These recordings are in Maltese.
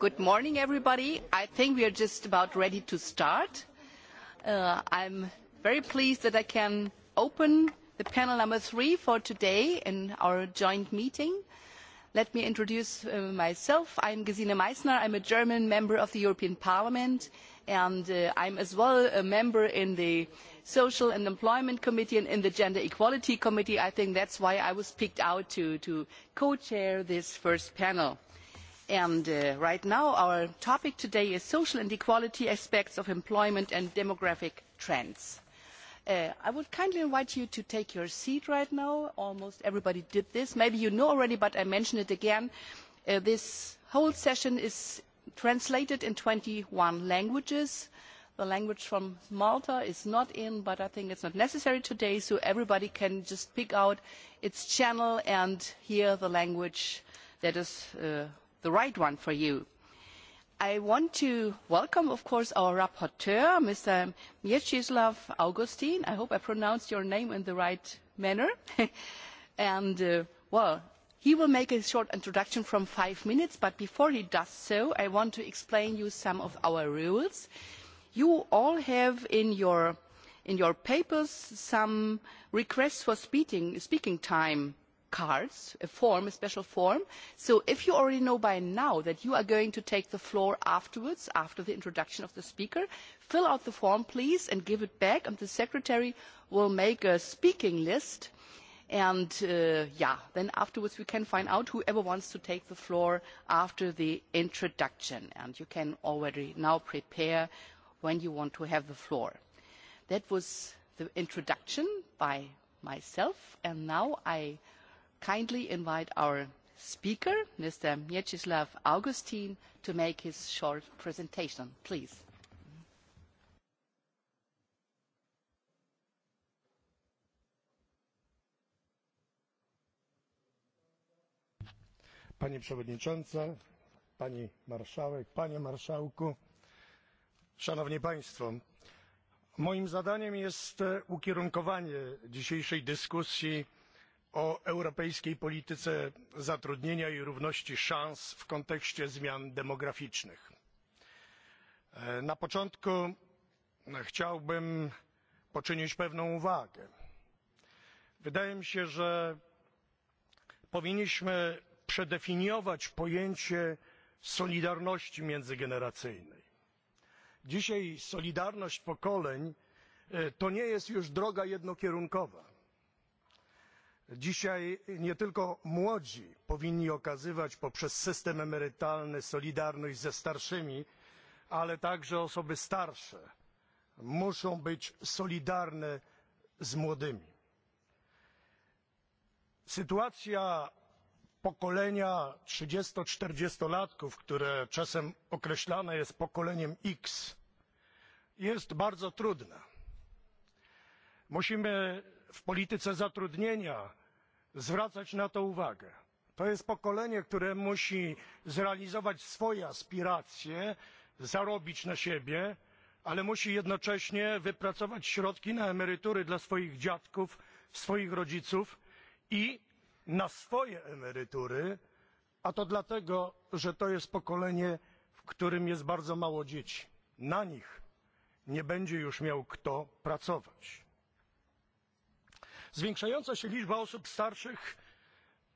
Good morning, everybody. I think we are just about ready to start. Uh, I'm very pleased that I can open the panel number three for today in our joint meeting. Let me introduce uh, myself. I'm Gesine Meissner. I'm a German member of the European Parliament, and uh, I'm as well a member in the Social and Employment Committee and in the Gender Equality Committee. I think that's why I was picked out to co-chair this first panel. And uh, right now, our topic today is social and equality aspects of employment and demographic trends. Uh, I would kindly invite you to take your seat right now. Almost everybody did this. Maybe you know already, but I mention it again. Uh, this whole session is translated in twenty one languages. The language from Malta is not in, but I think it's not necessary today, so everybody can just pick out its channel and hear the language that is uh, the right one for you. I want to welcome, of course, our rapporteur, Mr. Mieczysław Augustin. I hope I pronounced your name in the right manner. and, uh, well, he will make a short introduction from five minutes, but before he does so, I want to explain you some of our rules. You all have in your, in your papers some requests for speaking, speaking time cards, a form, a special form. So if you already know by now that you are going to take the floor afterwards, after the introduction of the speaker, fill out the form, please, and give it back, and the secretary will make a speaking list. And uh, yeah, then afterwards we can find out whoever wants to take the floor after the introduction. And you can already now prepare when you want to have the floor. That was the introduction by myself, and now I kindly invite our speaker, Mr. Mieczysław Augustin, to make his short presentation. Please. Pani Przewodnicząca, Pani Marszałek, Panie Marszałku, Szanowni Państwo, moim zadaniem jest ukierunkowanie dzisiejszej dyskusji o europejskiej polityce zatrudnienia i równości szans w kontekście zmian demograficznych. E, na początku chciałbym poczynić pewną uwagę. Wydaje mi się, że powinniśmy przedefiniować pojęcie solidarności międzygeneracyjnej. Dzisiaj solidarność pokoleń e, to nie jest już droga jednokierunkowa Dzisiaj nie tylko młodzi powinni okazywać poprzez system emerytalny solidarność ze starszymi, ale także osoby starsze muszą być solidarne z młodymi. Sytuacja pokolenia 30-40-latków, które czasem określane jest pokoleniem X, jest bardzo trudna. Musimy w polityce zatrudnienia zwracać na to uwagę. To jest pokolenie, które musi zrealizować swoje aspiracje, zarobić na siebie, ale musi jednocześnie wypracować środki na emerytury dla swoich dziadków, swoich rodziców i na swoje emerytury, a to dlatego, że to jest pokolenie, w którym jest bardzo mało dzieci. Na nich nie będzie już miał kto pracować. Zwiększająca się liczba osób starszych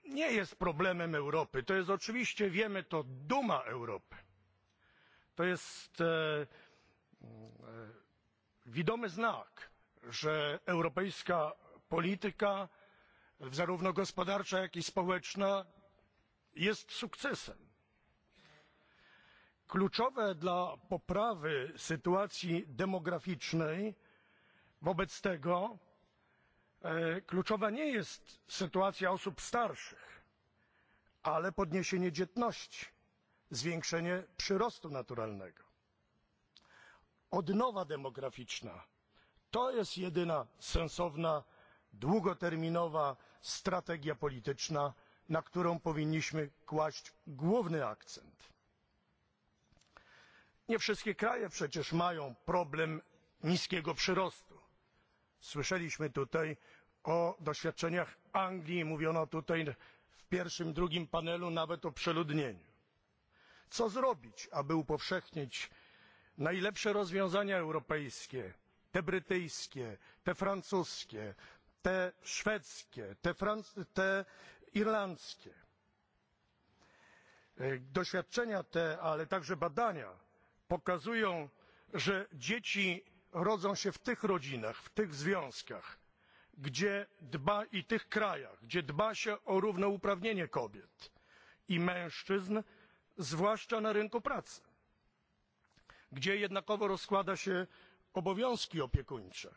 nie jest problemem Europy. To jest oczywiście, wiemy to, duma Europy. To jest e, e, widomy znak, że europejska polityka, zarówno gospodarcza, jak i społeczna, jest sukcesem. Kluczowe dla poprawy sytuacji demograficznej wobec tego E, Kluczowa nie jest sytuacja osób starszych, ale podniesienie dzietności, zwiększenie przyrostu naturalnego. Odnowa demograficzna to jest jedyna sensowna, długoterminowa strategia polityczna, na którą powinniśmy kłaść główny akcent. Nie wszystkie kraje przecież mają problem niskiego przyrostu Słyszeliśmy tutaj o doświadczeniach Anglii, mówiono tutaj w pierwszym, drugim panelu nawet o przeludnieniu. Co zrobić, aby upowszechnić najlepsze rozwiązania europejskie, te brytyjskie, te francuskie, te szwedzkie, te, franc- te irlandzkie? E, doświadczenia te, ale także badania pokazują, że dzieci rodzą się w tych rodzinach, w tych związkach, gdzie dba i tych krajach, gdzie dba się o równouprawnienie kobiet i mężczyzn, zwłaszcza na rynku pracy, gdzie jednakowo rozkłada się obowiązki opiekuńcze,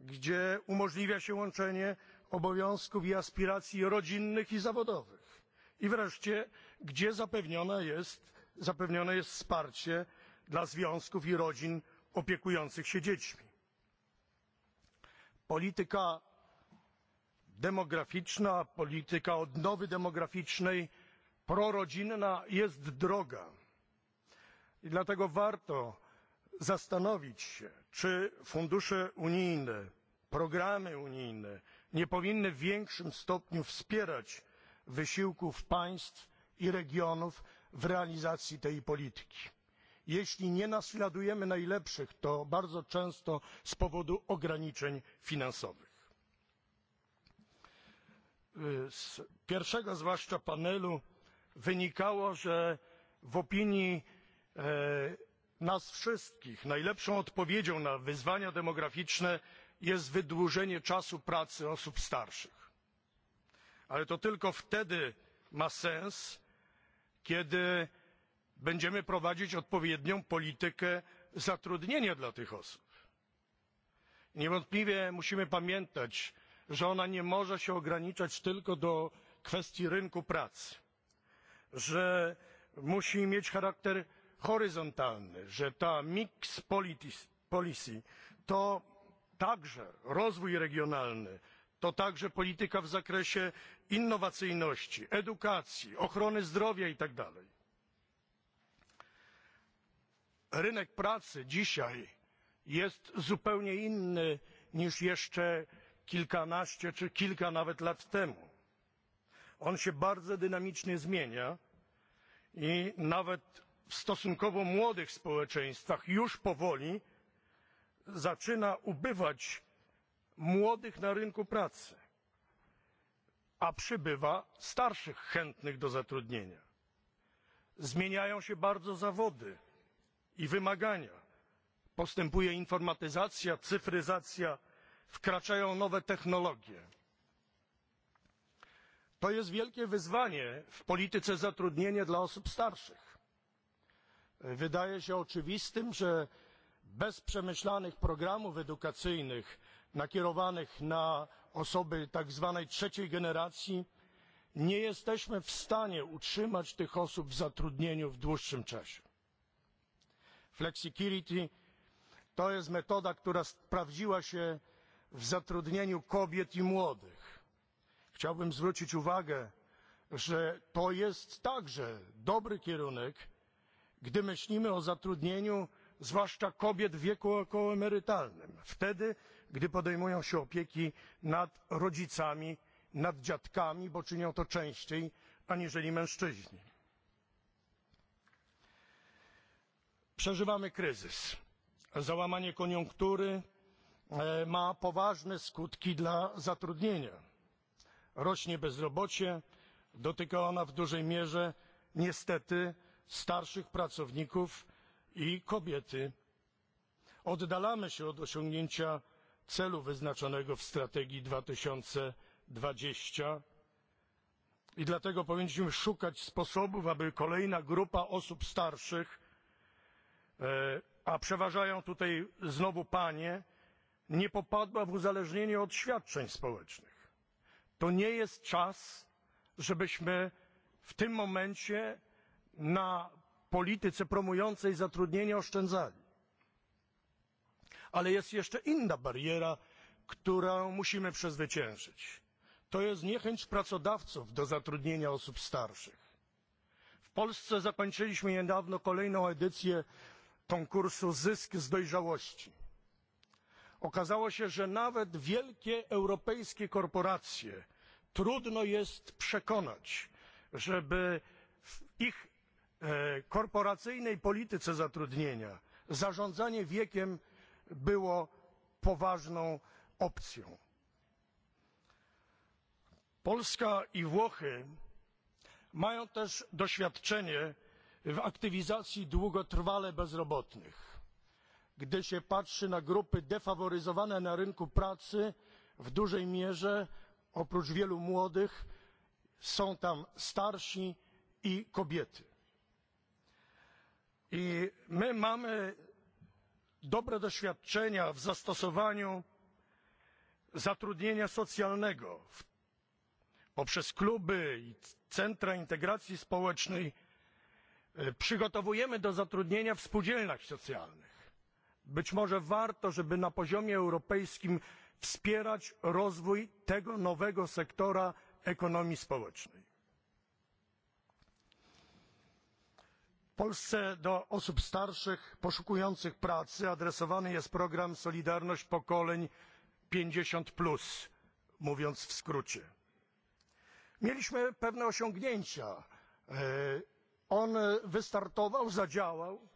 gdzie umożliwia się łączenie obowiązków i aspiracji rodzinnych i zawodowych i wreszcie gdzie zapewnione jest, zapewnione jest wsparcie dla związków i rodzin opiekujących się dziećmi. Polityka demograficzna, polityka odnowy demograficznej, prorodzinna jest droga. I dlatego warto zastanowić się, czy fundusze unijne, programy unijne nie powinny w większym stopniu wspierać wysiłków państw i regionów w realizacji tej polityki jeśli nie naśladujemy najlepszych to bardzo często z powodu ograniczeń finansowych. z pierwszego zwłaszcza panelu wynikało że w opinii e, nas wszystkich najlepszą odpowiedzią na wyzwania demograficzne jest wydłużenie czasu pracy osób starszych ale to tylko wtedy ma sens kiedy będziemy prowadzić odpowiednią politykę zatrudnienia dla tych osób. Niewątpliwie musimy pamiętać, że ona nie może się ograniczać tylko do kwestii rynku pracy, że musi mieć charakter horyzontalny, że ta mix policy to także rozwój regionalny, to także polityka w zakresie innowacyjności, edukacji, ochrony zdrowia itd rynek pracy dzisiaj jest zupełnie inny niż jeszcze kilkanaście czy kilka nawet lat temu. On się bardzo dynamicznie zmienia i nawet w stosunkowo młodych społeczeństwach już powoli zaczyna ubywać młodych na rynku pracy, a przybywa starszych chętnych do zatrudnienia. Zmieniają się bardzo zawody i wymagania. Postępuje informatyzacja, cyfryzacja, wkraczają nowe technologie. To jest wielkie wyzwanie w polityce zatrudnienia dla osób starszych. Wydaje się oczywistym, że bez przemyślanych programów edukacyjnych nakierowanych na osoby tak zwanej trzeciej generacji nie jesteśmy w stanie utrzymać tych osób w zatrudnieniu w dłuższym czasie flexicurity to jest metoda, która sprawdziła się w zatrudnieniu kobiet i młodych. Chciałbym zwrócić uwagę, że to jest także dobry kierunek, gdy myślimy o zatrudnieniu zwłaszcza kobiet w wieku okołoemerytalnym, wtedy, gdy podejmują się opieki nad rodzicami, nad dziadkami, bo czynią to częściej aniżeli mężczyźni. Przeżywamy kryzys. Załamanie koniunktury e, ma poważne skutki dla zatrudnienia. Rośnie bezrobocie, dotyka ona w dużej mierze niestety starszych pracowników i kobiety. Oddalamy się od osiągnięcia celu wyznaczonego w strategii 2020 i dlatego powinniśmy szukać sposobów, aby kolejna grupa osób starszych E, a przeważają tutaj znowu panie, nie popadła w uzależnienie od świadczeń społecznych. To nie jest czas, żebyśmy w tym momencie na polityce promującej zatrudnienie oszczędzali. Ale jest jeszcze inna bariera, którą musimy przezwyciężyć. To jest niechęć pracodawców do zatrudnienia osób starszych. W Polsce zakończyliśmy niedawno kolejną edycję konkursu Zysk z dojrzałości. Okazało się, że nawet wielkie europejskie korporacje trudno jest przekonać, żeby w ich e, korporacyjnej polityce zatrudnienia zarządzanie wiekiem było poważną opcją. Polska i Włochy mają też doświadczenie w aktywizacji długotrwale bezrobotnych. Gdy się patrzy na grupy defaworyzowane na rynku pracy, w dużej mierze oprócz wielu młodych są tam starsi i kobiety. I my mamy dobre doświadczenia w zastosowaniu zatrudnienia socjalnego poprzez kluby i centra integracji społecznej E, przygotowujemy do zatrudnienia w spółdzielniach socjalnych. Być może warto, żeby na poziomie europejskim wspierać rozwój tego nowego sektora ekonomii społecznej. W Polsce do osób starszych poszukujących pracy adresowany jest program Solidarność Pokoleń 50, mówiąc w skrócie. Mieliśmy pewne osiągnięcia e, On e, wystartował, zadziałał,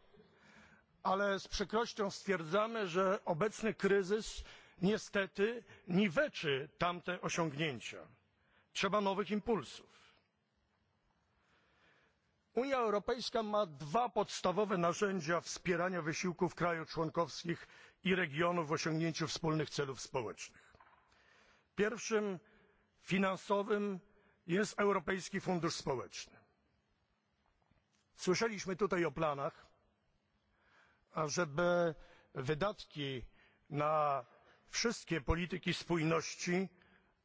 ale z przykrością stwierdzamy, że obecny kryzys niestety niweczy tamte osiągnięcia. Trzeba nowych impulsów. Unia Europejska ma dwa podstawowe narzędzia wspierania wysiłków krajów członkowskich i regionów w osiągnięciu wspólnych celów społecznych. Pierwszym finansowym jest Europejski Fundusz Społeczny. Słyszeliśmy tutaj o planach, ażeby wydatki na wszystkie polityki spójności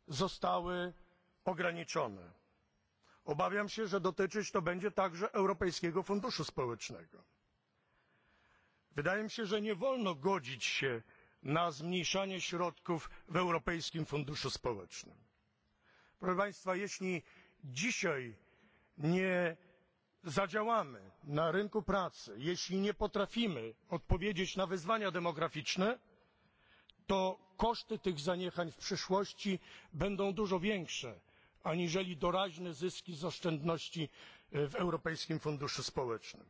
zostały ograniczone. Obawiam się, że dotyczyć to będzie także Europejskiego Funduszu Społecznego. Wydaje mi się, że nie wolno godzić się na zmniejszanie środków w Europejskim Funduszu Społecznym. Proszę Państwa, jeśli dzisiaj nie zadziałamy na rynku pracy, jeśli nie potrafimy odpowiedzieć na wyzwania demograficzne, to koszty tych zaniechań w przyszłości będą dużo większe aniżeli doraźne zyski z oszczędności e, w Europejskim Funduszu Społecznym.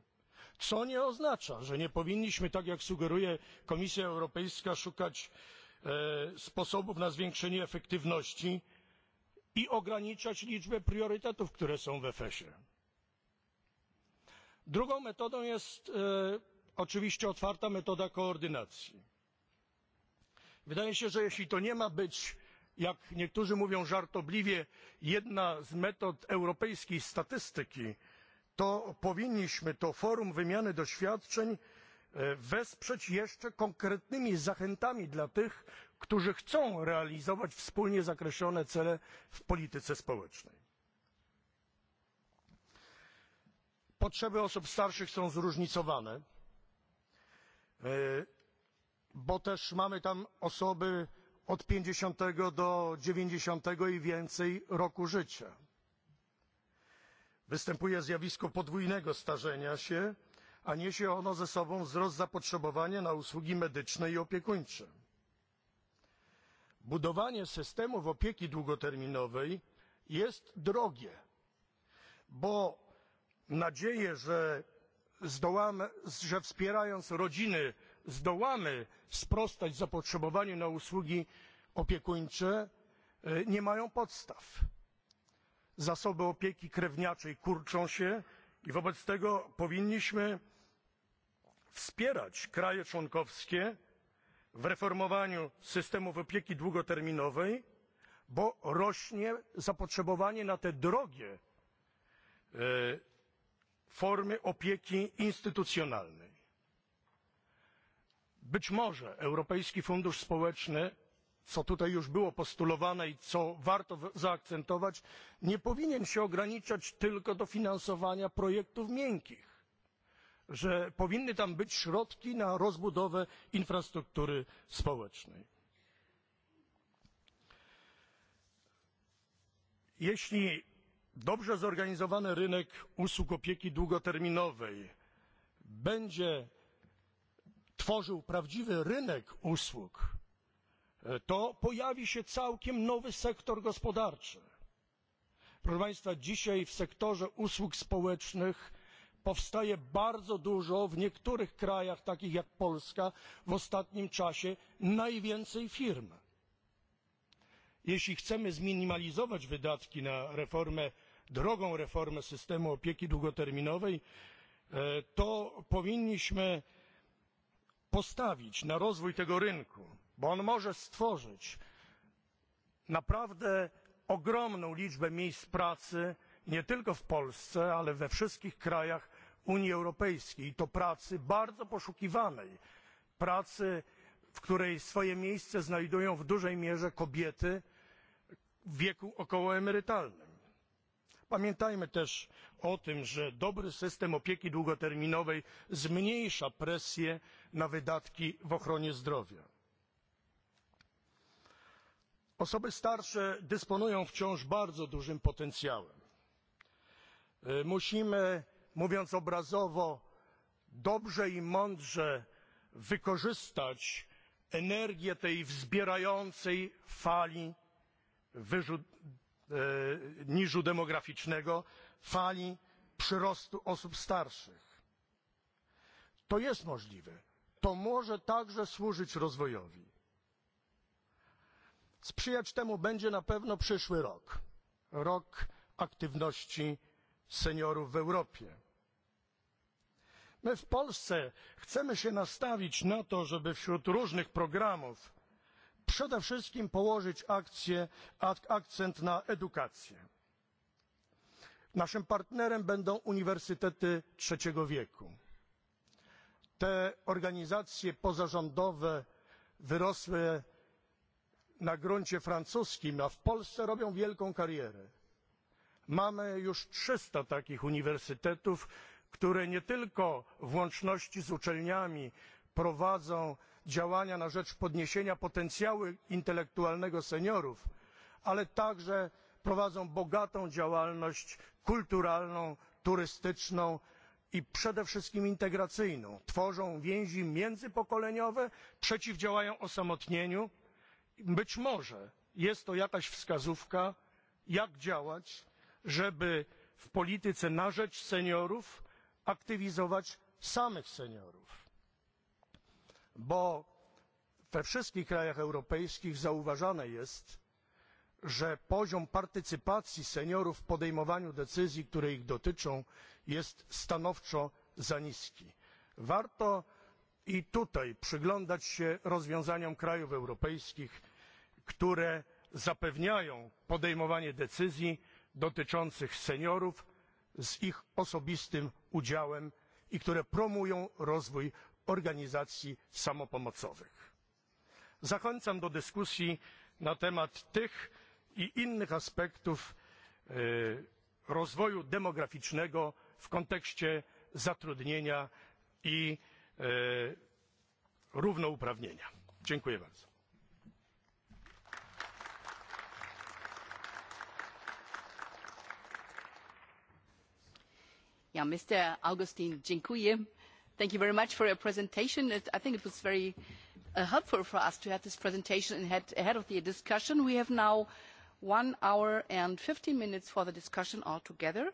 Co nie oznacza, że nie powinniśmy, tak jak sugeruje Komisja Europejska, szukać e, sposobów na zwiększenie efektywności i ograniczać liczbę priorytetów, które są w EFESie. ie Drugą metodą jest e, oczywiście otwarta metoda koordynacji. Wydaje się, że jeśli to nie ma być, jak niektórzy mówią żartobliwie, jedna z metod europejskiej statystyki, to powinniśmy to forum wymiany doświadczeń e, wesprzeć jeszcze konkretnymi zachętami dla tych, którzy chcą realizować wspólnie zakreślone cele w polityce społecznej. Potrzeby osób starszych są zróżnicowane, e, bo też mamy tam osoby od 50 do 90 i więcej roku życia. Występuje zjawisko podwójnego starzenia się, a niesie ono ze sobą wzrost zapotrzebowania na usługi medyczne i opiekuńcze. Budowanie systemów opieki długoterminowej jest drogie, bo nadzieję, że, zdołamy, że wspierając rodziny zdołamy sprostać zapotrzebowaniu na usługi opiekuńcze e, nie mają podstaw. Zasoby opieki krewniaczej kurczą się i wobec tego powinniśmy wspierać kraje członkowskie w reformowaniu systemów opieki długoterminowej, bo rośnie zapotrzebowanie na te drogie e, formy opieki instytucjonalnej. Być może Europejski Fundusz Społeczny, co tutaj już było postulowane i co warto zaakcentować, nie powinien się ograniczać tylko do finansowania projektów miękkich że powinny tam być środki na rozbudowę infrastruktury społecznej. Jeśli dobrze zorganizowany rynek usług opieki długoterminowej będzie tworzył prawdziwy rynek usług, e, to pojawi się całkiem nowy sektor gospodarczy. Proszę Państwa, dzisiaj w sektorze usług społecznych powstaje bardzo dużo w niektórych krajach, takich jak Polska, w ostatnim czasie najwięcej firm. Jeśli chcemy zminimalizować wydatki na reformę drogą reformę systemu opieki długoterminowej, e, to powinniśmy postawić na rozwój tego rynku, bo on może stworzyć naprawdę ogromną liczbę miejsc pracy nie tylko w Polsce, ale we wszystkich krajach Unii Europejskiej. I to pracy bardzo poszukiwanej, pracy, w której swoje miejsce znajdują w dużej mierze kobiety w wieku okołoemerytalnym. Pamiętajmy też o tym, że dobry system opieki długoterminowej zmniejsza presję na wydatki w ochronie zdrowia. Osoby starsze dysponują wciąż bardzo dużym potencjałem. Musimy, mówiąc obrazowo, dobrze i mądrze wykorzystać energię tej wzbierającej fali wyrzut E, niżu demograficznego, fali przyrostu osób starszych. To jest możliwe. To może także służyć rozwojowi. Sprzyjać temu będzie na pewno przyszły rok. Rok aktywności seniorów w Europie. My w Polsce chcemy się nastawić na to, żeby wśród różnych programów przede wszystkim położyć akcję, akcent na edukację. Naszym partnerem będą uniwersytety trzeciego wieku. Te organizacje pozarządowe wyrosły na gruncie francuskim, a w Polsce robią wielką karierę. Mamy już 300 takich uniwersytetów, które nie tylko w łączności z uczelniami prowadzą działania na rzecz podniesienia potencjału intelektualnego seniorów ale także prowadzą bogatą działalność kulturalną turystyczną i przede wszystkim integracyjną tworzą więzi międzypokoleniowe przeciwdziałają osamotnieniu być może jest to jakaś wskazówka jak działać żeby w polityce na rzecz seniorów aktywizować samych seniorów bo we wszystkich krajach europejskich zauważane jest, że poziom partycypacji seniorów w podejmowaniu decyzji, które ich dotyczą, jest stanowczo za niski. Warto i tutaj przyglądać się rozwiązaniom krajów europejskich, które zapewniają podejmowanie decyzji dotyczących seniorów z ich osobistym udziałem i które promują rozwój organizacji samopomocowych. Zachęcam do dyskusji na temat tych i innych aspektów e, rozwoju demograficznego w kontekście zatrudnienia i e, równouprawnienia. Dziękuję bardzo. Ja, Mr. Augustin, dziękuję. Thank you very much for your presentation. It, I think it was very uh, helpful for us to have this presentation and ahead of the discussion. We have now one hour and 15 minutes for the discussion altogether.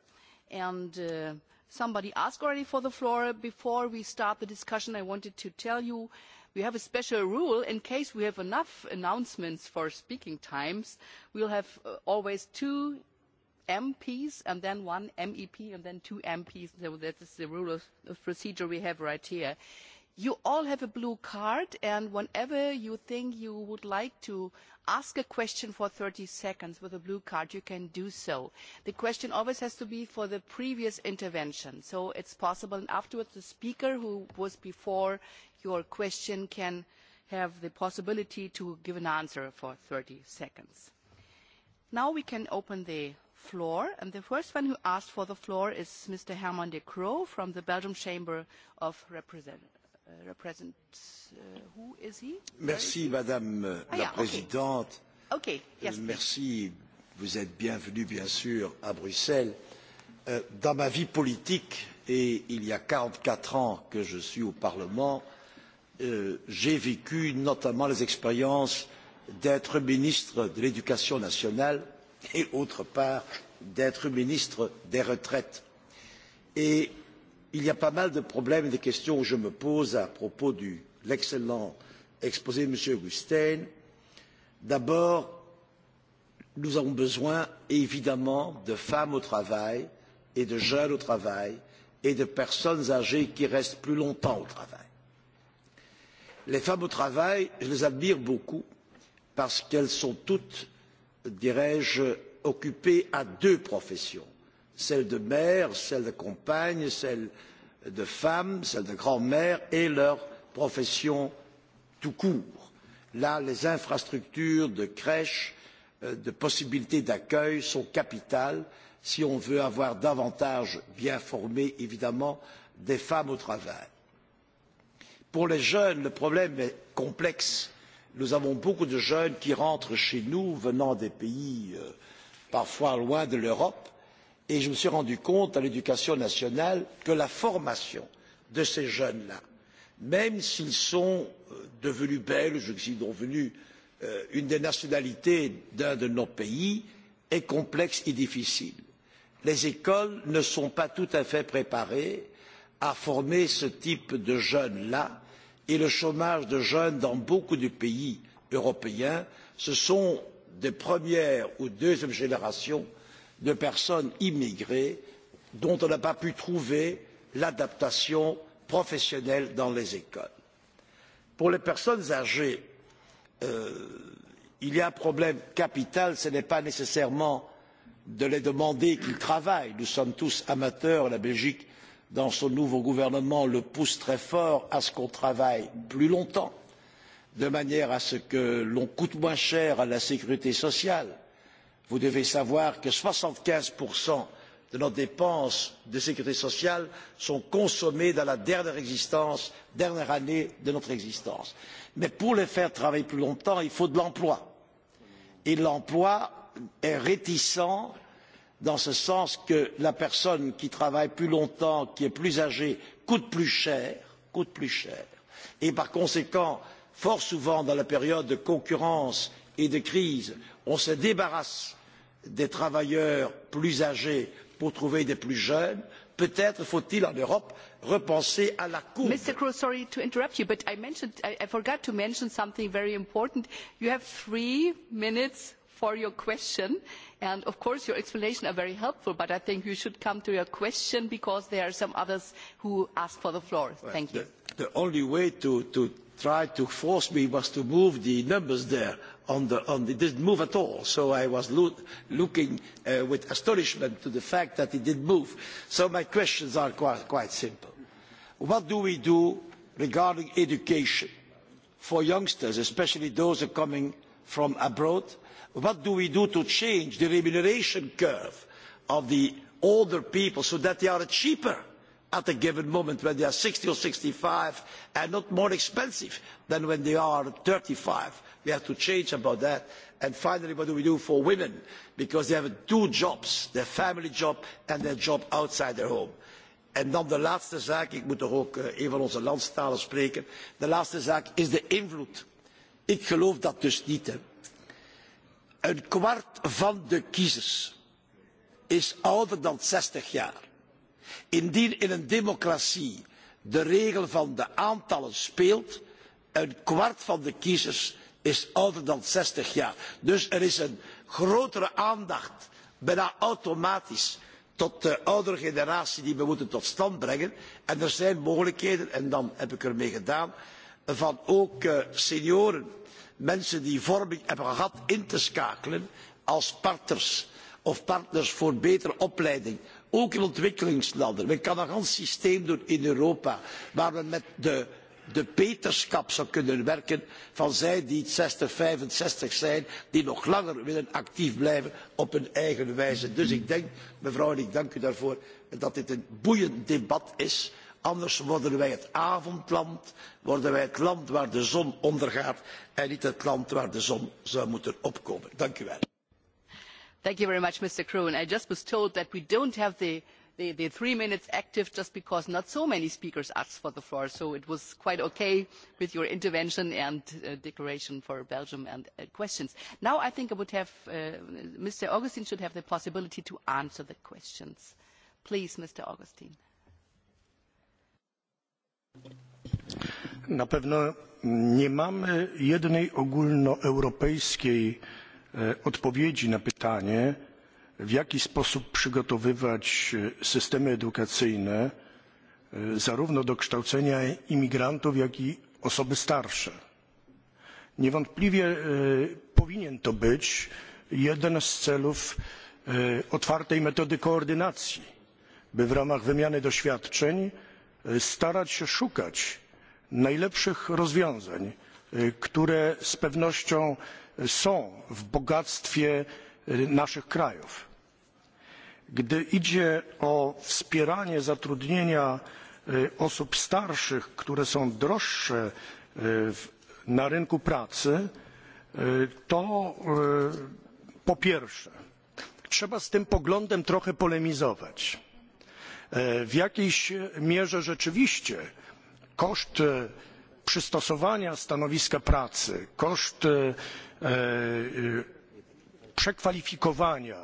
And uh, somebody asked already for the floor. Before we start the discussion, I wanted to tell you we have a special rule in case we have enough announcements for speaking times. We'll have uh, always two MPs and then one MEP and then two MPs. So that is the rule of, of procedure we have right here. You all have a blue card and whenever you think you would like to ask a question for 30 seconds with a blue card, you can do so. The question always has to be for the previous intervention. So it's possible and afterwards the speaker who was before your question can have the possibility to give an answer for 30 seconds. Now we can open the floor. And the first one who asked for the floor is Mr. Herman de Croo from the Belgium Chamber of Representatives. Uh, represent, uh, who is he? Merci, is Madame he? Euh, ah, la yeah, Présidente. Okay. Okay. Yes, uh, merci. Vous êtes bienvenue, bien sûr, à Bruxelles. Euh, dans ma vie politique, et il y a 44 ans que je suis au Parlement, euh, j'ai vécu notamment les expériences d'être ministre de l'Éducation nationale et autre part d'être ministre des retraites. Et il y a pas mal de problèmes et de questions que je me pose à propos de l'excellent exposé de M. Gustain. D'abord, nous avons besoin évidemment de femmes au travail et de jeunes au travail et de personnes âgées qui restent plus longtemps au travail. Les femmes au travail, je les admire beaucoup parce qu'elles sont toutes dirais-je, occupé à deux professions, celle de mère, celle de compagne, celle de femme, celle de grand-mère et leur profession tout court. Là, les infrastructures de crèches, euh, de possibilités d'accueil sont capitales si on veut avoir davantage bien formées, évidemment, des femmes au travail. Pour les jeunes, le problème est complexe nous avons beaucoup de jeunes qui rentrent chez nous venant des pays euh, parfois loin de l'Europe et je me suis rendu compte à l'éducation nationale que la formation de ces jeunes-là, même s'ils sont euh, devenus belges, s'ils sont devenus euh, une des nationalités d'un de nos pays, est complexe et difficile. Les écoles ne sont pas tout à fait préparées à former ce type de jeunes-là et le chômage de jeunes dans beaucoup de pays européens, ce sont des premières ou deuxièmes générations de personnes immigrées dont on n'a pas pu trouver l'adaptation professionnelle dans les écoles. Pour les personnes âgées, euh, il y a un problème capital, ce n'est pas nécessairement de les demander qu'ils travaillent. Nous sommes tous amateurs, la Belgique dans ce nouveau gouvernement le pousse très fort à ce qu'on travaille plus longtemps, de manière à ce que l'on coûte moins cher à la sécurité sociale. Vous devez savoir que soixante quinze de nos dépenses de sécurité sociale sont consommées dans la dernière existence, dernière année de notre existence. Mais pour les faire travailler plus longtemps, il faut de l'emploi. Et l'emploi est réticent dans ce sens que la personne qui travaille plus longtemps, qui est plus âgée, coûte plus cher, coûte plus cher. Et par conséquent, fort souvent dans la période de concurrence et de crise, on se débarrasse des travailleurs plus âgés pour trouver des plus jeunes. Peut-être faut-il en Europe repenser à la courbe. Mr. Crow, sorry to interrupt you, but I mentioned, I, I forgot to mention something very important. You have three minutes for your question. And of course, your explanation are very helpful, but I think you should come to your question because there are some others who ask for the floor. Well, Thank you. The, the only way to, to try to force me was to move the numbers there. On the, on the, it didn't move at all, so I was lo looking uh, with astonishment to the fact that it didn't move. So my questions are quite, quite simple. What do we do regarding education for youngsters, especially those who are coming from abroad? what do we do to change the remuneration curve of the older people so that they are cheaper at a given moment when they are sixty or sixty five and not more expensive than when they are thirty five. We have to change about that. And finally, what do we do for women? Because they have two jobs, their family job and their job outside their home. En dan de laatste zaak, ik moet toch ook eh, een van onze landstalen spreken. De laatste zaak is de invloed. Ik geloof dat dus niet. Hè. Een kwart van de kiezers is ouder dan zestig jaar. Indien in een democratie de regel van de aantallen speelt, een kwart van de kiezers is ouder dan zestig jaar. Dus er is een grotere aandacht, bijna automatisch, tot de oudere generatie die we moeten tot stand brengen. En er zijn mogelijkheden, en dan heb ik ermee gedaan, van ook eh, senioren mensen die vorming hebben gehad in te schakelen als partners of partners voor betere opleiding. Ook in ontwikkelingslanden. Men kan een gans systeem doen in Europa waar men met de, de peterschap zou kunnen werken van zij die 60, 65 zijn, die nog langer willen actief blijven op hun eigen wijze. Dus ik denk, mevrouw, en ik dank u daarvoor, dat dit een boeiend debat is. Anders worden wij het avondland, worden wij het land waar de zon ondergaat en niet het land waar de zon zou moeten opkomen. Dank u wel. Thank you very much, Mr. Kroon. I just was told that we don't have the, the, the three minutes active just because not so many speakers asked for the floor. So it was quite okay with your intervention and uh, declaration for Belgium and uh, questions. Now I think I would have, uh, Mr. Augustine should have the possibility to answer the questions. Please, Mr. Augustine. Na pewno nie mamy jednej ogólnoeuropejskiej e, odpowiedzi na pytanie, w jaki sposób przygotowywać e, systemy edukacyjne e, zarówno do kształcenia imigrantów, jak i osoby starsze. Niewątpliwie powinien to być jeden z celów otwartej metody koordynacji, by w ramach wymiany doświadczeń starać się szukać najlepszych rozwiązań, które z pewnością są w bogactwie naszych krajów. Gdy idzie o wspieranie zatrudnienia osób starszych, które są droższe na rynku pracy, to po pierwsze trzeba z tym poglądem trochę polemizować E, w jakiejś mierze rzeczywiście koszt e, przystosowania stanowiska pracy, koszt e, przekwalifikowania,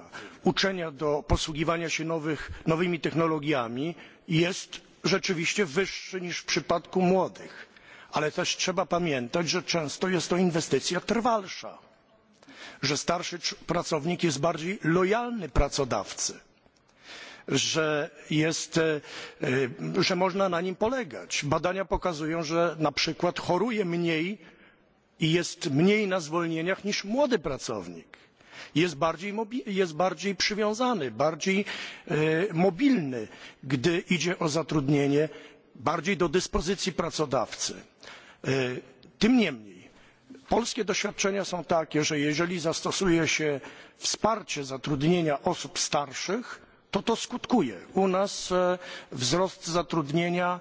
uczenia do posługiwania się nowych, nowymi technologiami jest rzeczywiście wyższy niż w przypadku młodych. Ale też trzeba pamiętać, że często jest to inwestycja trwalsza, że starszy pracownik jest bardziej lojalny pracodawcy że, jest, e, że można na nim polegać. Badania pokazują, że na przykład choruje mniej i jest mniej na zwolnieniach niż młody pracownik. Jest bardziej, jest bardziej przywiązany, bardziej e, mobilny, gdy idzie o zatrudnienie, bardziej do dyspozycji pracodawcy. E, tym niemniej Polskie doświadczenia są takie, że jeżeli zastosuje się wsparcie zatrudnienia osób starszych, to to skutkuje u nas e, wzrost zatrudnienia e,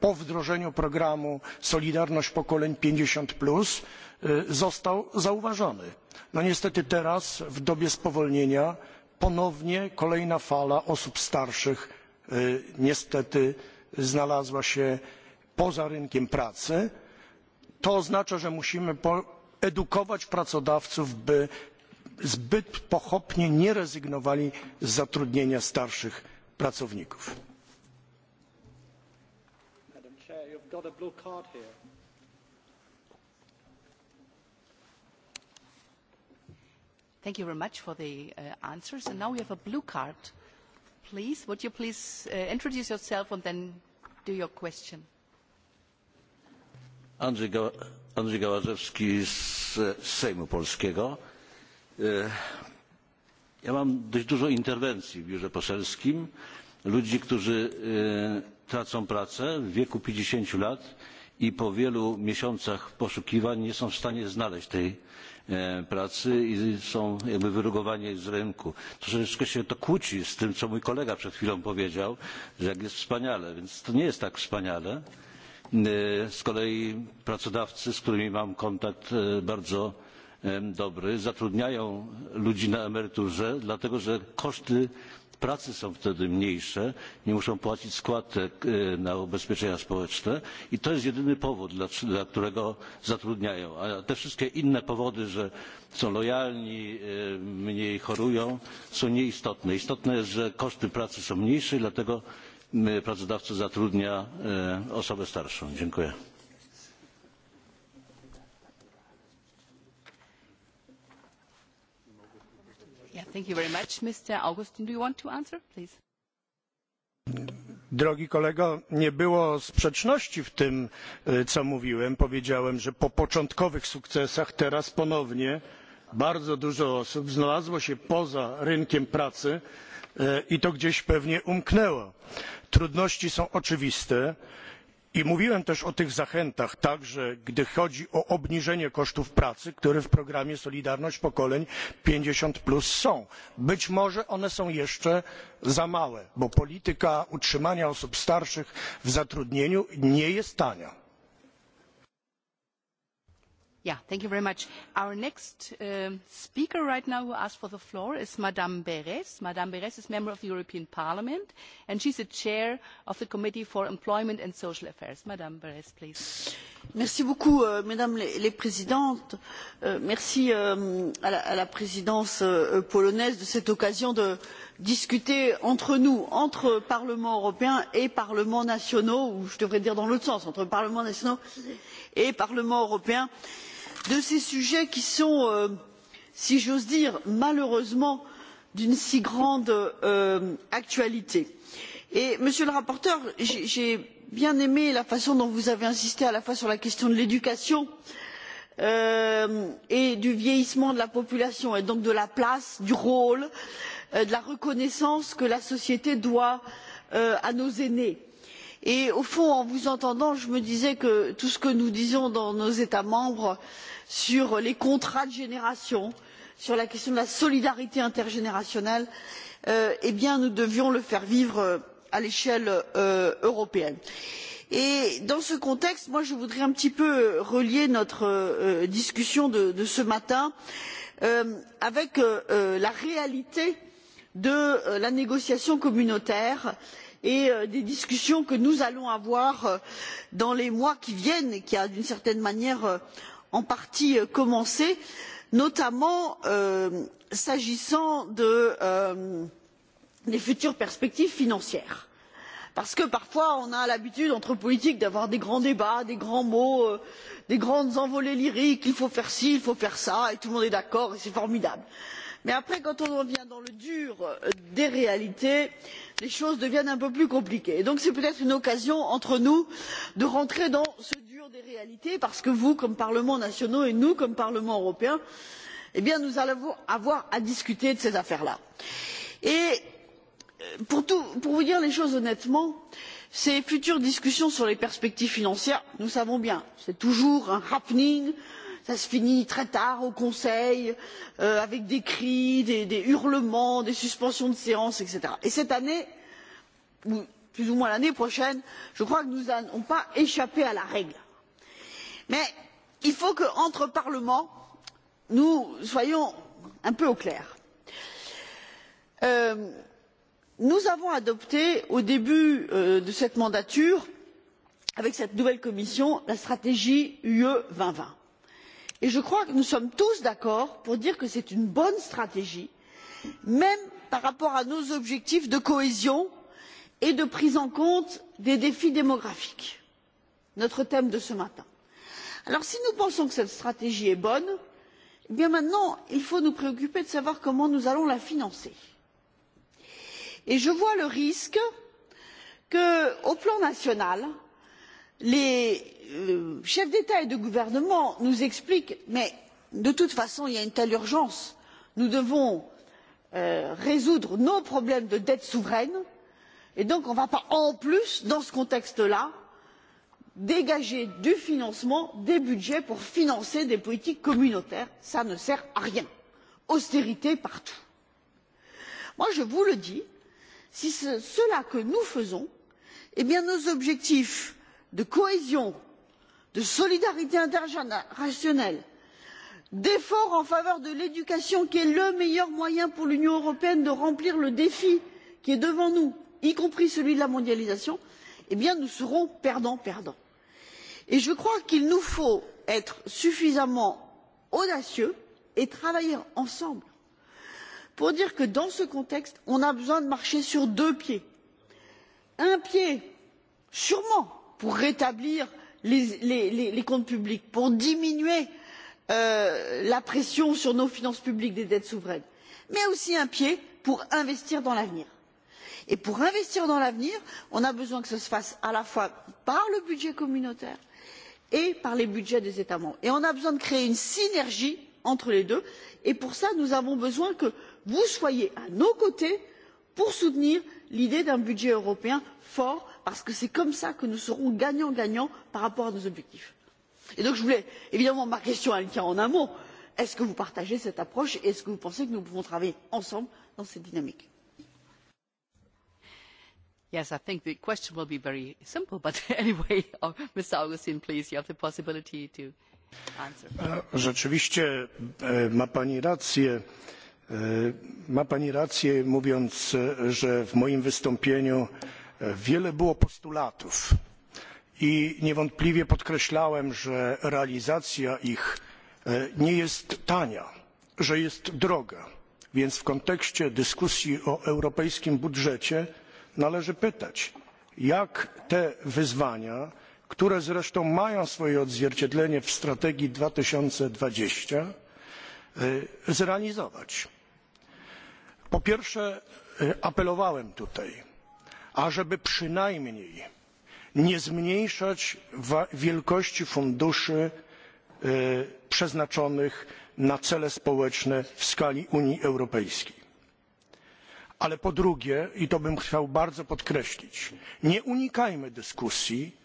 po wdrożeniu programu Solidarność Pokoleń 50 plus e, został zauważony. No niestety teraz w dobie spowolnienia ponownie kolejna fala osób starszych niestety znalazła się poza rynkiem pracy. To oznacza, że musimy edukować pracodawców, by zbyt pochopnie nie rezygnowali z zatrudnienia starszych pracowników. Thank you very much for the uh, answers. And now we have a blue card. Please, would you please uh, introduce yourself and then do your question? Andrzej, Andrzej z e, Sejmu Polskiego. E, ja mam dość dużo interwencji w biurze poselskim, ludzi, którzy e, tracą pracę w wieku 50 lat i po wielu miesiącach poszukiwań nie są w stanie znaleźć tej e, pracy i są jakby wyrugowani z rynku. Troszeczkę się to kłóci z tym, co mój kolega przed chwilą powiedział, że jak jest wspaniale, więc to nie jest tak wspaniale. Z kolei pracodawcy, z którymi mam kontakt bardzo dobry, zatrudniają ludzi na emeryturze, dlatego że koszty pracy są wtedy mniejsze, nie muszą płacić składek e, na ubezpieczenia społeczne i to jest jedyny powód, dla, dla którego zatrudniają. A te wszystkie inne powody, że są lojalni, e, mniej chorują, są nieistotne. Istotne jest, że koszty pracy są mniejsze i dlatego pracodawca zatrudnia e, osobę starszą. Dziękuję. Thank you very much. Mr. Augustin, do you want to answer, please? Drogi kolego, nie było sprzeczności w tym, e, co mówiłem. Powiedziałem, że po początkowych sukcesach teraz ponownie bardzo dużo osób znalazło się poza rynkiem pracy e, i to gdzieś pewnie umknęło. Trudności są oczywiste I mówiłem też o tych zachętach, także gdy chodzi o obniżenie kosztów pracy, które w programie Solidarność Pokoleń 50 plus są. Być może one są jeszcze za małe, bo polityka utrzymania osób starszych w zatrudnieniu nie jest tania. Yeah, thank you very much. Our next um, speaker right now who asked for the floor is Madame Beres. Madame Beres is member of the European Parliament and she's the chair of the Committee for Employment and Social Affairs. Madame Beres, please. Merci beaucoup, euh, Mesdames les, Présidentes. Euh, merci euh, à, la, à la présidence polonaise de cette occasion de discuter entre nous, entre Parlement européen et Parlements nationaux, ou je devrais dire dans l'autre sens, entre Parlements nationaux et Parlement européen. Euh, de ces sujets qui sont euh, si j'ose dire malheureusement d'une si grande euh, actualité. Et, monsieur le rapporteur j'ai bien aimé la façon dont vous avez insisté à la fois sur la question de l'éducation euh, et du vieillissement de la population et donc de la place du rôle euh, de la reconnaissance que la société doit euh, à nos aînés et au fond en vous entendant je me disais que tout ce que nous disons dans nos états membres sur les contrats de génération, sur la question de la solidarité intergénérationnelle, euh, eh bien, nous devions le faire vivre euh, à l'échelle euh, européenne. Et dans ce contexte, moi, je voudrais un petit peu euh, relier notre euh, discussion de, de, ce matin euh, avec la réalité de la négociation communautaire et des discussions que nous allons avoir dans les mois qui viennent et qui d'une certaine manière en partie euh, commencé notamment euh, s'agissant euh, des futures perspectives financières parce que parfois on a l'habitude entre politiques d'avoir des grands débats des grands mots des grandes envolées lyriques il faut faire ci il faut faire ça et tout le monde est d'accord et c'est formidable mais après quand on revient dans le dur des réalités les choses deviennent un peu plus compliquées et donc c'est peut être une occasion entre nous de rentrer dans ce des réalités parce que vous comme parlements nationaux et nous comme parlement européen eh bien, nous allons avoir à discuter de ces affaires là. Et euh, pour, vous dire les choses honnêtement ces futures discussions sur les perspectives financières nous savons bien c'est toujours un happening ça se finit très tard au conseil euh, avec des cris des, des hurlements des suspensions de séance etc. et cette année ou plus ou moins l'année prochaine je crois que nous n'avons pas échappé à la règle mais il faut qu'entre parlements nous soyons un peu au clair. Euh, nous avons adopté au début euh, de cette mandature avec cette nouvelle commission la stratégie ue deux mille vingt et je crois que nous sommes tous d'accord pour dire que c'est une bonne stratégie même par rapport à nos objectifs de cohésion et de prise en compte des défis démographiques notre thème de ce matin. Alors si nous pensons que cette stratégie est bonne, eh bien maintenant il faut nous préoccuper de savoir comment nous allons la financer. Et je vois le risque qu'au plan national, les euh, chefs d'État et de gouvernement nous expliquent mais de toute façon il y a une telle urgence, nous devons euh, résoudre nos problèmes de dette souveraine et donc on ne va pas en plus dans ce contexte là dégager du financement des budgets pour financer des politiques communautaires cela ne sert à rien austérité partout. Moi, je vous le dis si c'est cela que nous faisons eh bien nos objectifs de cohésion de solidarité intergénérationnelle d'efforts en faveur de l'éducation qui est le meilleur moyen pour l'union européenne de remplir le défi qui est devant nous y compris celui de la mondialisation eh bien nous serons perdants perdants. Et je crois qu'il nous faut être suffisamment audacieux et travailler ensemble pour dire que dans ce contexte, on a besoin de marcher sur deux pieds. Un pied, sûrement, pour rétablir les, les, les, les comptes publics, pour diminuer euh, la pression sur nos finances publiques des dettes souveraines, mais aussi un pied pour investir dans l'avenir. Et pour investir dans l'avenir, on a besoin que cela se fasse à la fois par le budget communautaire, et par les budgets des États membres. Et on a besoin de créer une synergie entre les deux et pour cela nous avons besoin que vous soyez à nos côtés pour soutenir l'idée d'un budget européen fort parce que c'est comme cela que nous serons gagnants gagnants par rapport à nos objectifs. Et donc je voulais évidemment ma question elle tient en un mot est ce que vous partagez cette approche et est ce que vous pensez que nous pouvons travailler ensemble dans cette dynamique? Yes, I think the question will be very simple, but anyway, oh, uh, Mr. Augustine, please, you have the possibility to answer. Rzeczywiście e, ma Pani rację. E, ma Pani rację mówiąc, że w moim wystąpieniu e, wiele było postulatów i niewątpliwie podkreślałem, że realizacja ich nie jest tania, że jest droga. Więc w kontekście dyskusji o europejskim budżecie należy pytać, jak te wyzwania, które zresztą mają swoje odzwierciedlenie w strategii dwa dwadzieścia zrealizować. Po pierwsze, apelowałem tutaj, ażeby przynajmniej nie zmniejszać wielkości funduszy przeznaczonych na cele społeczne w skali Unii Europejskiej. Ale po drugie, i to bym chciał bardzo podkreślić, nie unikajmy dyskusji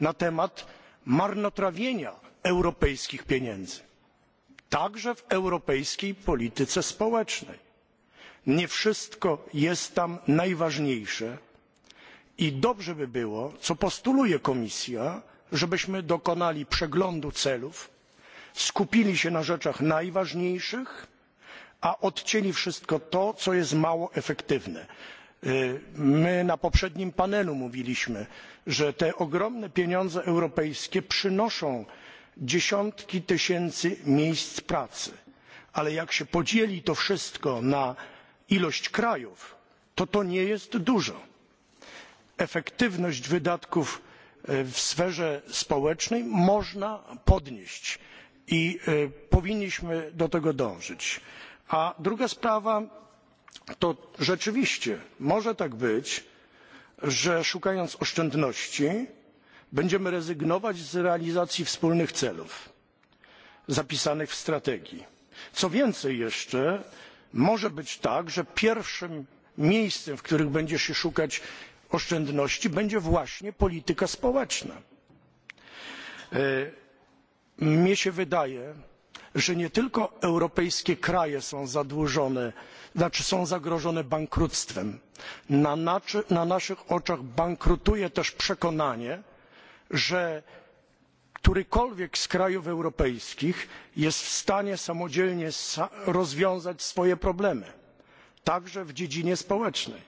na temat marnotrawienia europejskich pieniędzy, także w europejskiej polityce społecznej. Nie wszystko jest tam najważniejsze i dobrze by było, co postuluje Komisja, żebyśmy dokonali przeglądu celów, skupili się na rzeczach najważniejszych a odcieni wszystko to, co jest mało efektywne. My na poprzednim panelu mówiliśmy, że te ogromne pieniądze europejskie przynoszą dziesiątki tysięcy miejsc pracy, ale jak się podzieli to wszystko na ilość krajów, to to nie jest dużo. Efektywność wydatków w sferze społecznej można podnieść i powinniśmy do tego dążyć. A druga sprawa to rzeczywiście może tak być, że szukając oszczędności będziemy rezygnować z realizacji wspólnych celów zapisanych w strategii. Co więcej jeszcze, może być tak, że pierwszym miejscem, w którym będzie się szukać oszczędności, będzie właśnie polityka społeczna. E, mnie się wydaje, że nie tylko europejskie kraje są zadłużone, znaczy są zagrożone bankructwem. Na, naczy, na naszych oczach bankrutuje też przekonanie, że którykolwiek z krajów europejskich jest w stanie samodzielnie rozwiązać swoje problemy, także w dziedzinie społecznej.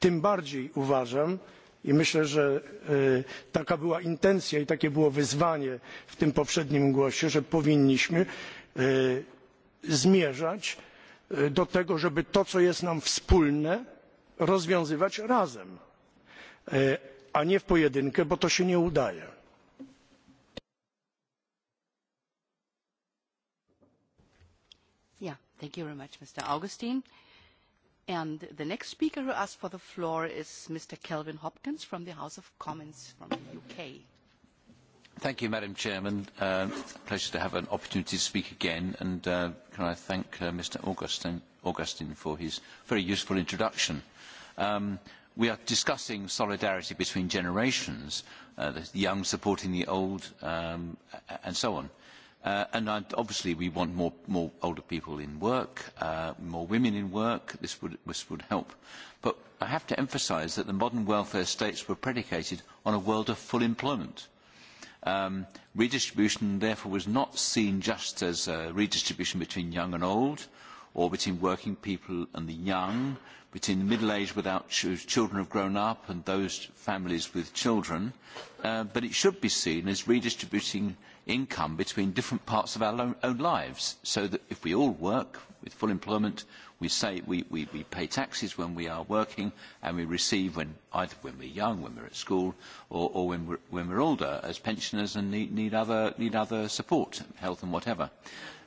Tym bardziej uważam, I myślę, że e, taka była intencja i takie było wyzwanie w tym poprzednim głosie, że powinniśmy e, zmierzać e, do tego, żeby to, co jest nam wspólne, rozwiązywać razem, a nie w pojedynkę, bo to się nie udaje. thank you very much, Mr. Augustine. And the next speaker who asked for the floor is Mr. Kelvin Hopkins from the House of Commons from the UK. Thank you, Madam Chairman. Uh, pleasure to have an opportunity to speak again. And uh, can I thank uh, Mr. Augustin, Augustin for his very useful introduction. Um, we are discussing solidarity between generations, uh, the young supporting the old, um, and so on. Uh, and I'd, obviously we want more, more older people in work, uh, more women in work. This would, this would help. But I have to emphasise that the modern welfare states were predicated on a world of full employment. Um, redistribution, therefore, was not seen just as a redistribution between young and old, or between working people and the young, between the middle aged without ch children have grown up and those families with children, uh, but it should be seen as redistributing income between different parts of our own lives so that if we all work with full employment we say we, we, we pay taxes when we are working and we receive when either when we're young when we're at school or, or when, we're, when we're older as pensioners and need, need, other, need other support health and whatever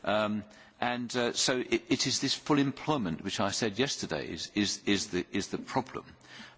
um, and uh, so it, it is this full employment which I said yesterday is, is, is, the, is the problem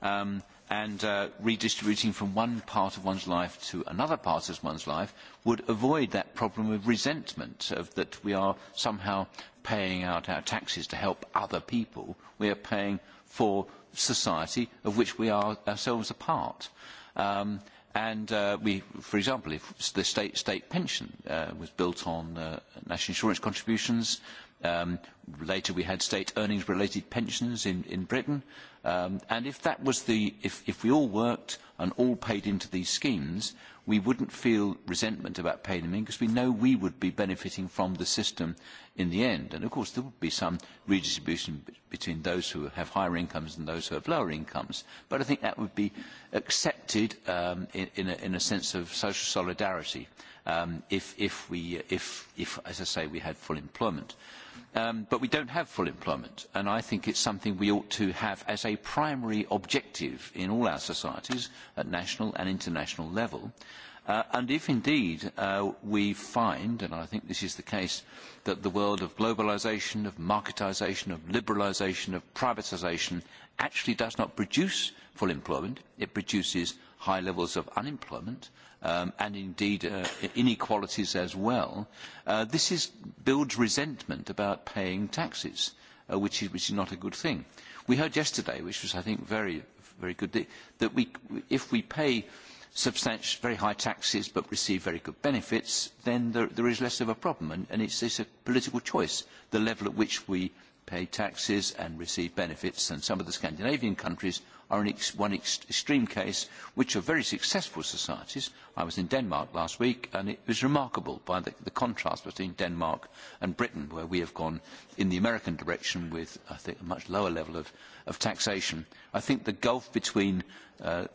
um, and uh, redistributing from one part of one's life to another part of one's life would avoid that problem of resentment of that we are somehow paying out our taxes to help other people. We are paying for society of which we are ourselves a part. Um, and uh, we, for example, if the state, state pension uh, was built on uh, national insurance contributions, um, later we had state earnings related pensions in, in Britain, Um, and if that was the, if, if we all worked and all paid into these schemes, we wouldn't feel resentment about paying them in because we know we would be benefiting from the system in the end. And of course, there would be some redistribution between those who have higher incomes and those who have lower incomes. But I think that would be accepted um, in, in, a, in a sense of social solidarity um, if, if, we, if, if, as I say, we had full employment. Um, but we don't have full employment, and I think it's something we ought to have as a primary objective in all our societies at national and international level. Uh, and if indeed uh, we find, and I think this is the case, that the world of globalisation, of marketisation, of liberalisation, of privatisation actually does not produce full employment, it produces high levels of unemployment, um, and indeed uh, inequalities as well, uh, this is, builds resentment about paying taxes, uh, which, is, which is not a good thing. We heard yesterday, which was I think very, very good, that we, if we pay substantial, very high taxes but receive very good benefits, then there, there is less of a problem. And, and it's, it's a political choice, the level at which we pay taxes and receive benefits. And some of the Scandinavian countries are an ex one ex extreme case, which are very successful societies. I was in Denmark last week, and it was remarkable by the, the contrast between Denmark and Britain, where we have gone in the American direction with, I think, a much lower level of, of taxation. I think the gulf between uh,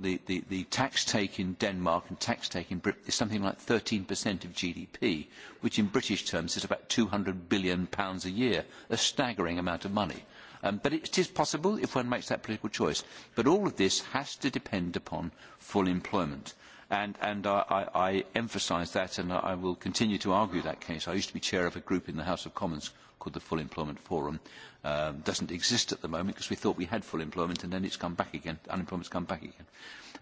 the, the, the tax take in Denmark and tax take in Britain is something like 13% of GDP, which in British terms is about £200 billion pounds a year, a staggering amount of money. Um, but it is possible if one makes that political choice. But all of this has to depend upon full employment. And, and I, I, I emphasise that and I will continue to argue that case. I used to be chair of a group in the House of Commons called the Full Employment Forum. Um, doesn't exist at the moment because we thought we had full employment and then it's come back again. Unemployment's come back again.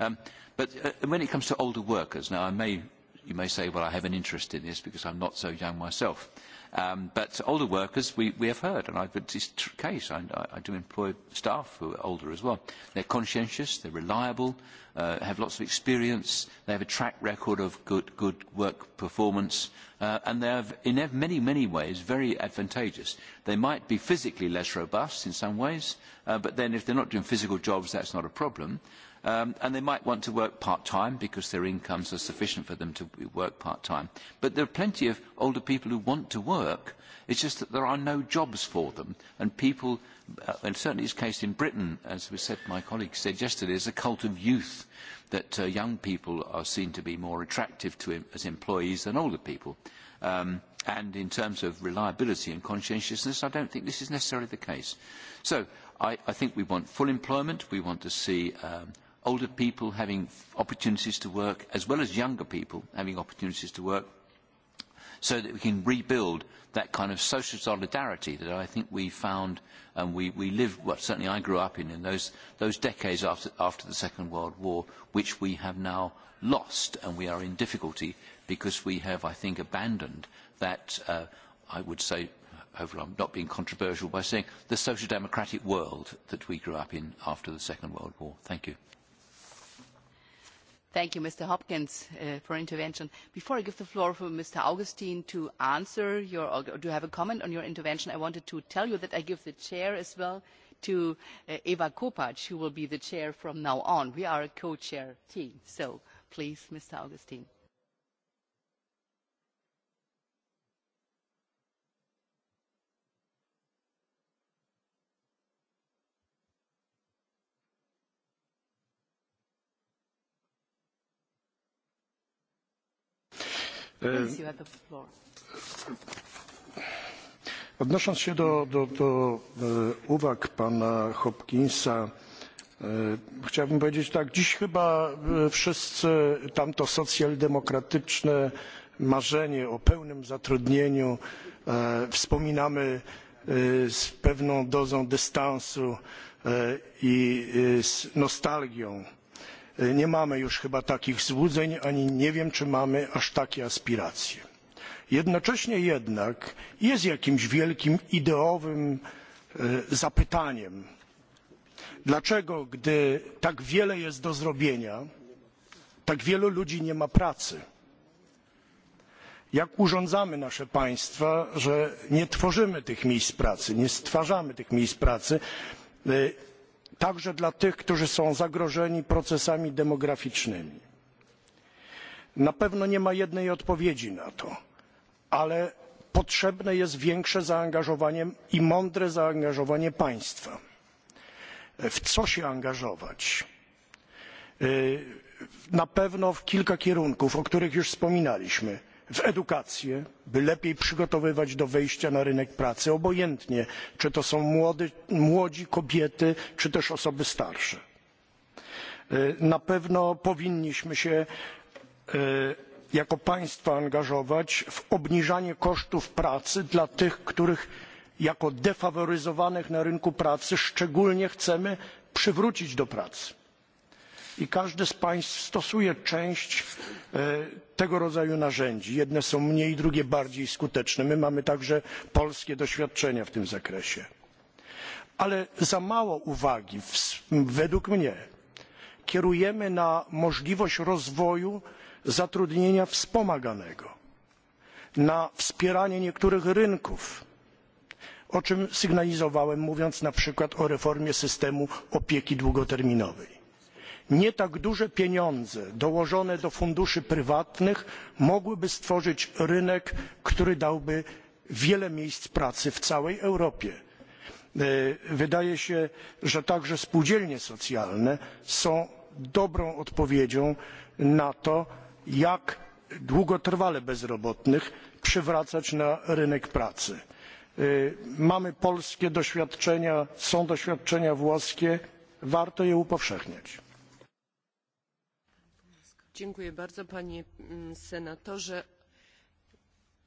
Um, but uh, when it comes to older workers, now I may, you may say, well, I have an interest in this because I'm not so young myself. Um, but older workers, we, we have heard, and I've got this case, I, I do employ staff who are older as well. They're conscientious, they're reliable, uh, have lots of experience, they have a track record of good, good work performance, uh, and they are in many, many ways very advantageous. They might be physically less robust in some ways, uh, but then if they're not doing physical jobs, that's not a problem. Um, and they might want to work part-time because their incomes are sufficient for them to work part-time. But there are plenty of older people who want to work. It's just that there are no jobs for them. And people, uh, and certainly this case in Britain, as we said, my colleague said yesterday, is a cult of youth that uh, young people are seen to be more attractive to as employees than older people. Um, and in terms of reliability and conscientiousness, I don't think this is necessarily the case. So I, I think we want full employment. We want to see um, older people having opportunities to work, as well as younger people having opportunities to work, so that we can rebuild that kind of social solidarity that I think we found and we, we lived, well, certainly I grew up in, in those, those decades after, after the Second World War, which we have now lost and we are in difficulty because we have, I think, abandoned that, uh, I would say, hopefully I'm not being controversial by saying, the social democratic world that we grew up in after the Second World War. Thank you. Thank you, Mr. Hopkins, uh, for intervention. Before I give the floor for Mr. Augustine to answer your, or to have a comment on your intervention, I wanted to tell you that I give the chair as well to uh, Eva Kopacz, who will be the chair from now on. We are a co-chair team. So please, Mr. Augustine. Um, Odnosząc się do, do, do e, uwag pana Hopkinsa, e, chciałbym powiedzieć tak, dziś chyba e, wszyscy tamto socjaldemokratyczne marzenie o pełnym zatrudnieniu wspominamy z pewną dozą dystansu i z nostalgią. E, nie mamy już chyba takich złudzeń, ani nie wiem, czy mamy aż takie aspiracje. Jednocześnie jednak jest jakimś wielkim ideowym e, zapytaniem, dlaczego, gdy tak wiele jest do zrobienia, tak wielu ludzi nie ma pracy? jak urządzamy nasze państwa, że nie tworzymy tych miejsc pracy, nie stwarzamy tych miejsc pracy. E, także dla tych, którzy są zagrożeni procesami demograficznymi. Na pewno nie ma jednej odpowiedzi na to, ale potrzebne jest większe zaangażowanie i mądre zaangażowanie państwa. W co się angażować? Na pewno w kilka kierunków, o których już wspominaliśmy w edukację, by lepiej przygotowywać do wejścia na rynek pracy, obojętnie czy to są młodzi kobiety, czy też osoby starsze. Na pewno powinniśmy się jako państwa angażować w obniżanie kosztów pracy dla tych, których jako defaworyzowanych na rynku pracy szczególnie chcemy przywrócić do pracy i każde z państw stosuje część e, tego rodzaju narzędzi. Jedne są mniej, drugie bardziej skuteczne. My mamy także polskie doświadczenia w tym zakresie. Ale za mało uwagi, według mnie, kierujemy na możliwość rozwoju zatrudnienia wspomaganego, na wspieranie niektórych rynków, o czym sygnalizowałem mówiąc na przykład o reformie systemu opieki długoterminowej. Nie tak duże pieniądze dołożone do funduszy prywatnych mogłyby stworzyć rynek, który dałby wiele miejsc pracy w całej Europie. E, wydaje się, że także spółdzielnie socjalne są dobrą odpowiedzią na to, jak długotrwale bezrobotnych przywracać na rynek pracy. E, mamy polskie doświadczenia, są doświadczenia włoskie, warto je upowszechniać. Dziękuję bardzo panie mm, senatorze.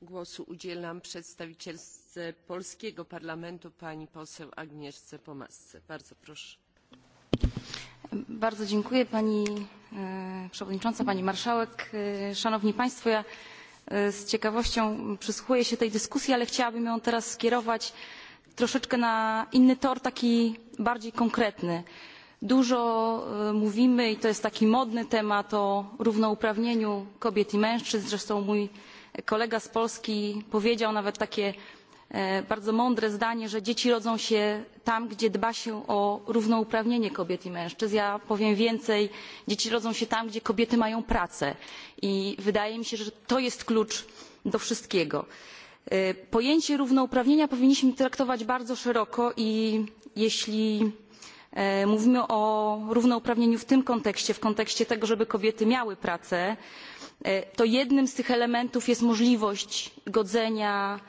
Głosu udzielam przedstawicielce polskiego parlamentu pani poseł Agnieszce Pomasce. Bardzo proszę. Bardzo dziękuję pani e, przewodnicząca, pani marszałek. E, szanowni państwo, ja e, z ciekawością przysłuchuję się tej dyskusji, ale chciałabym ją teraz skierować troszeczkę na inny tor, taki bardziej konkretny. Dużo e, mówimy i to jest taki modny temat o równouprawnieniu kobiet i mężczyzn. Zresztą mój kolega z Polski powiedział nawet takie e, bardzo mądre zdanie, że dzieci rodzą się tam, gdzie dba się o równouprawnienie kobiet i mężczyzn. Ja powiem więcej, dzieci rodzą się tam, gdzie kobiety mają pracę i wydaje mi się, że to jest klucz do wszystkiego. E, pojęcie równouprawnienia powinniśmy traktować bardzo szeroko i jeśli E, mówimy o równouprawnieniu w tym kontekście, w kontekście tego, żeby kobiety miały pracę. E, to jednym z tych elementów jest możliwość godzenia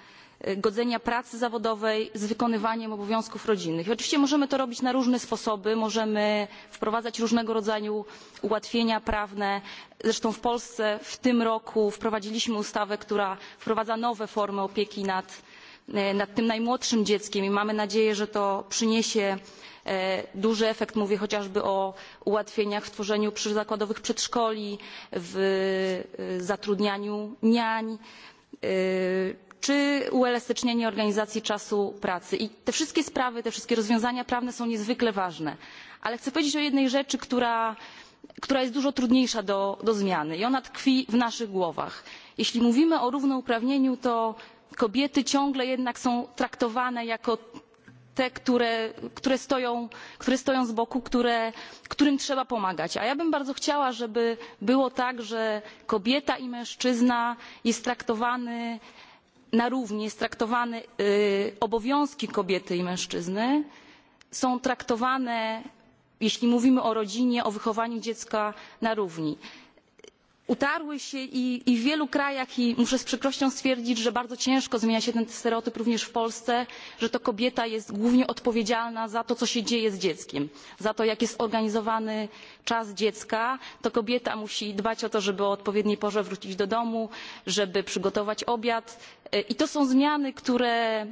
e, godzenia pracy zawodowej z wykonywaniem obowiązków rodzinnych. I oczywiście możemy to robić na różne sposoby, możemy wprowadzać różnego rodzaju ułatwienia prawne. Zresztą w Polsce w tym roku wprowadziliśmy ustawę, która wprowadza nowe formy opieki nad, nad tym najmłodszym dzieckiem i mamy nadzieję, że to przyniesie E, duży efekt mówię chociażby o ułatwieniach w tworzeniu przyzakładowych przedszkoli, w e, zatrudnianiu niań e, czy uelastycznienie organizacji czasu pracy. I te wszystkie sprawy, te wszystkie rozwiązania prawne są niezwykle ważne. Ale chcę powiedzieć o jednej rzeczy, która, która jest dużo trudniejsza do, do zmiany i ona tkwi w naszych głowach. Jeśli mówimy o równouprawnieniu, to kobiety ciągle jednak są traktowane jako te, które, które, stoją, które stoją z boku, które, którym trzeba pomagać. A ja bym bardzo chciała, żeby było tak, że kobieta i mężczyzna jest traktowany na równi, jest traktowany y, obowiązki kobiety i mężczyzny, są traktowane, jeśli mówimy o rodzinie, o wychowaniu dziecka na równi utarły się i, i w wielu krajach i muszę z przykrością stwierdzić, że bardzo ciężko zmienia się ten stereotyp również w Polsce, że to kobieta jest głównie odpowiedzialna za to, co się dzieje z dzieckiem, za to, jak jest organizowany czas dziecka, to kobieta musi dbać o to, żeby o odpowiedniej porze wrócić do domu, żeby przygotować obiad. I to są zmiany, które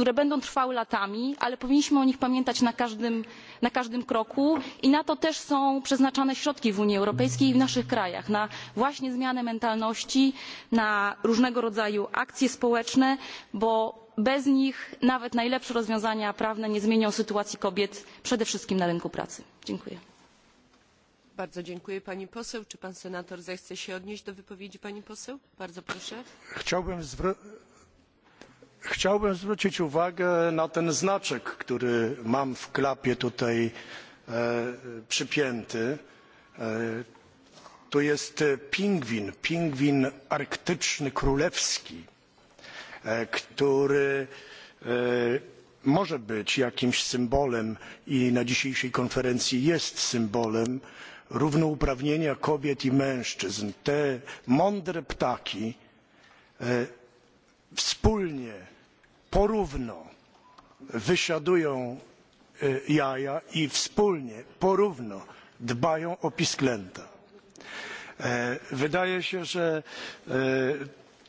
które będą trwały latami, ale powinniśmy o nich pamiętać na każdym, na każdym kroku i na to też są przeznaczane środki w Unii Europejskiej i w naszych krajach, na właśnie zmianę mentalności, na różnego rodzaju akcje społeczne, bo bez nich nawet najlepsze rozwiązania prawne nie zmienią sytuacji kobiet, przede wszystkim na rynku pracy. Dziękuję. Bardzo dziękuję pani poseł. Czy pan senator zechce się odnieść do wypowiedzi pani poseł? Bardzo proszę. Chciałbym zwrócić Chciałbym zwrócić uwagę na ten znaczek, który mam w klapie tutaj e, przypięty. E, to jest pingwin, pingwin arktyczny królewski, e, który może być jakimś symbolem i na dzisiejszej konferencji jest symbolem równouprawnienia kobiet i mężczyzn. Te mądre ptaki wspólnie porówno wysiadują e, jaja i wspólnie porówno dbają o pisklęta. E, wydaje się, że e,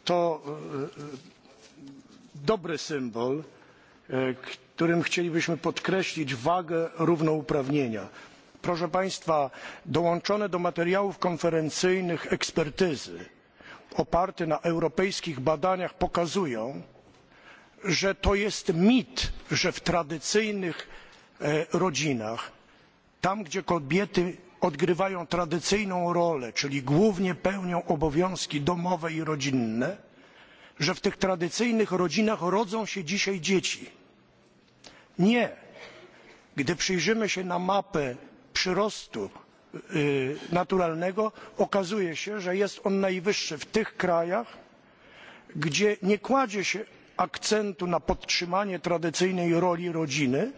to dobry symbol, którym chcielibyśmy podkreślić wagę równouprawnienia. Proszę Państwa, dołączone do materiałów konferencyjnych ekspertyzy oparte na europejskich badaniach pokazują, że to jest mit, że w tradycyjnych e, rodzinach, tam gdzie kobiety odgrywają tradycyjną rolę, czyli głównie pełnią obowiązki domowe i rodzinne, że w tych tradycyjnych rodzinach rodzą się dzisiaj dzieci. Nie. Gdy przyjrzymy się na mapę przyrostu naturalnego, okazuje się, że jest on najwyższy w tych krajach, gdzie nie kładzie się akcentu na podtrzymanie tradycyjnej roli rodziny,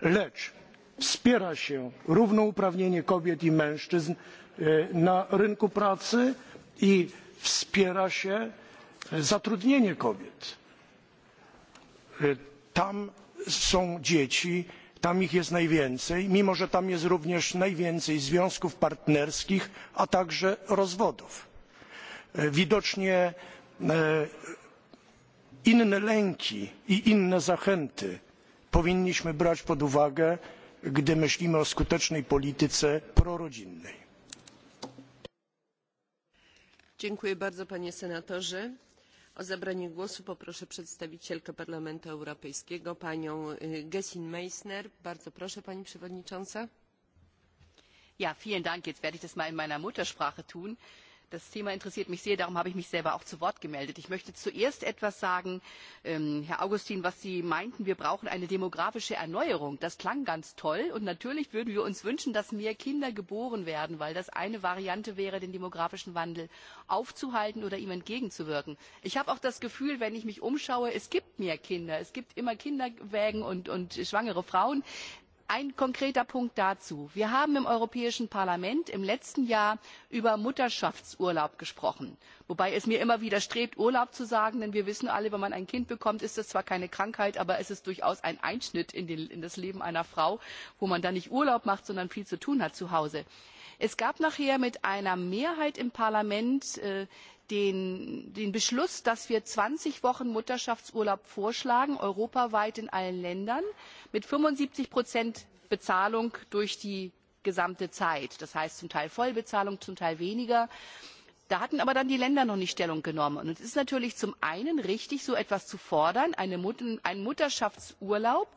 lecz wspiera się równouprawnienie kobiet i mężczyzn e, na rynku pracy i wspiera się e, zatrudnienie kobiet. E, tam są dzieci, tam ich jest najwięcej, mimo że tam jest również najwięcej związków partnerskich, a także rozwodów. Widocznie inne lęki i inne zachęty powinniśmy brać pod uwagę, gdy myślimy o skutecznej polityce prorodzinnej. Dziękuję bardzo panie senatorze. O zabranie głosu poproszę przedstawicielkę Parlamentu Europejskiego, panią Gessin Meissner. Bardzo proszę pani przewodnicząca. Ja, vielen Dank. Jetzt werde ich das mal in meiner Muttersprache tun. Das Thema interessiert mich sehr, darum habe ich mich selber auch zu Wort gemeldet. Ich möchte zuerst etwas sagen, ähm, Herr Augustin, was Sie meinten, wir brauchen eine demografische Erneuerung. Das klang ganz toll und natürlich würden wir uns wünschen, dass mehr Kinder geboren werden, weil das eine Variante wäre, den demografischen Wandel aufzuhalten oder ihm entgegenzuwirken. Ich habe auch das Gefühl, wenn ich mich umschaue, es gibt mehr Kinder. Es gibt immer Kinderwägen und, und schwangere Frauen ein konkreter Punkt dazu. Wir haben im Europäischen Parlament im letzten Jahr über Mutterschaftsurlaub gesprochen. Wobei es mir immer widerstrebt, Urlaub zu sagen, denn wir wissen alle, wenn man ein Kind bekommt, ist das zwar keine Krankheit, aber es ist durchaus ein Einschnitt in, den, in das Leben einer Frau, wo man dann nicht Urlaub macht, sondern viel zu tun hat zu Hause. Es gab nachher mit einer Mehrheit im Parlament äh, den, Beschluss, dass wir 20 Wochen Mutterschaftsurlaub vorschlagen, europaweit in allen Ländern, mit 75 Prozent Bezahlung durch die gesamte Zeit. Das heißt zum Teil Vollbezahlung, zum Teil weniger. Da hatten aber dann die Länder noch nicht Stellung genommen. Und es ist natürlich zum einen richtig, so etwas zu fordern, eine Mut einen Mutterschaftsurlaub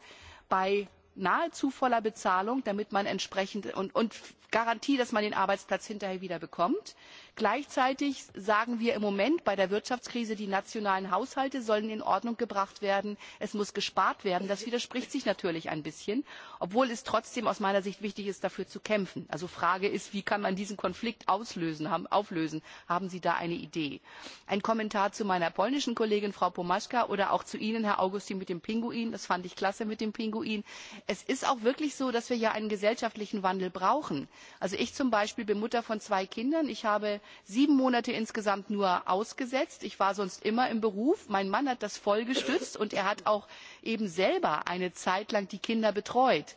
bei nahezu voller Bezahlung, damit man entsprechend und, und Garantie, dass man den Arbeitsplatz hinterher wieder bekommt. Gleichzeitig sagen wir im Moment bei der Wirtschaftskrise, die nationalen Haushalte sollen in Ordnung gebracht werden. Es muss gespart werden. Das widerspricht sich natürlich ein bisschen, obwohl es trotzdem aus meiner Sicht wichtig ist, dafür zu kämpfen. Also Frage ist, wie kann man diesen Konflikt auslösen, haben, auflösen? Haben Sie da eine Idee? Ein Kommentar zu meiner polnischen Kollegin Frau Pomaschka oder auch zu Ihnen, Herr Augustin, mit dem Pinguin. Das fand ich klasse mit dem Pinguin. Es ist auch wirklich so, dass wir ja einen gesellschaftlichen Wandel brauchen. Also ich zum Beispiel bin Mutter von zwei Kindern. Ich habe sieben Monate insgesamt nur ausgesetzt. Ich war sonst immer im Beruf. Mein Mann hat das voll gestützt und er hat auch eben selber eine Zeit lang die Kinder betreut.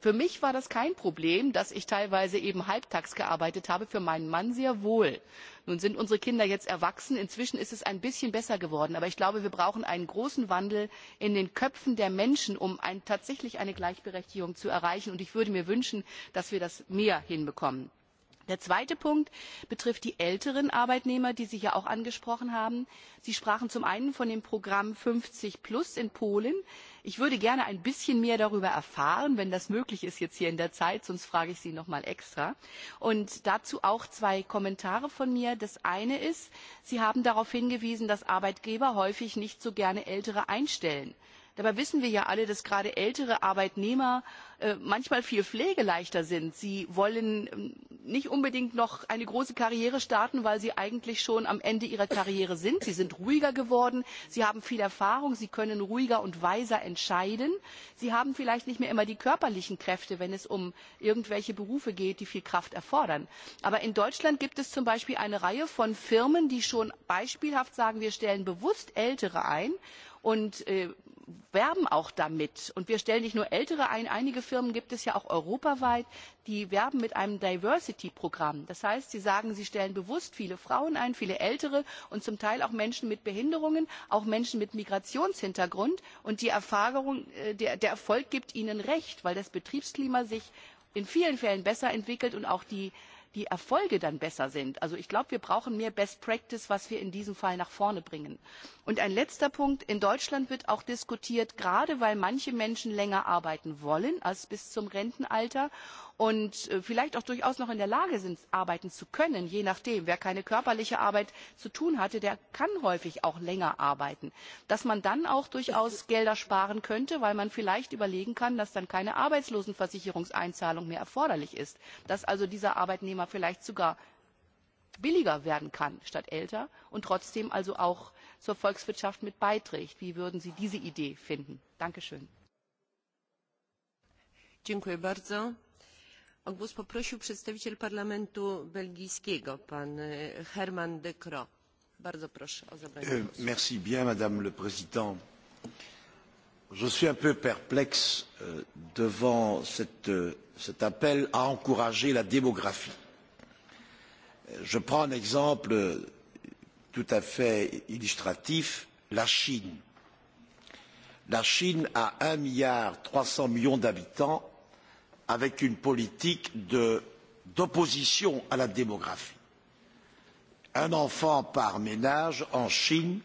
Für mich war das kein Problem, dass ich teilweise eben halbtags gearbeitet habe, für meinen Mann sehr wohl. Nun sind unsere Kinder jetzt erwachsen, inzwischen ist es ein bisschen besser geworden, aber ich glaube, wir brauchen einen großen Wandel in den Köpfen der Menschen, um ein, tatsächlich eine Gleichberechtigung zu erreichen, und ich würde mir wünschen, dass wir das mehr hinbekommen. Der zweite Punkt betrifft die älteren Arbeitnehmer, die Sie ja auch angesprochen haben. Sie sprachen zum einen von dem Programm 50 Plus in Polen. Ich würde gerne ein bisschen mehr darüber erfahren, wenn das möglich ist jetzt hier in der Zeit, sonst frage ich Sie noch mal extra. Und dazu auch zwei Kommentare von mir. Das eine ist, Sie haben darauf hingewiesen, dass Arbeitgeber häufig nicht so gerne Ältere einstellen. Dabei wissen wir ja alle, dass gerade ältere Arbeitnehmer äh, manchmal viel pflegeleichter sind. Sie wollen ähm, nicht unbedingt noch eine große Karriere starten, weil sie eigentlich schon am Ende ihrer Karriere sind. Sie sind ruhiger geworden, sie haben viel Erfahrung, sie können ruhiger und weiser entscheiden. Sie haben vielleicht nicht mehr immer die körperlichen Kräfte, wenn es um irgendwelche Berufe geht, die viel Kraft erfordern. Aber in Deutschland gibt es zum Beispiel eine Reihe von Firmen, die schon beispielhaft sagen, wir stellen bewusst Ältere ein und äh, werben auch damit. Und wir stellen nicht nur Ältere ein, einige Firmen gibt es ja auch europaweit, die werben mit einem Diversity-Programm. Das heißt, sie sagen, sie stellen bewusst viele Frauen ein, viele Ältere und zum Teil auch Menschen mit Behinderungen, auch Menschen mit Migrationshintergrund. Und die Erfahrung, äh, der, der Erfolg gibt ihnen recht, weil das Betriebsklima sich in vielen Fällen besser entwickelt und auch die die Erfolge dann besser sind. Also ich glaube, wir brauchen mehr Best Practice, was wir in diesem Fall nach vorne bringen. Und ein letzter Punkt. In Deutschland wird auch diskutiert, gerade weil manche Menschen länger arbeiten wollen als bis zum Rentenalter und äh, vielleicht auch durchaus noch in der Lage sind, arbeiten zu können, je nachdem. Wer keine körperliche Arbeit zu tun hatte, der kann häufig auch länger arbeiten. Dass man dann auch durchaus Gelder sparen könnte, weil man vielleicht überlegen kann, dass dann keine Arbeitslosenversicherungseinzahlung mehr erforderlich ist. Dass also dieser Arbeitnehmer vielleicht sogar billiger werden kann statt älter und trotzdem also auch zur Volkswirtschaft mit beiträgt. Wie würden Sie diese Idee finden? Dankeschön. Dziękuję bardzo. O głos poprosił przedstawiciel Parlamentu Belgijskiego, pan e, Herman de Croo. Bardzo proszę o zabranie e, głosu. merci bien, Madame le Président. Je suis un peu perplexe e, devant cette, cet appel à encourager la démographie. Je prends un exemple tout à fait illustratif, la Chine. La Chine a 1,3 milliard d'habitants avec une politique d'opposition à la démographie. Un enfant par ménage en Chine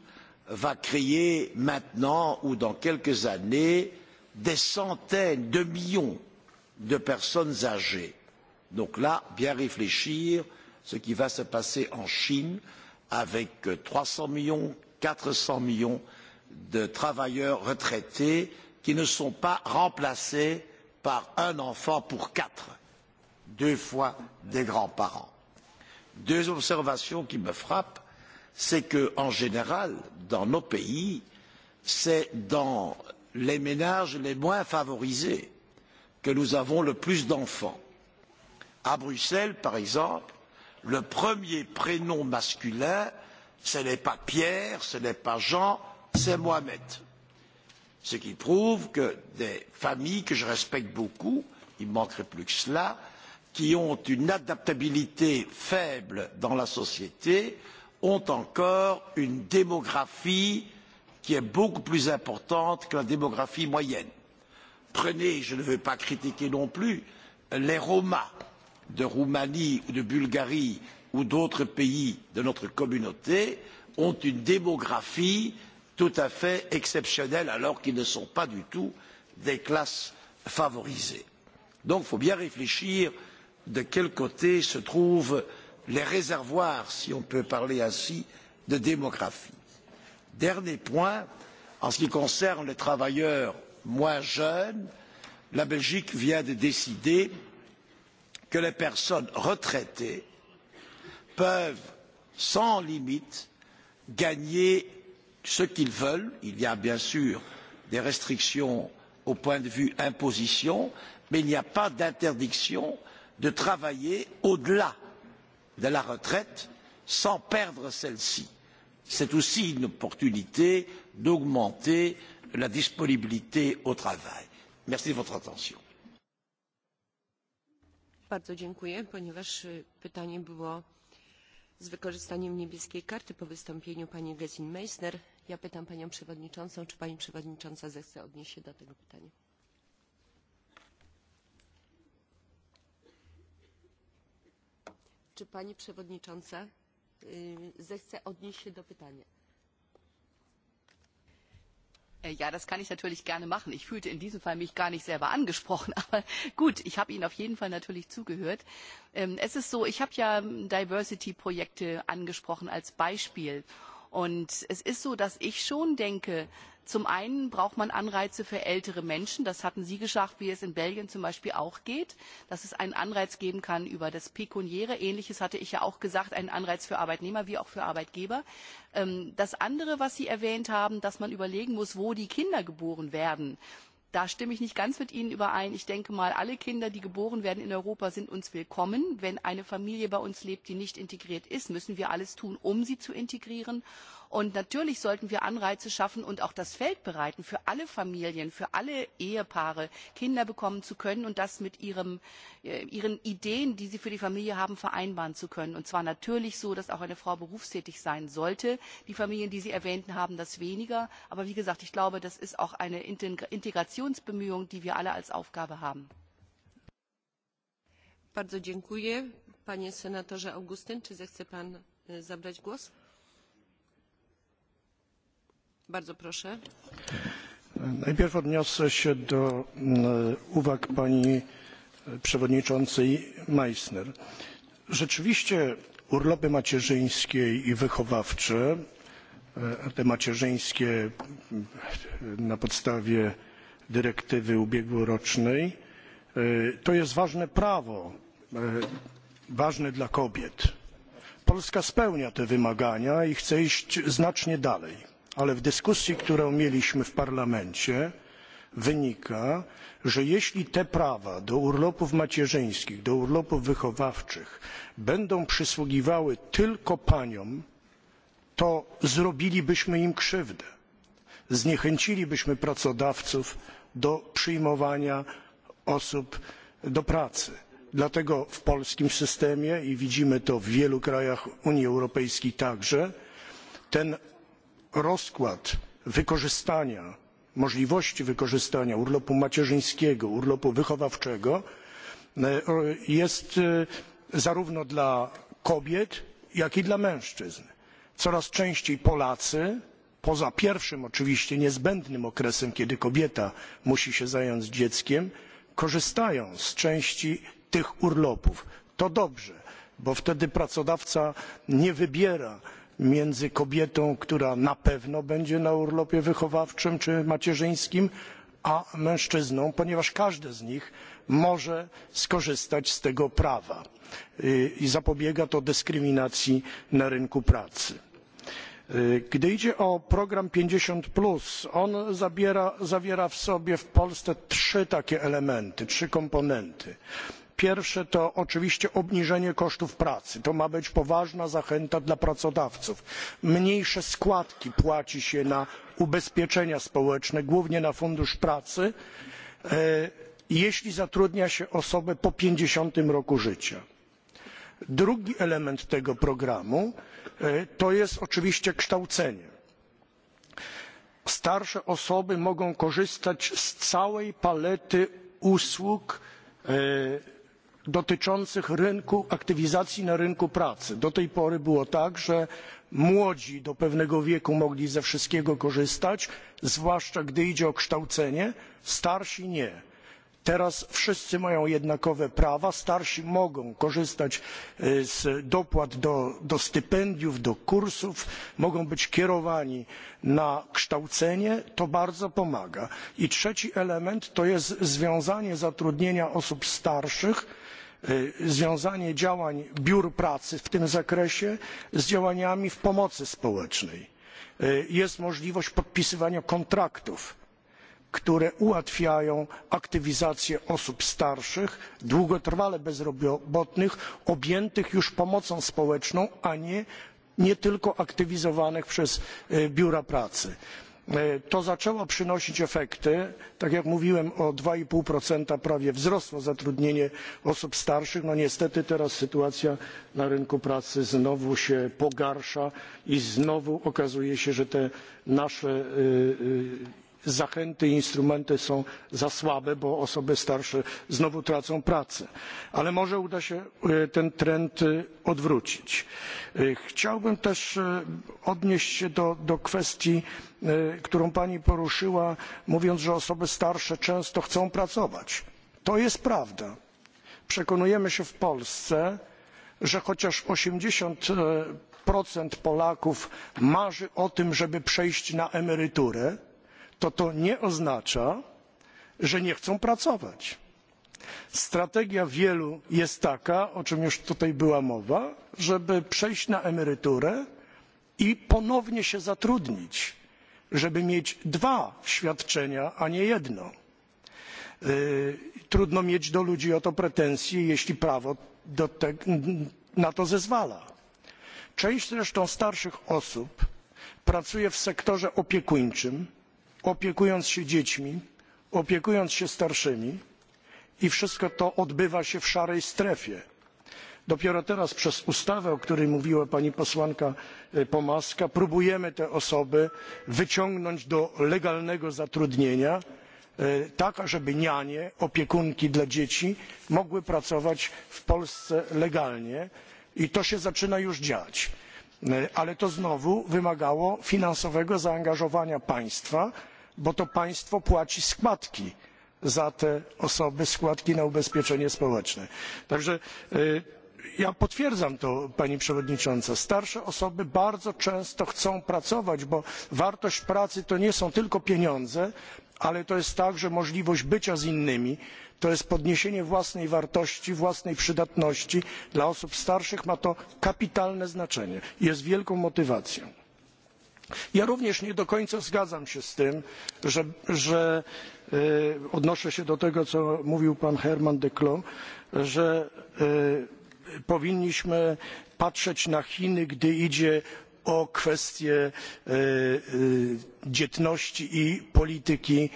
va créer maintenant ou dans quelques années des centaines de millions de personnes âgées. Donc là, bien réfléchir ce qui va se passer en Chine avec trois cents millions, quatre cents millions de travailleurs retraités qui ne sont pas remplacés par un enfant pour quatre, deux fois des grands-parents. Deux observations qui me frappent, c'est que, en général, dans nos pays, c'est dans les ménages les moins favorisés que nous avons le plus d'enfants. À Bruxelles, par exemple, le premier prénom masculin, ce n'est pas Pierre, ce n'est pas Jean, c'est Mohamed. Ce qui prouve que des familles que je respecte beaucoup, il ne manquerait plus que cela, qui ont une adaptabilité faible dans la société, ont encore une démographie qui est beaucoup plus importante que la démographie moyenne. Prenez, je ne veux pas critiquer non plus, les Romas de Roumanie ou de Bulgarie ou d'autres pays de notre communauté ont une démographie tout à fait exceptionnels alors qu'ils ne sont pas du tout des classes favorisées. Donc il faut bien réfléchir de quel côté se trouvent les réservoirs, si on peut parler ainsi, de démographie. Dernier point, en ce qui concerne les travailleurs moins jeunes, la Belgique vient de décider que les personnes retraitées peuvent sans limite gagner ce qu'ils veulent. Il y a bien sûr des restrictions au point de vue imposition, mais il n'y a pas d'interdiction de travailler au-delà de la retraite sans perdre celle-ci. C'est aussi une opportunité d'augmenter la disponibilité au travail. Merci de votre attention. Bardzo dziękuję, ponieważ pytanie było z wykorzystaniem niebieskiej karty po wystąpieniu pani Gesin Meissner. Ja pytam panią przewodniczącą, czy pani przewodnicząca zechce odnieść się do tego pytania. Czy pani przewodnicząca zechce odnieść się do pytania? Äh, ja, das kann ich natürlich gerne machen. Ich fühlte in diesem Fall mich gar nicht selber angesprochen, aber gut, ich habe Ihnen auf jeden Fall natürlich zugehört. Ähm, es ist so, ich habe ja ähm, Diversity-Projekte angesprochen als Beispiel. Und es ist so, dass ich schon denke, zum einen braucht man Anreize für ältere Menschen. Das hatten Sie geschafft, wie es in Belgien zum Beispiel auch geht, dass es einen Anreiz geben kann über das Pekuniäre. Ähnliches hatte ich ja auch gesagt, einen Anreiz für Arbeitnehmer wie auch für Arbeitgeber. Ähm, das andere, was Sie erwähnt haben, dass man überlegen muss, wo die Kinder geboren werden. Da stimme ich nicht ganz mit Ihnen überein. Ich denke mal, alle Kinder, die geboren werden in Europa, sind uns willkommen. Wenn eine Familie bei uns lebt, die nicht integriert ist, müssen wir alles tun, um sie zu integrieren. Und natürlich sollten wir Anreize schaffen und auch das Feld bereiten, für alle Familien, für alle Ehepaare Kinder bekommen zu können und das mit ihrem, äh, ihren Ideen, die sie für die Familie haben, vereinbaren zu können. Und zwar natürlich so, dass auch eine Frau berufstätig sein sollte. Die Familien, die Sie erwähnten, haben das weniger. Aber wie gesagt, ich glaube, das ist auch eine Integration Integrationsbemühungen, die wir alle als Aufgabe haben. Bardzo dziękuję. Panie senatorze Augustyn, czy zechce pan e, zabrać głos? Bardzo proszę. Najpierw odniosę się do uwag pani e, przewodniczącej Meissner. Rzeczywiście urlopy macierzyńskie i wychowawcze, e, te macierzyńskie na podstawie dyrektywy ubiegłorocznej. E, to jest ważne prawo, e, ważne dla kobiet. Polska spełnia te wymagania i chce iść znacznie dalej, ale w dyskusji, którą mieliśmy w parlamencie, wynika, że jeśli te prawa do urlopów macierzyńskich, do urlopów wychowawczych będą przysługiwały tylko paniom, to zrobilibyśmy im krzywdę. Zniechęcilibyśmy pracodawców do przyjmowania osób do pracy. Dlatego w polskim systemie i widzimy to w wielu krajach Unii Europejskiej także ten rozkład wykorzystania możliwości wykorzystania urlopu macierzyńskiego, urlopu wychowawczego e, jest e, zarówno dla kobiet, jak i dla mężczyzn. Coraz częściej Polacy poza pierwszym oczywiście niezbędnym okresem, kiedy kobieta musi się zająć dzieckiem, korzystają z części tych urlopów. To dobrze, bo wtedy pracodawca nie wybiera między kobietą, która na pewno będzie na urlopie wychowawczym czy macierzyńskim, a mężczyzną, ponieważ każdy z nich może skorzystać z tego prawa i zapobiega to dyskryminacji na rynku pracy. Gdy idzie o program 50, on zabiera, zawiera w sobie w Polsce trzy takie elementy, trzy komponenty. Pierwsze to oczywiście obniżenie kosztów pracy. To ma być poważna zachęta dla pracodawców. Mniejsze składki płaci się na ubezpieczenia społeczne, głównie na fundusz pracy, e, jeśli zatrudnia się osobę po pięćdziesiątym roku życia. Drugi element tego programu E, to jest oczywiście kształcenie. Starsze osoby mogą korzystać z całej palety usług e, dotyczących rynku aktywizacji na rynku pracy. Do tej pory było tak, że młodzi do pewnego wieku mogli ze wszystkiego korzystać, zwłaszcza gdy idzie o kształcenie, starsi nie. Teraz wszyscy mają jednakowe prawa, starsi mogą korzystać e, z dopłat do, do, stypendiów, do kursów, mogą być kierowani na kształcenie, to bardzo pomaga. I trzeci element to jest związanie zatrudnienia osób starszych, e, związanie działań biur pracy w tym zakresie z działaniami w pomocy społecznej. E, jest możliwość podpisywania kontraktów które ułatwiają aktywizację osób starszych, długotrwale bezrobotnych, objętych już pomocą społeczną, a nie, nie tylko aktywizowanych przez e, biura pracy. E, to zaczęło przynosić efekty. Tak jak mówiłem, o dwa 2,5% prawie wzrosło zatrudnienie osób starszych. No niestety teraz sytuacja na rynku pracy znowu się pogarsza i znowu okazuje się, że te nasze e, zachęty i instrumenty są za słabe, bo osoby starsze znowu tracą pracę. Ale może uda się e, ten trend e, odwrócić. E, chciałbym też odnieść się do, do kwestii, którą Pani poruszyła, mówiąc, że osoby starsze często chcą pracować. To jest prawda. Przekonujemy się w Polsce, że chociaż 80 Polaków marzy o tym, żeby przejść na emeryturę, to to nie oznacza, że nie chcą pracować. Strategia wielu jest taka, o czym już tutaj była mowa, żeby przejść na emeryturę i ponownie się zatrudnić, żeby mieć dwa świadczenia, a nie jedno. Trudno mieć do ludzi o to pretensje, jeśli prawo te, na to zezwala. Część zresztą starszych osób pracuje w sektorze opiekuńczym, opiekując się dziećmi, opiekując się starszymi i wszystko to odbywa się w szarej strefie. Dopiero teraz przez ustawę, o której mówiła pani posłanka e, Pomaska, próbujemy te osoby wyciągnąć do legalnego zatrudnienia, e, tak ażeby nianie, opiekunki dla dzieci mogły pracować w Polsce legalnie i to się zaczyna już dziać. E, ale to znowu wymagało finansowego zaangażowania państwa, bo to państwo płaci składki za te osoby składki na ubezpieczenie społeczne. Także ja potwierdzam to pani przewodnicząca starsze osoby bardzo często chcą pracować bo wartość pracy to nie są tylko pieniądze ale to jest także możliwość bycia z innymi to jest podniesienie własnej wartości własnej przydatności dla osób starszych ma to kapitalne znaczenie i jest wielką motywacją. Ja również nie do końca zgadzam się z tym, że, że e, odnoszę się do tego, co mówił pan Herman de Klom, że e, powinniśmy patrzeć na Chiny, gdy idzie o kwestie e, dzietności i polityki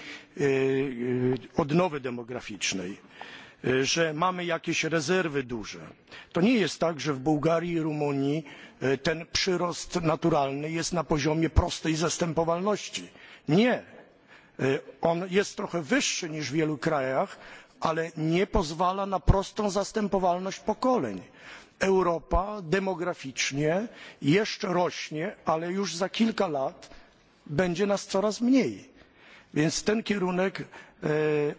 odnowy demograficznej E, że mamy jakieś rezerwy duże. To nie jest tak, że w Bułgarii i Rumunii e, ten przyrost naturalny jest na poziomie prostej zastępowalności. Nie. E, on jest trochę wyższy niż w wielu krajach, ale nie pozwala na prostą zastępowalność pokoleń. Europa demograficznie jeszcze rośnie, ale już za kilka lat będzie nas coraz mniej Więc ten kierunek e,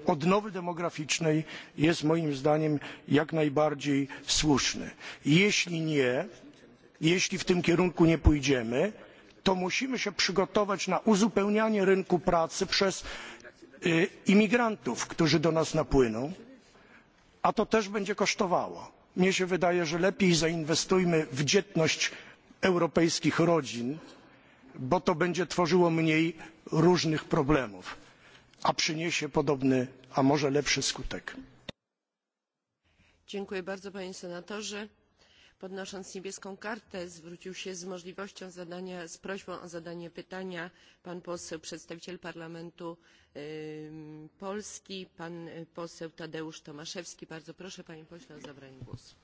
odnowy demograficznej jest moim zdaniem jak najbardziej słuszny. Jeśli nie, jeśli w tym kierunku nie pójdziemy, to musimy się przygotować na uzupełnianie rynku pracy przez e, imigrantów, którzy do nas napłyną, a to też będzie kosztowało. Mnie się wydaje, że lepiej zainwestujmy w dzietność europejskich rodzin, bo to będzie tworzyło mniej różnych problemów, a przyniesie podobny, a może lepszy skutek. Dziękuję bardzo panie senatorze. Podnosząc niebieską kartę zwrócił się z możliwością zadania, z prośbą o zadanie pytania pan poseł, przedstawiciel Parlamentu Polski, pan poseł Tadeusz Tomaszewski. Bardzo proszę panie pośle o zabranie głosu.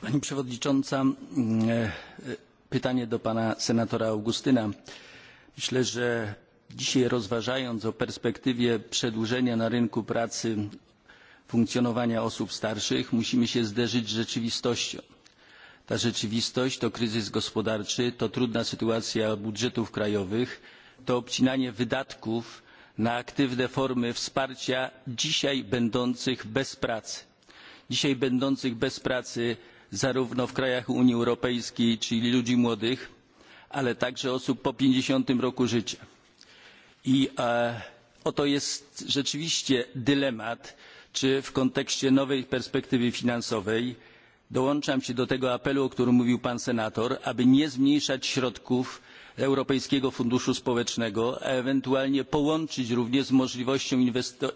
Pani przewodnicząca, e, pytanie do pana senatora Augustyna. Myślę, że Dzisiaj rozważając o perspektywie przedłużenia na rynku pracy funkcjonowania osób starszych, musimy się zderzyć z rzeczywistością. Ta rzeczywistość to kryzys gospodarczy, to trudna sytuacja budżetów krajowych, to obcinanie wydatków na aktywne formy wsparcia dzisiaj będących bez pracy. Dzisiaj będących bez pracy zarówno w krajach Unii Europejskiej, czyli ludzi młodych, ale także osób po 50 roku życia. I e, oto jest rzeczywiście dylemat, czy w kontekście nowej perspektywy finansowej dołączam się do tego apelu, o którym mówił pan senator, aby nie zmniejszać środków Europejskiego Funduszu Społecznego, a ewentualnie połączyć również z możliwością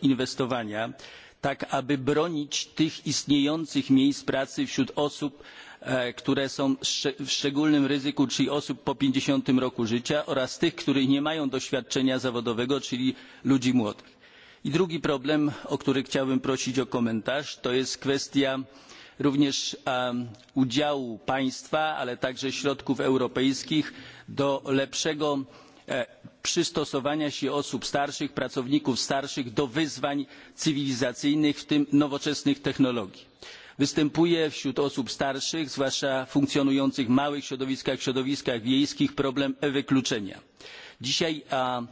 inwestowania, tak aby bronić tych istniejących miejsc pracy wśród osób E, które są w szczególnym ryzyku, czyli osób po 50 roku życia oraz tych, które nie mają doświadczenia zawodowego, czyli ludzi młodych. I drugi problem, o który chciałbym prosić o komentarz, to jest kwestia również um, udziału państwa, ale także środków europejskich do lepszego e, przystosowania się osób starszych, pracowników starszych do wyzwań cywilizacyjnych, w tym nowoczesnych technologii. Występuje wśród osób starszych, zwłaszcza funkcjonujących w małych środowiskach, środowiskach wiejskich, problem wykluczenia. Dzisiaj a,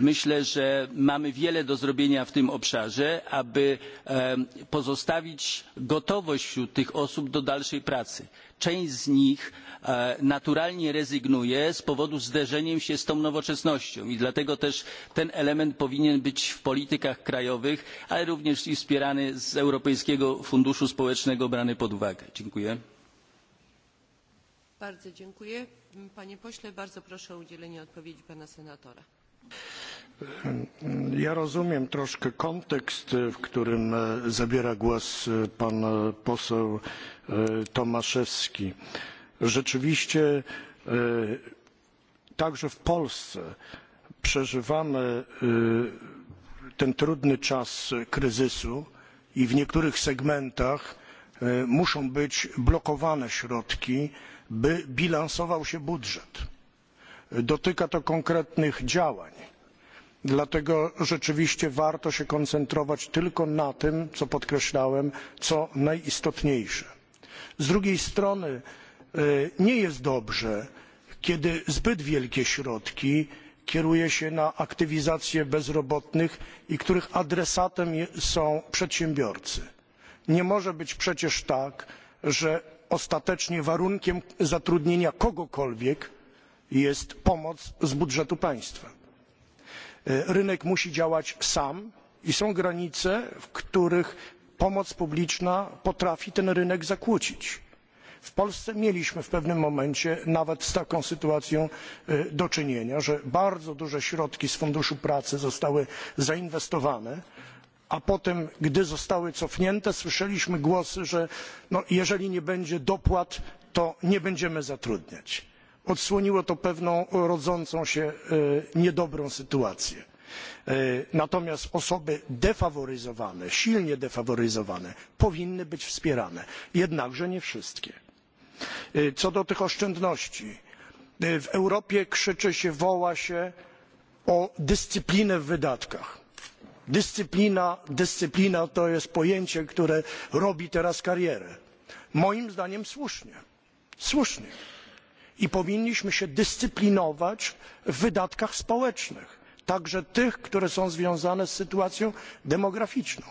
myślę, że mamy wiele do zrobienia w tym obszarze, aby e, pozostawić gotowość wśród tych osób do dalszej pracy część z nich e, naturalnie rezygnuje z powodu zderzenia się z tą nowoczesnością i dlatego też ten element powinien być w politykach krajowych, ale również i wspierany z Europejskiego Funduszu Społecznego brany pod uwagę. Dziękuję. Bardzo dziękuję. Panie pośle, bardzo proszę o udzielenie odpowiedzi pana senatora. Ja rozumiem troszkę kontekst, w którym e, zabiera głos e, pan e, poseł Tomaszewski. Rzeczywiście także w Polsce przeżywamy ten trudny czas kryzysu i w niektórych segmentach muszą być blokowane środki, by bilansował się budżet. Dotyka to konkretnych działań Dlatego rzeczywiście warto się koncentrować tylko na tym, co podkreślałem, co najistotniejsze. Z drugiej strony nie jest dobrze, kiedy zbyt wielkie środki kieruje się na aktywizację bezrobotnych i których adresatem są przedsiębiorcy. Nie może być przecież tak, że ostatecznie warunkiem zatrudnienia kogokolwiek jest pomoc z budżetu państwa. E, rynek musi działać sam i są granice, w których pomoc publiczna potrafi ten rynek zakłócić. W Polsce mieliśmy w pewnym momencie nawet z taką sytuacją e, do czynienia, że bardzo duże środki z Funduszu Pracy zostały zainwestowane, a potem, gdy zostały cofnięte, słyszeliśmy głosy, że no, jeżeli nie będzie dopłat, to nie będziemy zatrudniać odsłoniło to pewną rodzącą się e, niedobrą sytuację. E, natomiast osoby defaworyzowane, silnie defaworyzowane, powinny być wspierane, jednakże nie wszystkie. E, co do tych oszczędności, w Europie krzyczy się, woła się o dyscyplinę w wydatkach. Dyscyplina, dyscyplina to jest pojęcie, które robi teraz karierę. Moim zdaniem słusznie. Słusznie i powinniśmy się dyscyplinować w wydatkach społecznych, także tych, które są związane z sytuacją demograficzną.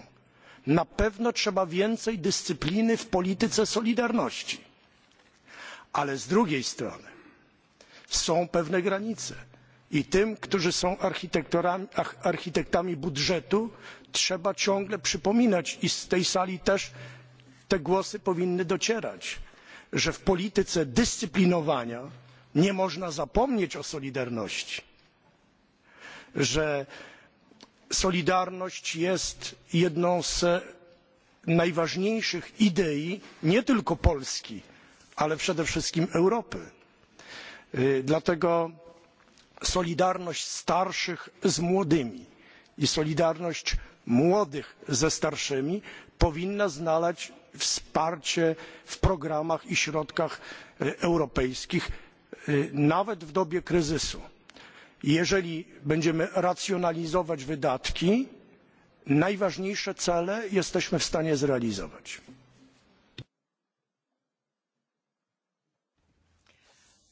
Na pewno trzeba więcej dyscypliny w polityce solidarności. Ale z drugiej strony są pewne granice i tym, którzy są architektami budżetu, trzeba ciągle przypominać i z tej sali też te głosy powinny docierać że w polityce dyscyplinowania nie można zapomnieć o solidarności, że solidarność jest jedną z najważniejszych idei nie tylko Polski, ale przede wszystkim Europy. Dlatego solidarność starszych z młodymi i solidarność młodych ze starszymi powinna znaleźć wsparcie w programach i środkach e, europejskich e, nawet w dobie kryzysu. Jeżeli będziemy racjonalizować wydatki, najważniejsze cele jesteśmy w stanie zrealizować.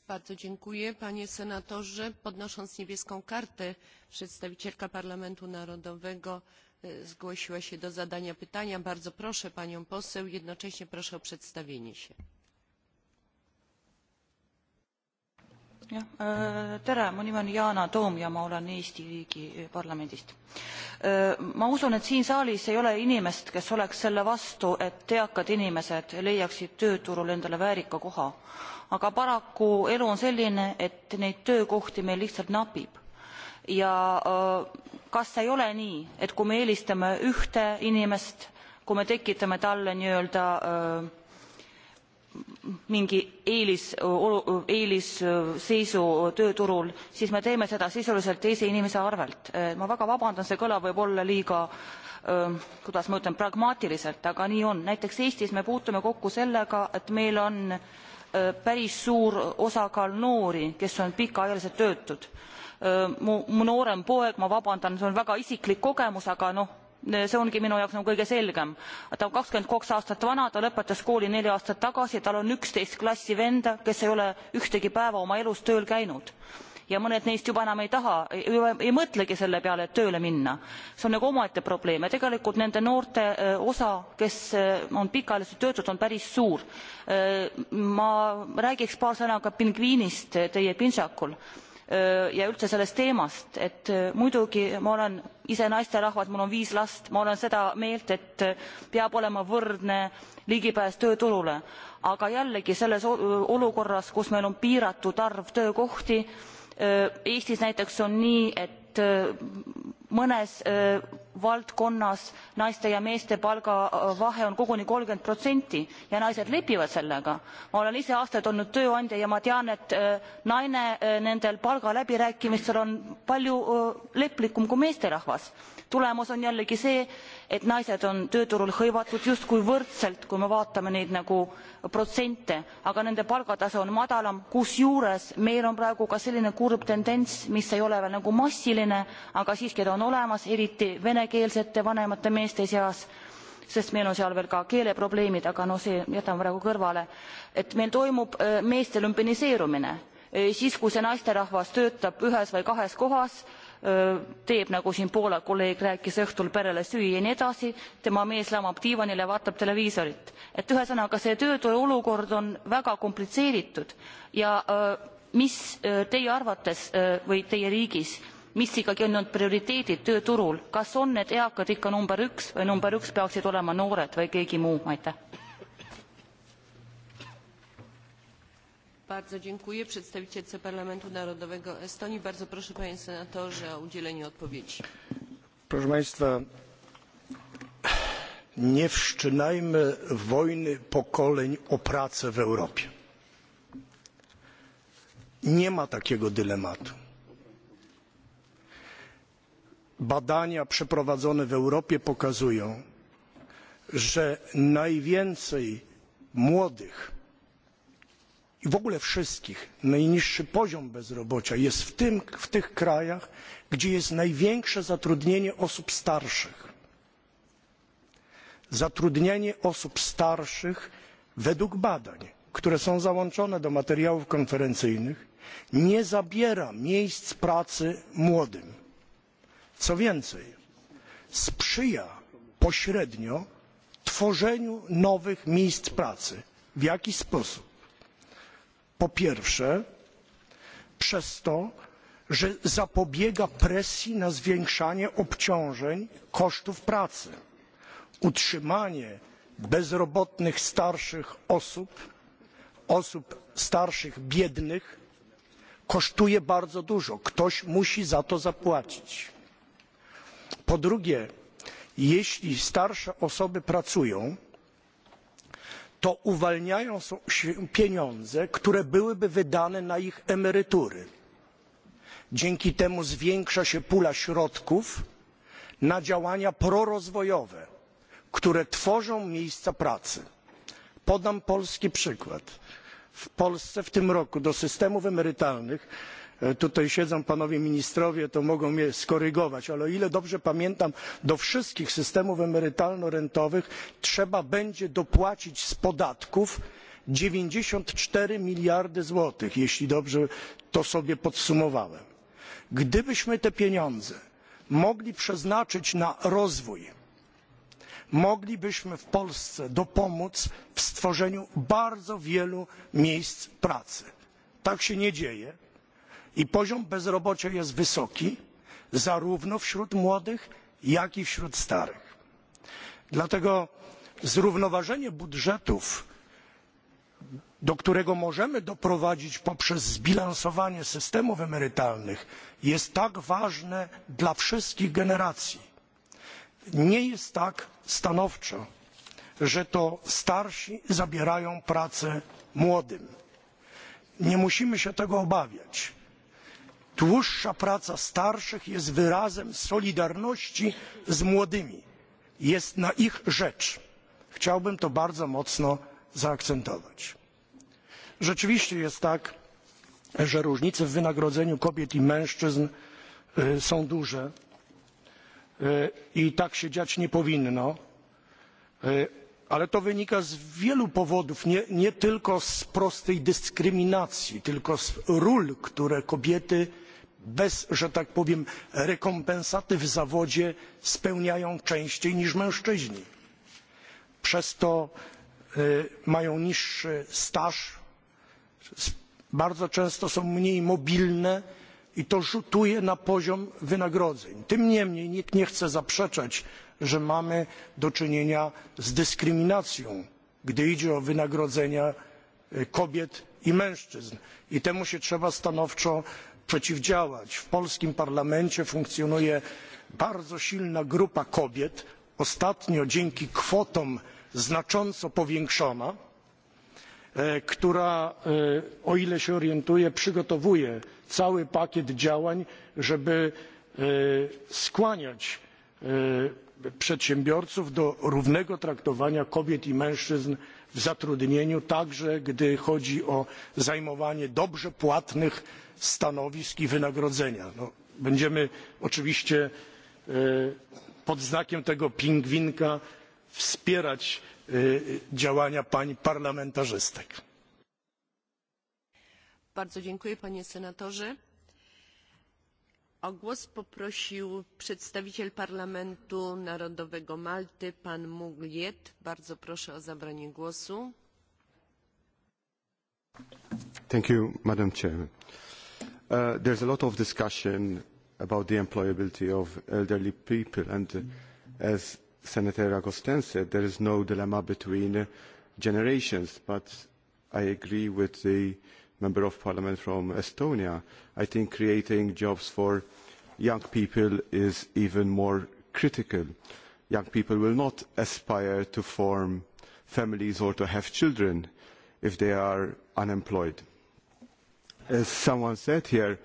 Bardzo dziękuję. Panie senatorze, podnosząc niebieską kartę, przedstawicielka Parlamentu Narodowego E, zgłosiła się do zadania pytania. Bardzo proszę panią poseł, jednocześnie proszę o przedstawienie się. E, tere, mu nimi on Jana Toom ja ma olen Eesti riigi e, parlamendist. ma usun, et siin saalis ei ole inimest, kes oleks selle vastu, et eakad inimesed leiaksid tööturul endale väärika koha. aga paraku elu on selline, et neid töökohti meil lihtsalt napib ja kas ei ole nii, et kui me eelistame ühte inimest, kui me tekitame talle nii-öelda äh, mingi eelis, eelisseisu tööturul, siis me teeme seda sisuliselt teise inimese arvelt. Äh, ma väga vabandan, see kõla võib olla liiga äh, kuidas ma ütlen, pragmaatiliselt, aga nii on. näiteks Eestis me puutume kokku sellega, et meil on päris suur osakaal noori, kes on pikaajaliselt töötud Äh, mu, noorem poeg, ma vabandan, see on väga isiklik kogemus, aga noh, see ongi minu jaoks nagu kõige selgem. ta on kakskümmend kaks aastat vana, ta lõpetas kooli neli aastat tagasi, tal on üksteist klassi venda, kes ei ole ühtegi päeva oma elus tööl käinud ja mõned neist juba enam ei taha ei, ei mõtlegi selle peale et tööle minna see on nagu omaette probleem ja tegelikult nende noorte äh, osa kes äh, on pikaajaliselt töötud on päris suur ma räägiks paar sõna ka pingviinist teie pintsakul Äh, ja üldse sellest teemast, et äh, muidugi ma olen ise naisterahvas, mul on viis last, ma olen seda meelt, et äh, peab olema võrdne ligipääs tööturule, aga jällegi selles olukorras, kus meil on piiratud arv töökohti, Eestis näiteks on nii, et mõnes äh, valdkonnas naiste ja meeste palgavahe äh, on koguni 30 protsenti ja naised lepivad sellega. ma olen ise aastaid olnud tööandja ja ma tean et äh, naine nendel palgaläbirääkimistel on palju leplikum kui meesterahvas tulemus on jällegi see, et naised on tööturul hõivatud justkui võrdselt, kui me vaatame neid nagu protsente, aga nende palgatase on madalam, kusjuures meil on praegu ka selline kurb tendents, mis ei ole veel nagu massiline, aga siiski ta on olemas, eriti venekeelsete vanemate meeste seas sest meil on seal veel ka keeleprobleemid, aga no see jätame praegu kõrvale, et meil toimub äh, meeste lümpinisseerumine. Äh, siis, kui see naisterahvas töötab ühes või kahes kohas, teeb, nagu siin Poola kolleeg rääkis õhtul perele süüa ja nii edasi, tema mees lamab diivanil ja vaatab televiisorit. et ühesõnaga see tööturu olukord on väga komplitseeritud ja äh, mis äh, teie arvates äh, või teie riigis mis ikkagi on need prioriteedid tööturul kas on need eakad ikka number üks või number üks peaksid olema noored või keegi muu aitäh Bardzo dziękuję. Przedstawicielce Parlamentu Narodowego Estonii. Bardzo proszę panie senatorze o udzielenie odpowiedzi. Proszę państwa, nie wszczynajmy wojny pokoleń o pracę w Europie. Nie ma takiego dylematu. Badania przeprowadzone w Europie pokazują, że najwięcej młodych i w ogóle wszystkich najniższy poziom bezrobocia jest w, tym, w tych krajach, gdzie jest największe zatrudnienie osób starszych. Zatrudnienie osób starszych według badań, które są załączone do materiałów konferencyjnych, nie zabiera miejsc pracy młodym. Co więcej, sprzyja pośrednio tworzeniu nowych miejsc pracy. W jaki sposób? Po pierwsze, przez to, że zapobiega presji na zwiększanie obciążeń kosztów pracy. Utrzymanie bezrobotnych starszych osób, osób starszych biednych kosztuje bardzo dużo. Ktoś musi za to zapłacić. Po drugie, jeśli starsze osoby pracują, to uwalniają się pieniądze, które byłyby wydane na ich emerytury. Dzięki temu zwiększa się pula środków na działania prorozwojowe, które tworzą miejsca pracy. Podam polski przykład. W Polsce w tym roku do systemów emerytalnych E, tutaj siedzą panowie ministrowie, to mogą mnie skorygować, ale o ile dobrze pamiętam, do wszystkich systemów emerytalno-rentowych trzeba będzie dopłacić z podatków dziewięćdzisiąt cztery miliardy złotych, jeśli dobrze to sobie podsumowałem. Gdybyśmy te pieniądze mogli przeznaczyć na rozwój, moglibyśmy w Polsce dopomóc w stworzeniu bardzo wielu miejsc pracy. Tak się nie dzieje i poziom bezrobocia jest wysoki zarówno wśród młodych jak i wśród starych. dlatego zrównoważenie budżetów do którego możemy doprowadzić poprzez zbilansowanie systemów emerytalnych jest tak ważne dla wszystkich generacji. nie jest tak stanowczo że to starsi zabierają pracę młodym. nie musimy się tego obawiać Dłuższa praca starszych jest wyrazem solidarności z młodymi. Jest na ich rzecz. Chciałbym to bardzo mocno zaakcentować. Rzeczywiście jest tak, że różnice w wynagrodzeniu kobiet i mężczyzn są duże i tak się dziać nie powinno, ale to wynika z wielu powodów, nie, nie tylko z prostej dyskryminacji, tylko z ról, które kobiety bez, że tak powiem, rekompensaty w zawodzie spełniają częściej niż mężczyźni. Przez to mają niższy staż, bardzo często są mniej mobilne i to rzutuje na poziom wynagrodzeń. Tym niemniej nikt nie chce zaprzeczać, że mamy do czynienia z dyskryminacją, gdy idzie o wynagrodzenia kobiet i mężczyzn. I temu się trzeba stanowczo przeciwdziałać. W polskim parlamencie funkcjonuje bardzo silna grupa kobiet, ostatnio dzięki kwotom znacząco powiększona, e, która, e, o ile się orientuję, przygotowuje cały pakiet działań, żeby e, skłaniać przedsiębiorców do równego traktowania kobiet i mężczyzn w zatrudnieniu, także gdy chodzi o zajmowanie dobrze płatnych stanowisk i wynagrodzenia. No, będziemy oczywiście e, pod znakiem tego pingwinka wspierać e, działania pań parlamentarzystek. Bardzo dziękuję panie senatorze. O głos poprosił przedstawiciel Parlamentu Narodowego Malty, pan Mugliet. Bardzo proszę o zabranie głosu. Thank you, Madam Chairman. Uh, there's a lot of discussion about the employability of elderly people and uh, as Senator Agostin said, there is no dilemma between uh, generations, but I agree with the Member of Parliament from Estonia, I think creating jobs for young people is even more critical. Young people will not aspire to form families or to have children if they are unemployed. As someone said here,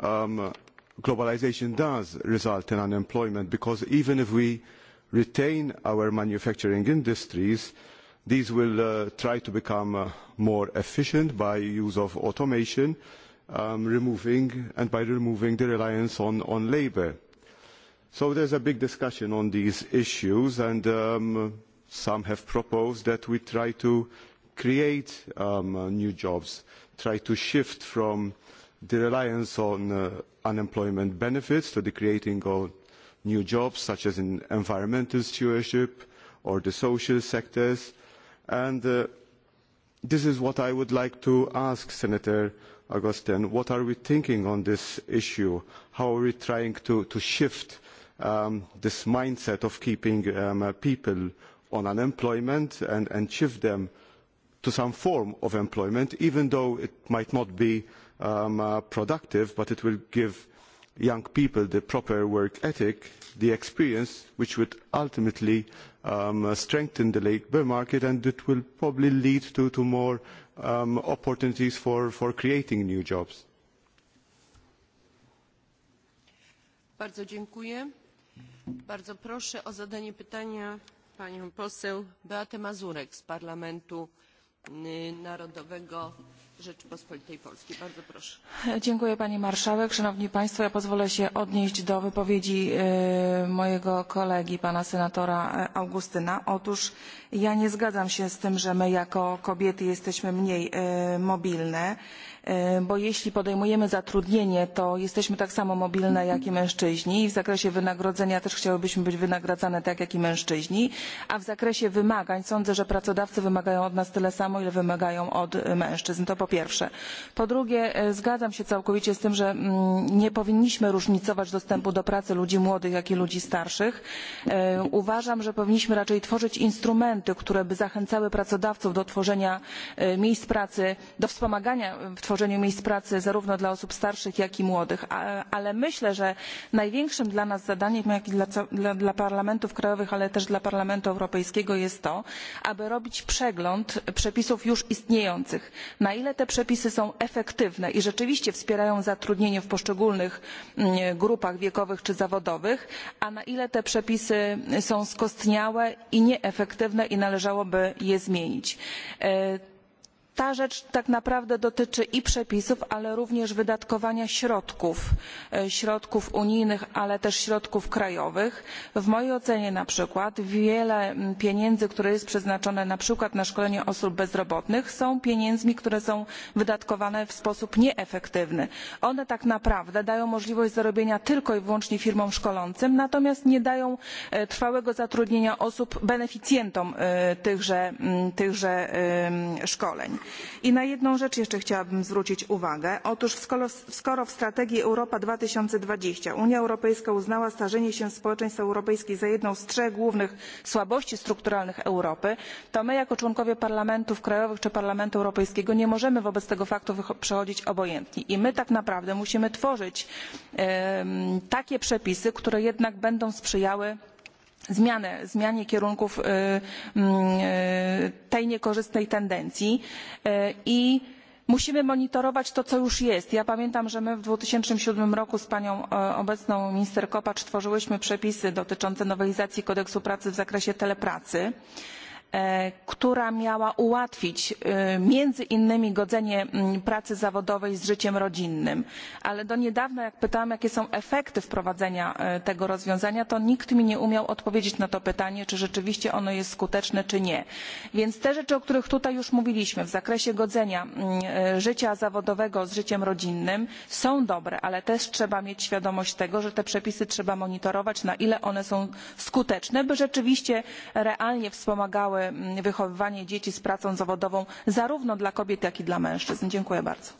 um, globalization does result in unemployment because even if we retain our manufacturing industries, These will uh, try to become uh, more efficient by use of automation, um, removing and by removing the reliance on, on labor. So there's a big discussion on these issues and um, some have proposed that we try to create um, uh, new jobs, try to shift from the reliance on uh, unemployment benefits to the creating of new jobs such as in environmental stewardship or the social sectors, And uh, this is what I would like to ask Senator Augustin. What are we thinking on this issue? How are we trying to, to shift um, this mindset of keeping um, uh, people on unemployment and, and shift them to some form of employment, even though it might not be um, uh, productive, but it will give young people the proper work ethic, the experience which would ultimately um, uh, strengthen the labor market and it will probably lead to, to more um, opportunities for, for creating new jobs. Bardzo dziękuję. Bardzo proszę o zadanie pytania panią poseł Beatę Mazurek z Parlamentu Narodowego Rzeczypospolitej Polskiej. Bardzo proszę. Dziękuję Pani Marszałek. Szanowni Państwo, ja pozwolę się odnieść do wypowiedzi e, mojego kolegi, Pana Senatora e, Augustyna. Otóż ja nie zgadzam się z tym, że my jako kobiety jesteśmy mniej e, mobilne. E, bo jeśli podejmujemy zatrudnienie, to jesteśmy tak samo mobilne jak i mężczyźni i w zakresie wynagrodzenia też chciałybyśmy być wynagradzane tak jak i mężczyźni, a w zakresie wymagań sądzę, że pracodawcy wymagają od nas tyle samo, ile wymagają od e, mężczyzn. To po pierwsze. Po drugie, e, zgadzam się całkowicie z tym, że mm, nie powinniśmy różnicować dostępu do pracy ludzi młodych, jak i ludzi starszych. Uważam, że powinniśmy raczej tworzyć instrumenty, które by zachęcały pracodawców do tworzenia miejsc pracy, do wspomagania w tworzeniu tworzeniu miejsc pracy zarówno dla osób starszych, jak i młodych. Ale myślę, że największym dla nas zadaniem, jak i dla, dla parlamentów krajowych, ale też dla Parlamentu Europejskiego jest to, aby robić przegląd przepisów już istniejących. Na ile te przepisy są efektywne i rzeczywiście wspierają zatrudnienie w poszczególnych mm, grupach wiekowych czy zawodowych, a na ile te przepisy są skostniałe i nieefektywne i należałoby je zmienić. E, Ta rzecz tak naprawdę dotyczy i przepisów, ale również wydatkowania środków, e, środków unijnych, ale też środków krajowych. W mojej ocenie na przykład wiele pieniędzy, które jest przeznaczone na przykład na szkolenie osób bezrobotnych są pieniędzmi, które są wydatkowane w sposób nieefektywny. One tak naprawdę dają możliwość zarobienia tylko i wyłącznie firmom szkolącym, natomiast nie dają e, trwałego zatrudnienia osób beneficjentom e, tychże, tychże szkoleń. I na jedną rzecz jeszcze chciałabym zwrócić uwagę. Otóż skoro w strategii Europa 2020 Unia Europejska uznała starzenie się społeczeństw europejskich za jedną z trzech głównych słabości strukturalnych Europy, to my jako członkowie parlamentów krajowych czy Parlamentu Europejskiego nie możemy wobec tego faktu przechodzić obojętni. I my tak naprawdę musimy tworzyć takie przepisy, które jednak będą sprzyjały zmianę, zmianie kierunków mm, tej niekorzystnej tendencji i musimy monitorować to, co już jest. Ja pamiętam, że my w 2007 roku z panią e, obecną minister Kopacz tworzyłyśmy przepisy dotyczące nowelizacji kodeksu pracy w zakresie telepracy. E, która miała ułatwić e, między innymi godzenie pracy zawodowej z życiem rodzinnym. Ale do niedawna, jak pytałam, jakie są efekty wprowadzenia e, tego rozwiązania, to nikt mi nie umiał odpowiedzieć na to pytanie, czy rzeczywiście ono jest skuteczne, czy nie. Więc te rzeczy, o których tutaj już mówiliśmy w zakresie godzenia życia zawodowego z życiem rodzinnym są dobre, ale też trzeba mieć świadomość tego, że te przepisy trzeba monitorować, na ile one są skuteczne, by rzeczywiście realnie wspomagały wspaniałe mm, wychowywanie dzieci z pracą zawodową zarówno dla kobiet, jak i dla mężczyzn. Dziękuję bardzo.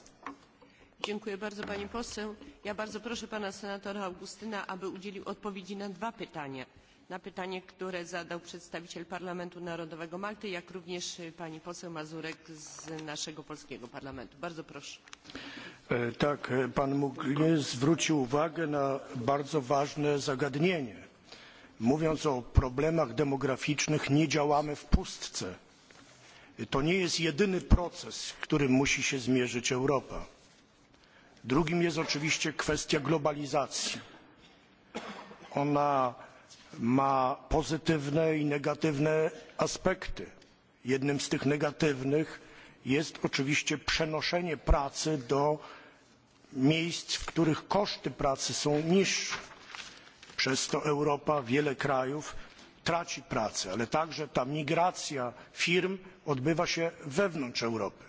Dziękuję bardzo pani poseł. Ja bardzo proszę pana senatora Augustyna, aby udzielił odpowiedzi na dwa pytania. Na pytanie, które zadał przedstawiciel Parlamentu Narodowego Malty, jak również pani poseł Mazurek z naszego polskiego parlamentu. Bardzo proszę. E, tak, e, pan mógł zwrócił uwagę na bardzo ważne zagadnienie mówiąc o problemach demograficznych, nie działamy w pustce. To nie jest jedyny proces, z którym musi się zmierzyć Europa. Drugim jest oczywiście kwestia globalizacji. Ona ma pozytywne i negatywne aspekty. Jednym z tych negatywnych jest oczywiście przenoszenie pracy do miejsc, w których koszty pracy są niższe. Przez to Europa, wiele krajów traci pracę, ale także ta migracja firm odbywa się wewnątrz Europy.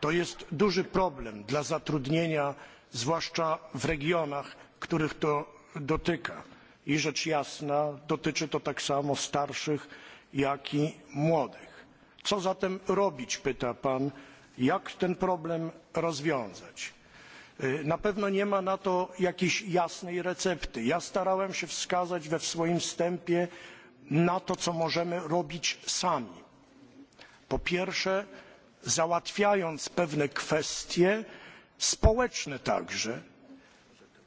To jest duży problem dla zatrudnienia, zwłaszcza w regionach, których to dotyka. I rzecz jasna dotyczy to tak samo starszych, jak i młodych. Co zatem robić, pyta Pan, jak ten problem rozwiązać? Na pewno nie ma na to jakiejś jasnej recepty. Ja starałem się wskazać we swoim wstępie na to, co możemy robić sami. Po pierwsze, załatwiając pewne kwestie społeczne także,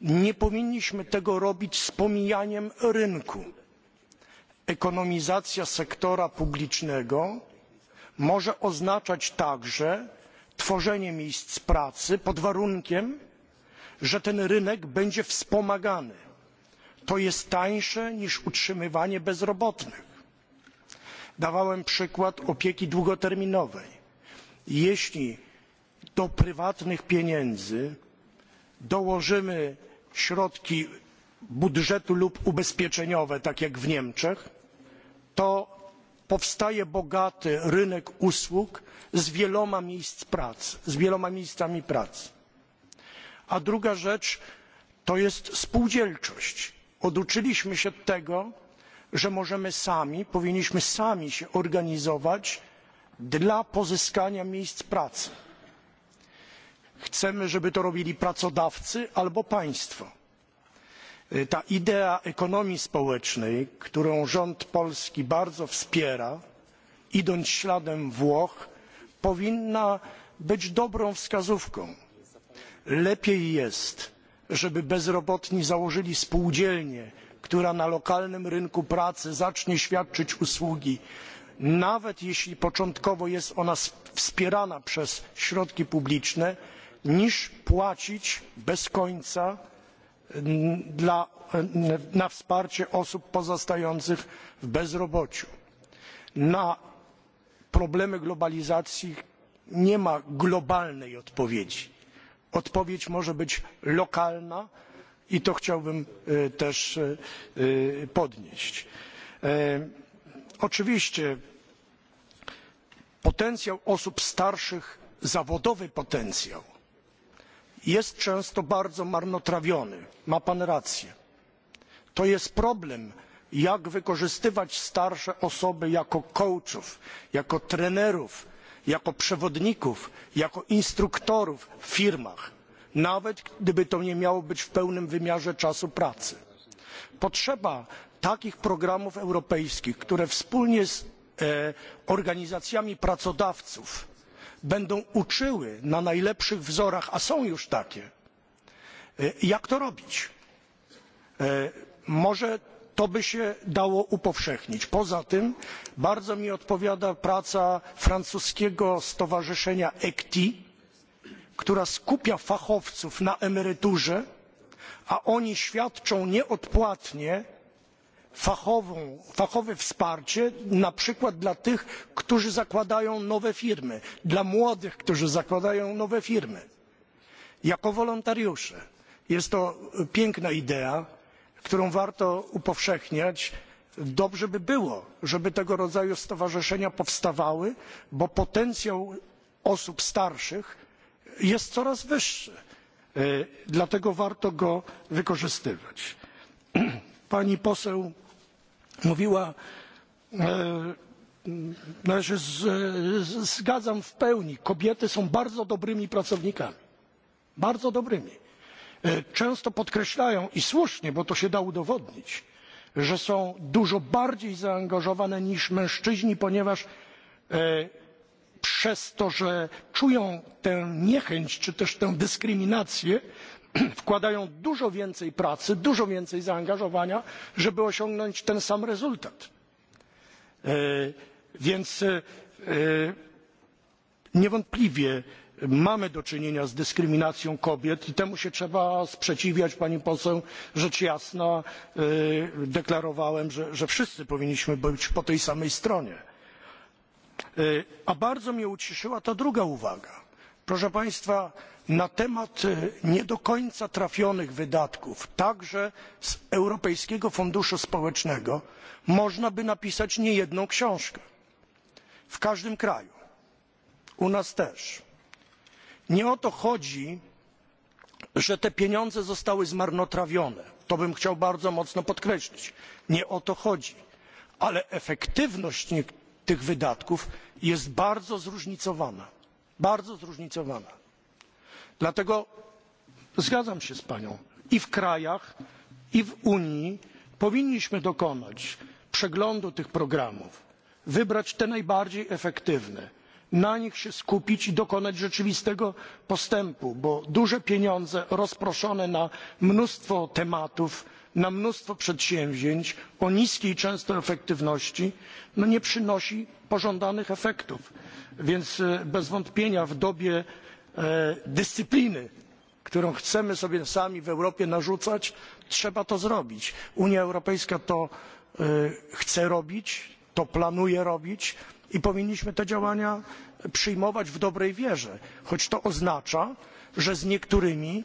nie powinniśmy tego robić z pomijaniem rynku. Ekonomizacja sektora publicznego może oznaczać także tworzenie miejsc pracy pod warunkiem, że ten rynek będzie wspomagany. To jest tańsze niż utrzymywanie bezrobotnych. Dawałem przykład opieki długoterminowej. Jeśli do prywatnych pieniędzy dołożymy środki budżetu lub ubezpieczeniowe, tak jak w Niemczech, to powstaje bogaty rynek usług z wieloma miejsc pracy, z wieloma miejscami pracy. A druga rzecz to jest spółdzielczość. Oduczyliśmy się tego, że możemy sami, powinniśmy sami się organizować dla pozyskania miejsc pracy. Chcemy, żeby to robili pracodawcy albo państwo E, ta idea ekonomii społecznej, którą rząd polski bardzo wspiera, idąc śladem Włoch, powinna być dobrą wskazówką. Lepiej jest, żeby bezrobotni założyli spółdzielnię, która na lokalnym rynku pracy zacznie świadczyć usługi, nawet jeśli początkowo jest ona wspierana przez środki publiczne, niż płacić bez końca dla, e, na wsparcie osób pozostających w bezrobociu. Na problemy globalizacji nie ma globalnej odpowiedzi. Odpowiedź może być lokalna i to chciałbym e, też e, podnieść. Oczywiście potencjał osób starszych, zawodowy potencjał jest często bardzo marnotrawiony ma pan rację. to jest problem jak wykorzystywać starsze osoby jako coachów jako trenerów jako przewodników jako instruktorów w firmach nawet gdyby to nie miało być w pełnym wymiarze czasu pracy. potrzeba takich programów europejskich które wspólnie z e, organizacjami pracodawców będą uczyły na najlepszych wzorach, a są już takie, e, jak to robić. E, może to by się dało upowszechnić. Poza tym bardzo mi odpowiada praca francuskiego stowarzyszenia ECTI, która skupia fachowców na emeryturze, a oni świadczą nieodpłatnie fachową, fachowe wsparcie na przykład dla tych, którzy zakładają nowe firmy, dla młodych, którzy zakładają nowe firmy. Jako wolontariusze. Jest to piękna idea, którą warto upowszechniać. Dobrze by było, żeby tego rodzaju stowarzyszenia powstawały, bo potencjał osób starszych jest coraz wyższy. E, dlatego warto go wykorzystywać. Pani poseł mówiła e, ja zgadzam w pełni kobiety są bardzo dobrymi pracownikami bardzo dobrymi e, często podkreślają i słusznie bo to się da udowodnić że są dużo bardziej zaangażowane niż mężczyźni ponieważ e, przez to że czują tę niechęć czy też tę dyskryminację wkładają dużo więcej pracy, dużo więcej zaangażowania, żeby osiągnąć ten sam rezultat. E, więc e, e, niewątpliwie mamy do czynienia z dyskryminacją kobiet i temu się trzeba sprzeciwiać. Pani poseł rzecz jasna deklarowałem, że, wszyscy powinniśmy być po tej samej stronie. A bardzo mnie ucieszyła ta druga uwaga. Proszę Państwa, na temat e, nie do końca trafionych wydatków także z europejskiego funduszu społecznego można by napisać niejedną książkę w każdym kraju u nas też. nie o to chodzi że te pieniądze zostały zmarnotrawione to bym chciał bardzo mocno podkreślić nie o to chodzi ale efektywność tych wydatków jest bardzo zróżnicowana bardzo zróżnicowana Dlatego zgadzam się z Panią i w krajach, i w Unii powinniśmy dokonać przeglądu tych programów, wybrać te najbardziej efektywne, na nich się skupić i dokonać rzeczywistego postępu, bo duże pieniądze rozproszone na mnóstwo tematów, na mnóstwo przedsięwzięć o niskiej często efektywności no nie przynosi pożądanych efektów. Więc e, bez wątpienia w dobie E, dyscypliny, którą chcemy sobie sami w Europie narzucać, trzeba to zrobić. Unia Europejska to e, chce robić, to planuje robić i powinniśmy te działania przyjmować w dobrej wierze, choć to oznacza, że z niektórymi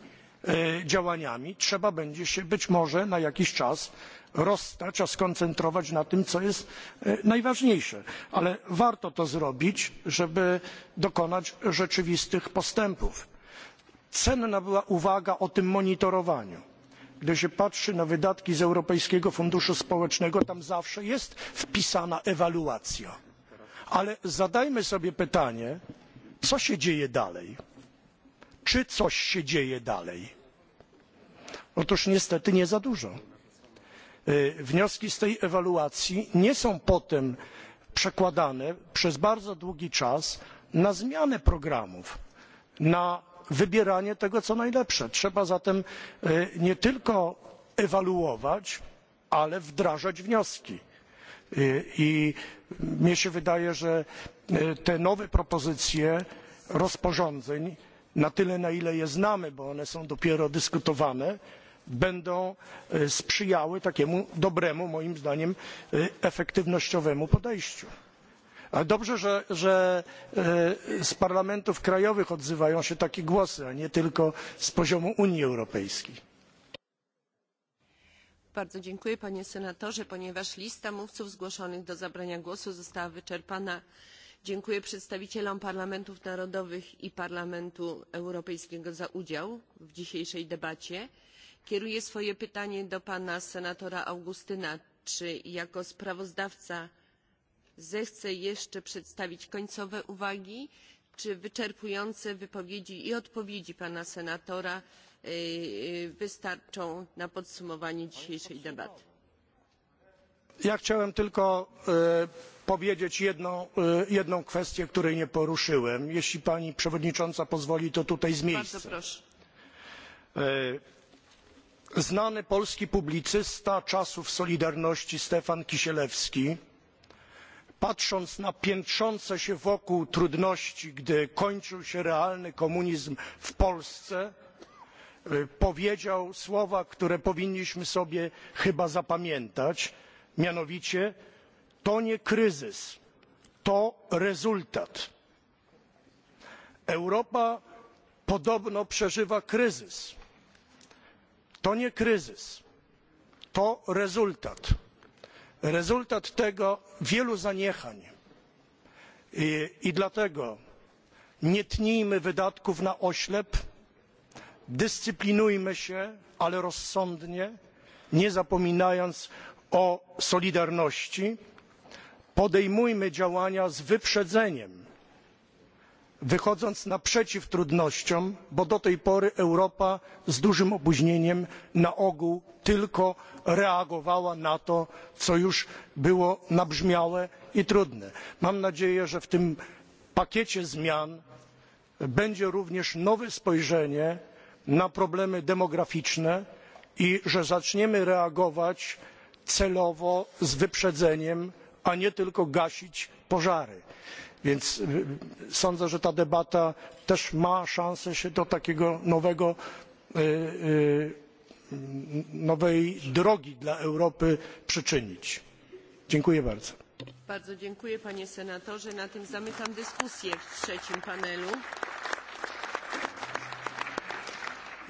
e, działaniami trzeba będzie się być może na jakiś czas rozstać, a skoncentrować na tym, co jest e, najważniejsze. Ale warto to zrobić, żeby dokonać rzeczywistych postępów. Cenna była uwaga o tym monitorowaniu gdy się patrzy na wydatki z Europejskiego Funduszu Społecznego, tam zawsze jest wpisana ewaluacja. Ale zadajmy sobie pytanie, co się dzieje dalej? Czy coś się dzieje dalej? Otóż niestety nie za dużo. E, wnioski z tej ewaluacji nie są potem przekładane przez bardzo długi czas na zmianę programów na wybieranie tego co najlepsze. trzeba zatem e, nie tylko ewaluować ale wdrażać wnioski e, i mnie się wydaje że te nowe propozycje rozporządzeń na tyle na ile je znamy bo one są dopiero dyskutowane będą e, sprzyjały takiemu dobremu, moim zdaniem, e, efektywnościowemu podejściu. Ale dobrze, że, że, e, z parlamentów krajowych odzywają się takie głosy, a nie tylko z poziomu Unii Europejskiej. Bardzo dziękuję panie senatorze, ponieważ lista mówców zgłoszonych do zabrania głosu została wyczerpana. Dziękuję przedstawicielom parlamentów narodowych i Parlamentu Europejskiego za udział w dzisiejszej debacie. Kieruję swoje pytanie do pana senatora Augustyna. Czy jako sprawozdawca zechce jeszcze przedstawić końcowe uwagi, czy wyczerpujące wypowiedzi i odpowiedzi pana senatora wystarczą na podsumowanie dzisiejszej debaty? Ja chciałem tylko y, powiedzieć jedną, y, jedną kwestię, której nie poruszyłem. Jeśli pani przewodnicząca pozwoli, to tutaj z miejsca. Bardzo proszę. Y, Znany polski publicysta czasów Solidarności Stefan Kisielewski, patrząc na piętrzące się wokół trudności, gdy kończył się realny komunizm w Polsce, powiedział słowa, które powinniśmy sobie chyba zapamiętać, mianowicie to nie kryzys, to rezultat. Europa podobno przeżywa kryzys To nie kryzys, to rezultat. Rezultat tego wielu zaniechań. I, i dlatego nie tnijmy wydatków na oślep, dyscyplinujmy się, ale rozsądnie, nie zapominając o solidarności, podejmujmy działania z wyprzedzeniem wychodząc naprzeciw trudnościom bo do tej pory europa z dużym opóźnieniem na ogół tylko reagowała na to co już było nabrzmiałe i trudne. mam nadzieję że w tym pakiecie zmian będzie również nowe spojrzenie na problemy demograficzne i że zaczniemy reagować celowo z wyprzedzeniem a nie tylko gasić pożary. Więc sądzę, że ta debata też ma szansę się do takiego nowego, nowej drogi dla Europy przyczynić. Dziękuję bardzo. Bardzo dziękuję panie senatorze. Na tym zamykam dyskusję w trzecim panelu.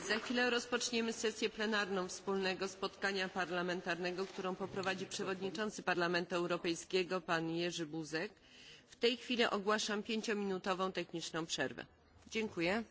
Za chwilę rozpoczniemy sesję plenarną wspólnego spotkania parlamentarnego, którą poprowadzi przewodniczący Parlamentu Europejskiego pan Jerzy Buzek. W tej chwili ogłaszam pięciominutową techniczną przerwę. Dziękuję.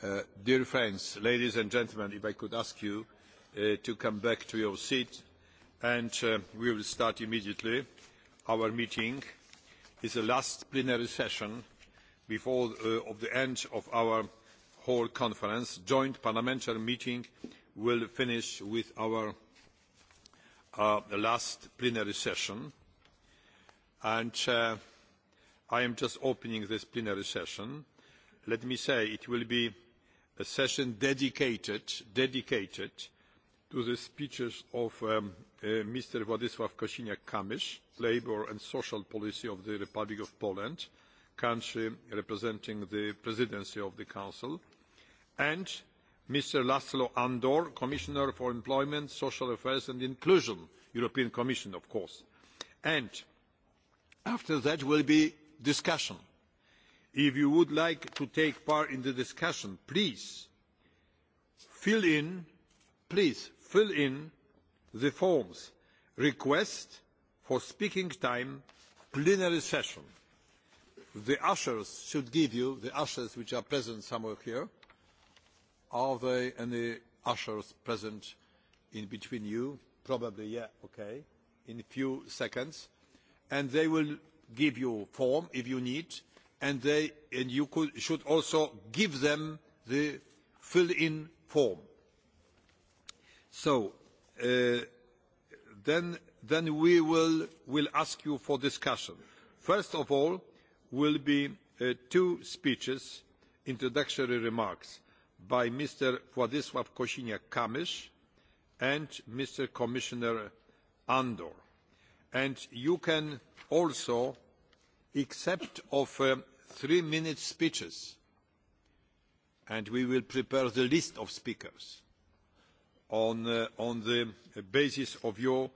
Uh, dear friends, ladies and gentlemen, if I could ask you uh, to come back to your seat and uh, we will start immediately. Our meeting is the last plenary session before uh, of the end of our whole conference. Joint parliamentary meeting will finish with our uh, last plenary session. And uh, I am just opening this plenary session. Let me say it will be a session dedicated, dedicated to the speeches of um, uh, Mr. Władysław Kosiniak-Kamysz, Labour and Social Policy of the Republic of Poland, country representing the presidency of the Council, and Mr. Laszlo Andor, Commissioner for Employment, Social Affairs and Inclusion, European Commission, of course. And after that will be discussion If you would like to take part in the discussion, please fill in, please fill in the forms request for speaking time plenary session. The ushers should give you, the ushers which are present somewhere here, are there any ushers present in between you? Probably, yeah, okay, in a few seconds. And they will give you form if you need and, they, and you could, should also give them the fill-in form. So, uh, then, then we will, will ask you for discussion. First of all, will be uh, two speeches, introductory remarks by Mr. Władysław kosinia kamysz and Mr. Commissioner Andor. And you can also except of uh, three minute speeches and we will prepare the list of speakers on, uh, on the basis of your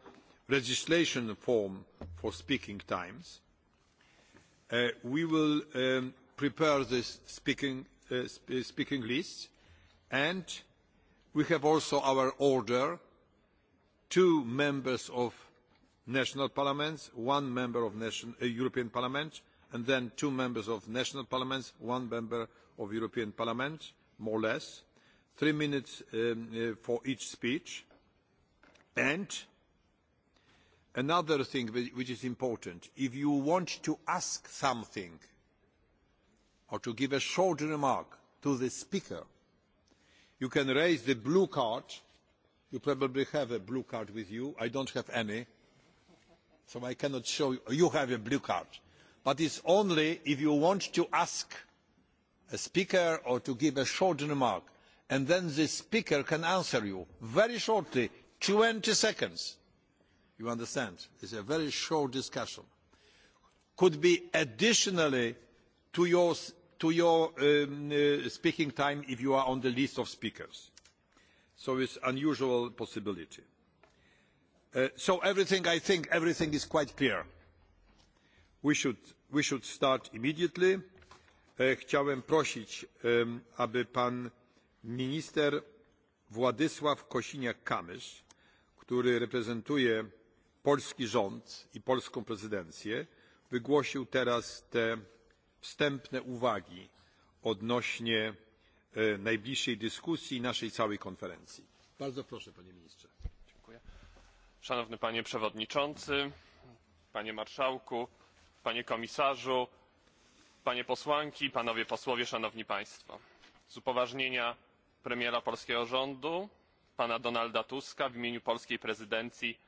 registration form for speaking times. Uh, we will um, prepare the speaking, uh, sp speaking list and we have also our order two members of national parliaments, one member of nation, uh, European Parliament, and then two members of national parliaments, one member of European Parliament, more or less, three minutes um, uh, for each speech. And another thing which is important, if you want to ask something or to give a short remark to the speaker, you can raise the blue card. You probably have a blue card with you. I don't have any so I cannot show you. You have a blue card. But it's only if you want to ask a speaker or to give a short remark. And then the speaker can answer you very shortly, 20 seconds. You understand? It's a very short discussion. Could be additionally to your, to your um, uh, speaking time if you are on the list of speakers. So it's an unusual possibility. Uh, so everything, I think, everything is quite clear. We should, we should start immediately. Uh, chciałem prosić, um, aby pan minister Władysław Kosiniak-Kamysz, który reprezentuje polski rząd i polską prezydencję, wygłosił teraz te wstępne uwagi odnośnie e, najbliższej dyskusji i naszej całej konferencji. Bardzo proszę, panie ministrze. Szanowny Panie Przewodniczący, Panie Marszałku, Panie Komisarzu, Panie Posłanki, Panowie Posłowie, Szanowni Państwo. Z upoważnienia premiera polskiego rządu, Pana Donalda Tuska w imieniu polskiej prezydencji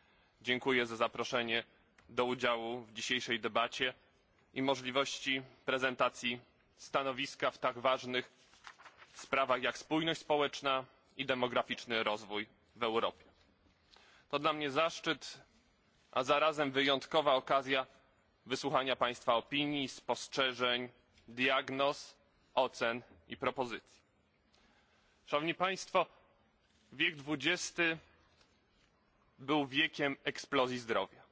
dziękuję za zaproszenie do udziału w dzisiejszej debacie i możliwości prezentacji stanowiska w tak ważnych sprawach jak spójność społeczna i demograficzny rozwój w Europie. To dla mnie zaszczyt, a zarazem wyjątkowa okazja wysłuchania Państwa opinii, spostrzeżeń, diagnoz, ocen i propozycji. Szanowni Państwo, wiek XX był wiekiem eksplozji zdrowia,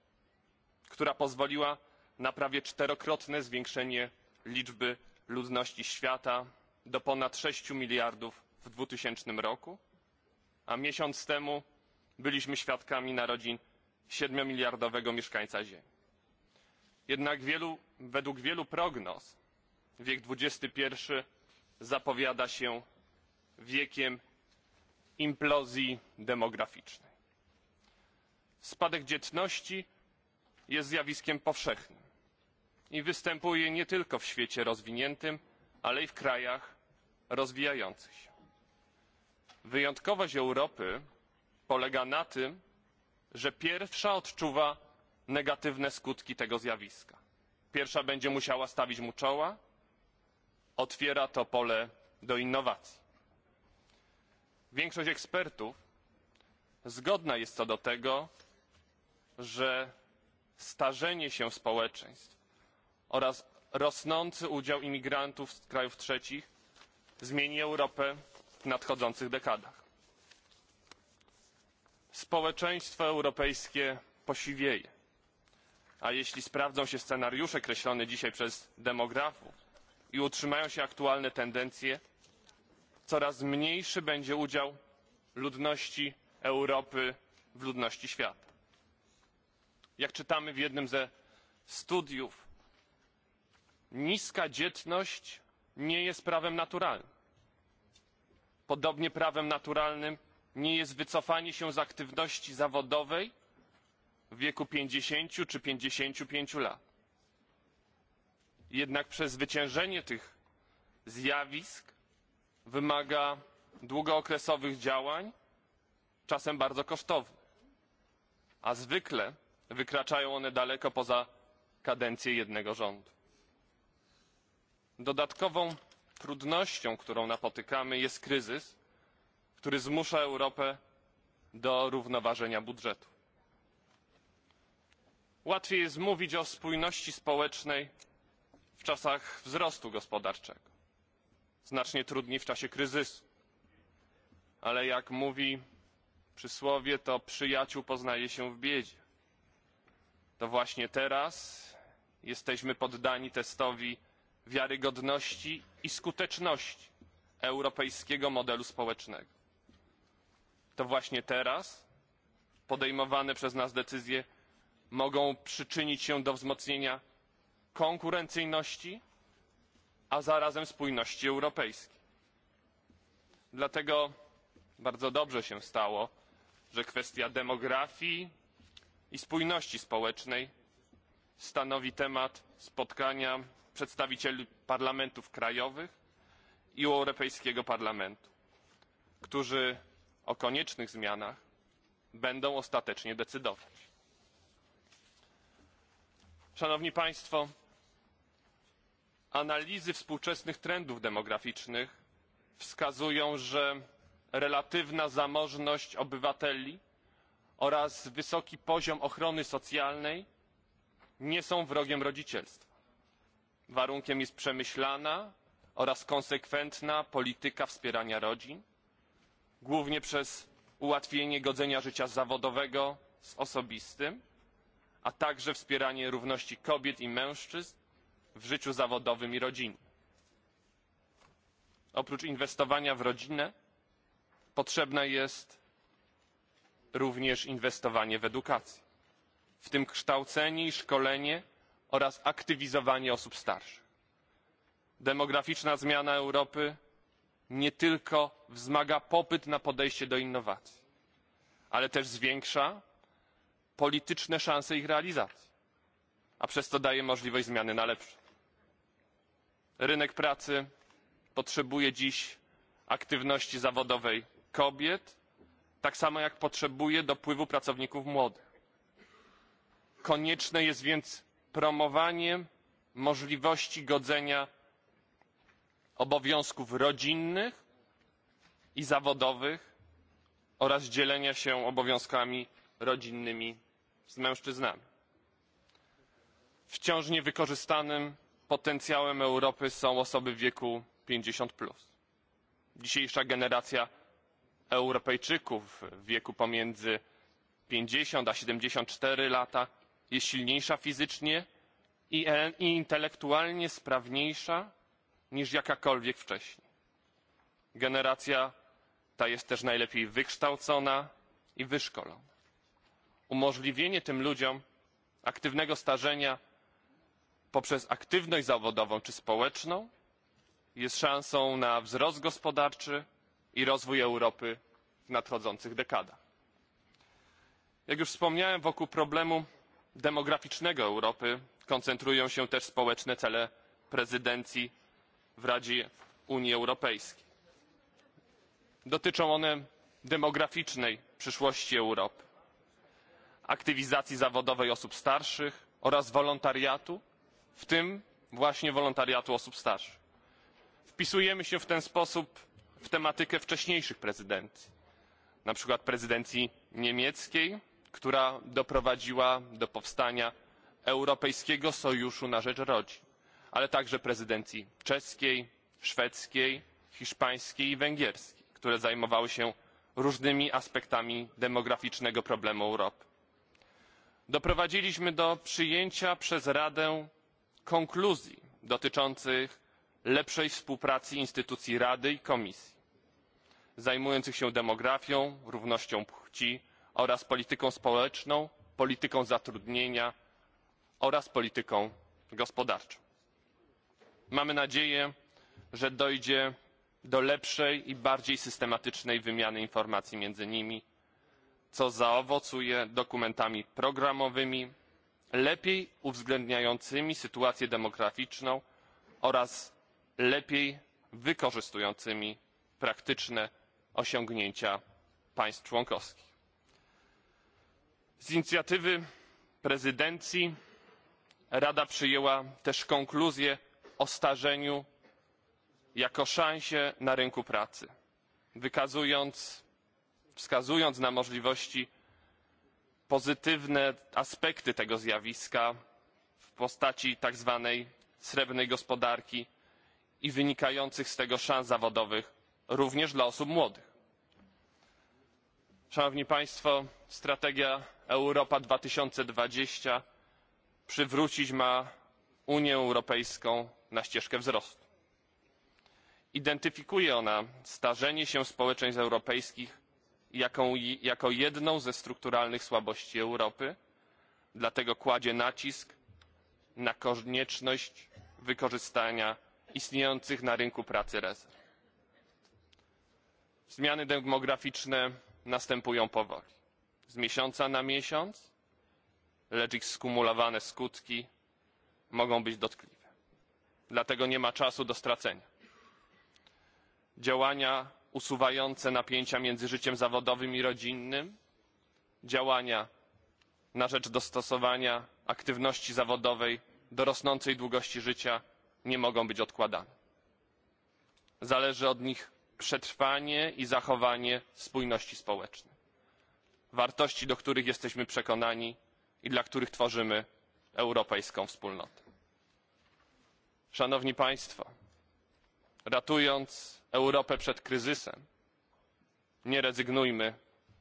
która pozwoliła na prawie czterokrotne zwiększenie liczby ludności świata do ponad 6 miliardów w 2000 roku, a miesiąc temu byliśmy świadkami narodzin siedmiomiliardowego mieszkańca Ziemi. Jednak wielu, według wielu prognoz wiek XXI zapowiada się wiekiem implozji demograficznej. Spadek dzietności jest zjawiskiem powszechnym i występuje nie tylko w świecie rozwiniętym, ale i w krajach rozwijających się. Wyjątkowość Europy polega na tym, że pierwsza odczuwa negatywne skutki tego zjawiska. Pierwsza będzie musiała stawić mu czoła, otwiera to pole do innowacji. Większość ekspertów zgodna jest co do tego, że starzenie się społeczeństw oraz rosnący udział imigrantów z krajów trzecich zmieni Europę w nadchodzących dekadach społeczeństwo europejskie posiwieje. A jeśli sprawdzą się scenariusze kreślone dzisiaj przez demografów i utrzymają się aktualne tendencje, coraz mniejszy będzie udział ludności Europy w ludności świata. Jak czytamy w jednym ze studiów, niska dzietność nie jest prawem naturalnym. Podobnie prawem naturalnym nie jest wycofanie się z aktywności zawodowej w wieku 50 czy 55 lat. Jednak przezwyciężenie tych zjawisk wymaga długookresowych działań, czasem bardzo kosztownych, a zwykle wykraczają one daleko poza kadencję jednego rządu. Dodatkową trudnością, którą napotykamy, jest kryzys, który zmusza Europę do równoważenia budżetu. Łatwiej jest mówić o spójności społecznej w czasach wzrostu gospodarczego. Znacznie trudniej w czasie kryzysu. Ale jak mówi przysłowie, to przyjaciół poznaje się w biedzie. To właśnie teraz jesteśmy poddani testowi wiarygodności i skuteczności europejskiego modelu społecznego to właśnie teraz podejmowane przez nas decyzje mogą przyczynić się do wzmocnienia konkurencyjności, a zarazem spójności europejskiej. Dlatego bardzo dobrze się stało, że kwestia demografii i spójności społecznej stanowi temat spotkania przedstawicieli parlamentów krajowych i Europejskiego Parlamentu, którzy o koniecznych zmianach będą ostatecznie decydować. Szanowni Państwo, analizy współczesnych trendów demograficznych wskazują, że relatywna zamożność obywateli oraz wysoki poziom ochrony socjalnej nie są wrogiem rodzicielstwa. Warunkiem jest przemyślana oraz konsekwentna polityka wspierania rodzin, głównie przez ułatwienie godzenia życia zawodowego z osobistym, a także wspieranie równości kobiet i mężczyzn w życiu zawodowym i rodzinnym. Oprócz inwestowania w rodzinę potrzebne jest również inwestowanie w edukację, w tym kształcenie i szkolenie oraz aktywizowanie osób starszych. Demograficzna zmiana Europy nie tylko wzmaga popyt na podejście do innowacji, ale też zwiększa polityczne szanse ich realizacji, a przez to daje możliwość zmiany na lepsze. Rynek pracy potrzebuje dziś aktywności zawodowej kobiet, tak samo jak potrzebuje dopływu pracowników młodych. Konieczne jest więc promowanie możliwości godzenia obowiązków rodzinnych i zawodowych oraz dzielenia się obowiązkami rodzinnymi z mężczyznami. Wciąż niewykorzystanym potencjałem Europy są osoby w wieku 50. Dzisiejsza generacja Europejczyków w wieku pomiędzy 50 a 74 lata jest silniejsza fizycznie i e, intelektualnie sprawniejsza niż jakakolwiek wcześniej. Generacja ta jest też najlepiej wykształcona i wyszkolona. Umożliwienie tym ludziom aktywnego starzenia poprzez aktywność zawodową czy społeczną jest szansą na wzrost gospodarczy i rozwój Europy w nadchodzących dekadach. Jak już wspomniałem, wokół problemu demograficznego Europy koncentrują się też społeczne cele prezydencji w Radzie Unii Europejskiej. Dotyczą one demograficznej przyszłości Europy, aktywizacji zawodowej osób starszych oraz wolontariatu, w tym właśnie wolontariatu osób starszych. Wpisujemy się w ten sposób w tematykę wcześniejszych prezydencji, na przykład prezydencji niemieckiej, która doprowadziła do powstania Europejskiego Sojuszu na rzecz Rodzin ale także prezydencji czeskiej, szwedzkiej, hiszpańskiej i węgierskiej, które zajmowały się różnymi aspektami demograficznego problemu Europy. Doprowadziliśmy do przyjęcia przez Radę konkluzji dotyczących lepszej współpracy instytucji Rady i Komisji zajmujących się demografią, równością płci oraz polityką społeczną, polityką zatrudnienia oraz polityką gospodarczą mamy nadzieję że dojdzie do lepszej i bardziej systematycznej wymiany informacji między nimi co zaowocuje dokumentami programowymi lepiej uwzględniającymi sytuację demograficzną oraz lepiej wykorzystującymi praktyczne osiągnięcia państw członkowskich. z inicjatywy prezydencji rada przyjęła też konkluzje o starzeniu jako szansie na rynku pracy, wykazując, wskazując na możliwości pozytywne aspekty tego zjawiska w postaci tak zwanej srebrnej gospodarki i wynikających z tego szans zawodowych również dla osób młodych. Szanowni Państwo, strategia Europa 2020 przywrócić ma Unię Europejską na ścieżkę wzrostu. Identyfikuje ona starzenie się społeczeństw europejskich jako, jako jedną ze strukturalnych słabości Europy, dlatego kładzie nacisk na konieczność wykorzystania istniejących na rynku pracy rezerw. Zmiany demograficzne następują powoli. Z miesiąca na miesiąc, lecz ich skumulowane skutki mogą być dotkliwe dlatego nie ma czasu do stracenia. Działania usuwające napięcia między życiem zawodowym i rodzinnym, działania na rzecz dostosowania aktywności zawodowej do rosnącej długości życia nie mogą być odkładane. Zależy od nich przetrwanie i zachowanie spójności społecznej. Wartości, do których jesteśmy przekonani i dla których tworzymy europejską wspólnotę. Szanowni Państwo, ratując Europę przed kryzysem, nie rezygnujmy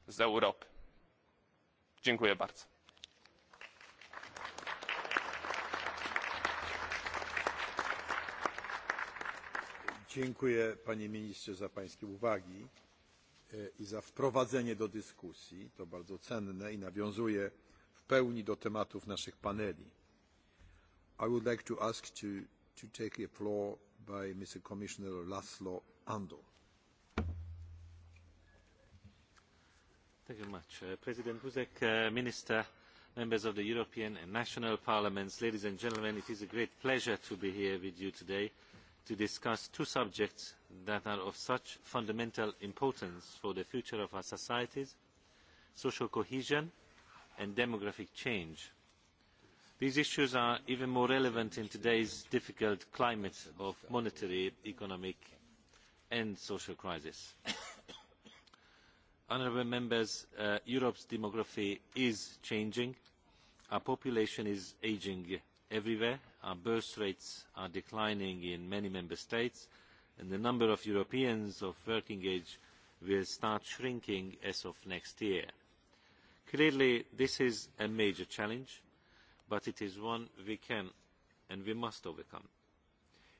z Europy. Dziękuję bardzo. Dziękuję panie ministrze za pańskie uwagi e, i za wprowadzenie do dyskusji. To bardzo cenne i nawiązuje w pełni do tematów naszych paneli. I would like to ask to to take the floor by Mr. Commissioner Laszlo Andor. Thank you very much. Uh, President Buzek, uh, Minister, members of the European and national parliaments, ladies and gentlemen, it is a great pleasure to be here with you today to discuss two subjects that are of such fundamental importance for the future of our societies, social cohesion and demographic change These issues are even more relevant in today's difficult climate of monetary, economic and social crisis. Honourable members, uh, Europe's demography is changing. Our population is ageing everywhere. Our birth rates are declining in many member states and the number of Europeans of working age will start shrinking as of next year. Clearly, this is a major challenge but it is one we can and we must overcome.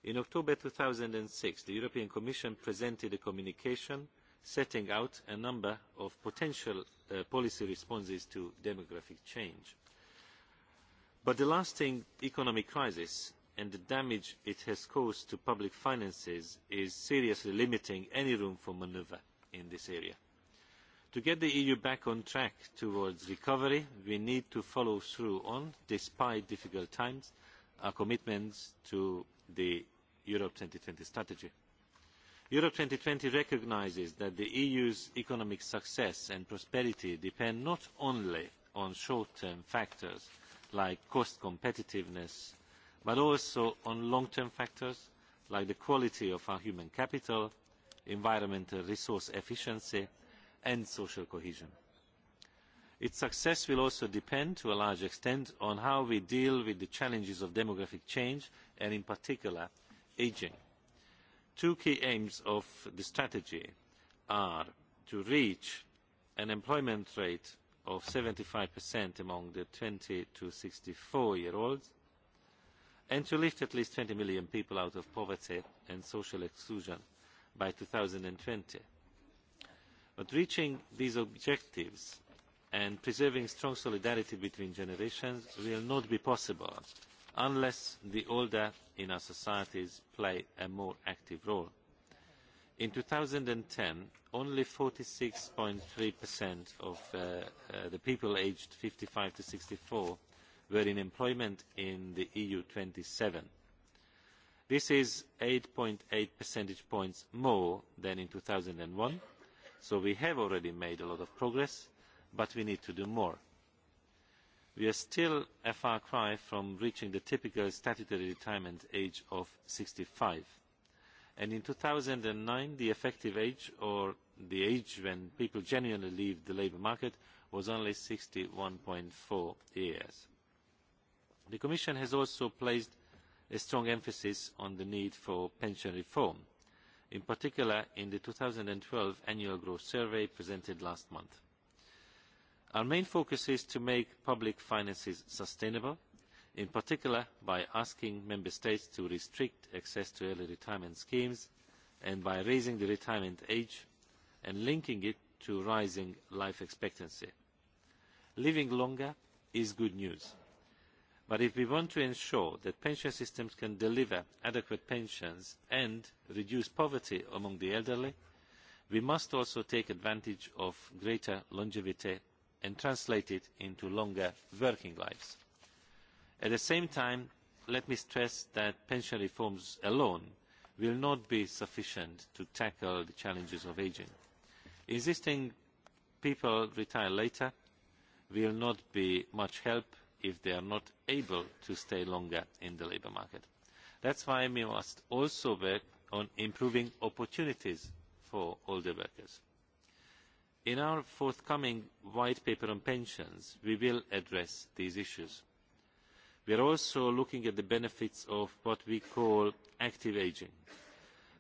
In October two thousand six the European Commission presented a communication setting out a number of potential uh, policy responses to demographic change. But the lasting economic crisis and the damage it has caused to public finances is seriously limiting any room for manoeuvre in this area to get the eu back on track towards recovery we need to follow through on despite difficult times our commitments to the europe two thousand and twenty strategy. europe two thousand and twenty recognises that the eu's economic success and prosperity depend not only on short term factors like cost competitiveness but also on long term factors like the quality of our human capital environmental resource efficiency and social cohesion. Its success will also depend to a large extent on how we deal with the challenges of demographic change and in particular ageing. Two key aims of the strategy are to reach an employment rate of seventy 75% among the twenty to sixty four year olds and to lift at least twenty million people out of poverty and social exclusion by twenty but reaching these objectives and preserving strong solidarity between generations will not be possible unless the older in our societies play a more active role. in two thousand and ten only forty six three of uh, uh, the people aged fifty five to sixty four were in employment in the eu twenty seven this is eight eight percentage points more than in two thousand and one so we have already made a lot of progress but we need to do more. we are still a far cry from reaching the typical statutory retirement age of sixty five and in two thousand and nine the effective age or the age when people genuinely leave the labour market was only sixty one four years. the commission has also placed a strong emphasis on the need for pension reform in particular in the twelve annual growth survey presented last month. Our main focus is to make public finances sustainable, in particular by asking Member States to restrict access to early retirement schemes and by raising the retirement age and linking it to rising life expectancy. Living longer is good news But if we want to ensure that pension systems can deliver adequate pensions and reduce poverty among the elderly, we must also take advantage of greater longevity and translate it into longer working lives. At the same time, let me stress that pension reforms alone will not be sufficient to tackle the challenges of ageing. Insisting people retire later will not be much help if they are not able to stay longer in the labour market. That is why we must also work on improving opportunities for older workers. In our forthcoming white paper on pensions, we will address these issues. We are also looking at the benefits of what we call active ageing.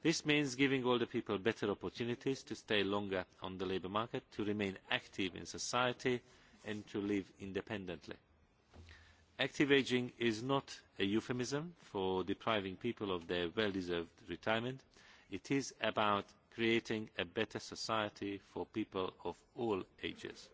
This means giving older people better opportunities to stay longer on the labour market, to remain active in society and to live independently. Active ageing is not a euphemism for depriving people of their well-deserved retirement. It is about creating a better society for people of all ages.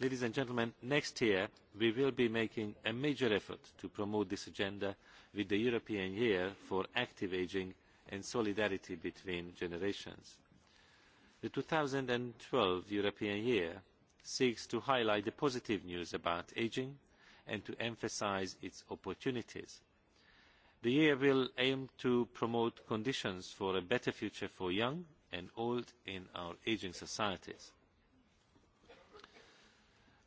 Ladies and gentlemen, next year we will be making a major effort to promote this agenda with the European Year for Active Ageing and Solidarity Between Generations. The twelve European Year seeks to highlight the positive news about ageing and to emphasise its opportunities. The year will aim to promote conditions for a better future for young and old in our ageing societies.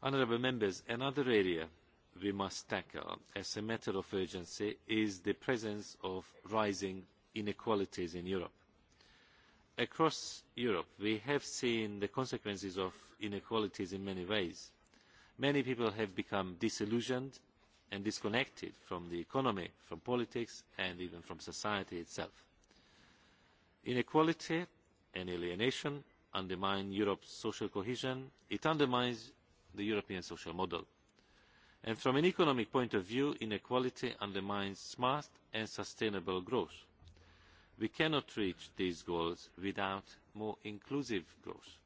Honourable members, another area we must tackle as a matter of urgency is the presence of rising inequalities in Europe across europe we have seen the consequences of inequalities in many ways. many people have become disillusioned and disconnected from the economy from politics and even from society itself. inequality and alienation undermine europe's social cohesion it undermines the european social model and from an economic point of view inequality undermines smart and sustainable growth We cannot reach these goals without more inclusive growth.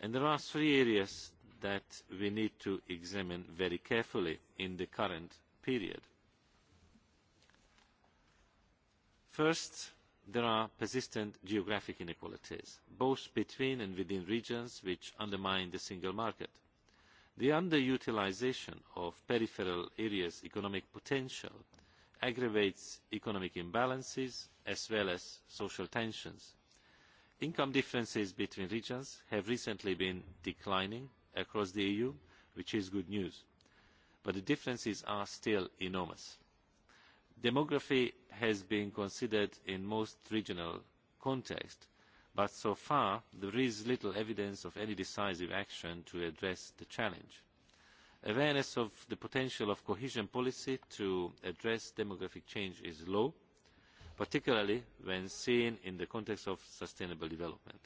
And there are three areas that we need to examine very carefully in the current period. First, there are persistent geographic inequalities, both between and within regions which undermine the single market. The underutilisation of peripheral areas' economic potential aggravates economic imbalances as well as social tensions. Income differences between regions have recently been declining across the EU, which is good news, but the differences are still enormous. Demography has been considered in most regional contexts, but so far there is little evidence of any decisive action to address the challenge Awareness of the potential of cohesion policy to address demographic change is low, particularly when seen in the context of sustainable development.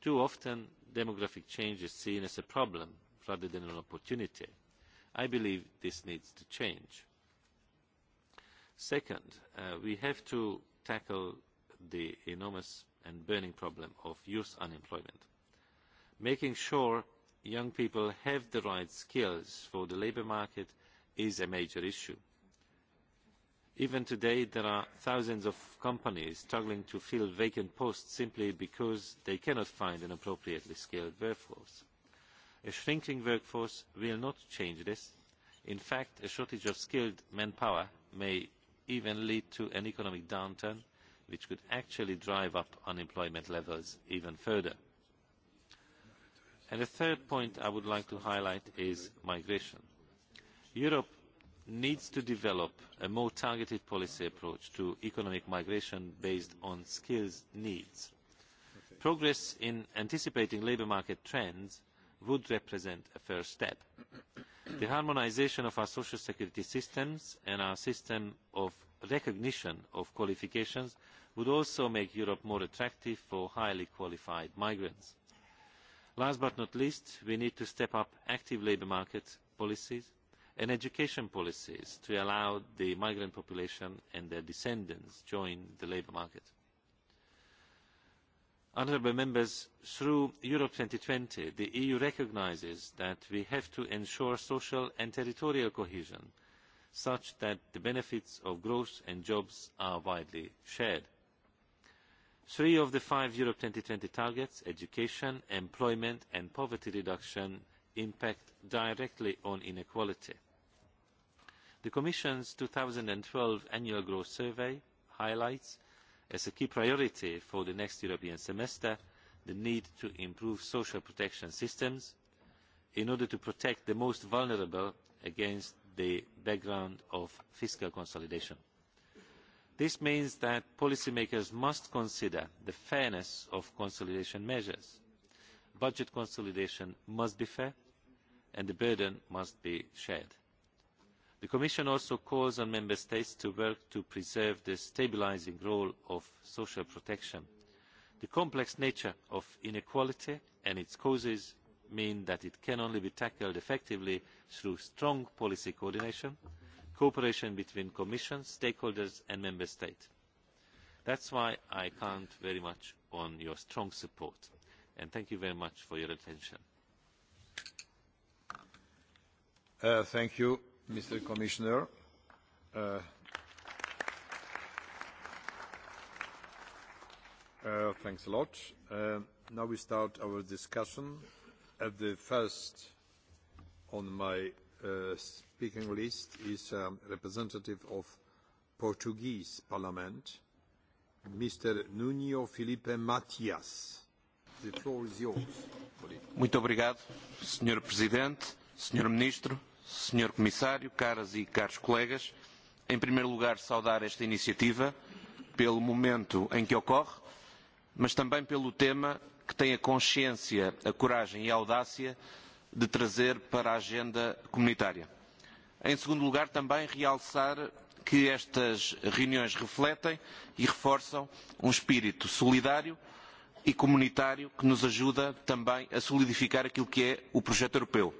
Too often, demographic change is seen as a problem rather than an opportunity. I believe this needs to change. Second, uh, we have to tackle the enormous and burning problem of youth unemployment. Making sure young people have the right skills for the labour market is a major issue. Even today, there are thousands of companies struggling to fill vacant posts simply because they cannot find an appropriately skilled workforce. A shrinking workforce will not change this. In fact, a shortage of skilled manpower may even lead to an economic downturn, which could actually drive up unemployment levels even further And the third point I would like to highlight is migration. Europe needs to develop a more targeted policy approach to economic migration based on skills needs. Progress in anticipating labour market trends would represent a first step. the harmonisation of our social security systems and our system of recognition of qualifications would also make Europe more attractive for highly qualified migrants last but not least we need to step up active labour market policies and education policies to allow the migrant population and their descendants to join the labour market. Honourable members, through Europe twenty the EU recognises that we have to ensure social and territorial cohesion such that the benefits of growth and jobs are widely shared Three of the five Europe twenty targets, education, employment and poverty reduction, impact directly on inequality. The Commission's twelve annual growth survey highlights as a key priority for the next European semester the need to improve social protection systems in order to protect the most vulnerable against the background of fiscal consolidation. This means that policymakers must consider the fairness of consolidation measures. Budget consolidation must be fair and the burden must be shared. The Commission also calls on Member States to work to preserve the stabilising role of social protection. The complex nature of inequality and its causes mean that it can only be tackled effectively through strong policy coordination – cooperation between the commission stakeholders and member states. that is why i count very much on your strong support and thank you very much for your attention. Uh, thank you mr commissioner. Uh, uh, thanks a lot. Uh, now we start our discussion at the first on my uh, speaking list is a representative of Portuguese Parliament, Mr. Nuno Felipe Matias. The floor is yours. Muito obrigado, Sr. Presidente, Sr. Ministro, Sr. Comissário, caras e caros colegas. Em primeiro lugar, saudar esta iniciativa pelo momento em que ocorre, mas também pelo tema que tem a consciência, a coragem e a audácia de trazer para a agenda comunitária. Em segundo lugar, também realçar que estas reuniões refletem e reforçam um espírito solidário e comunitário que nos ajuda também a solidificar aquilo que é o projeto europeu.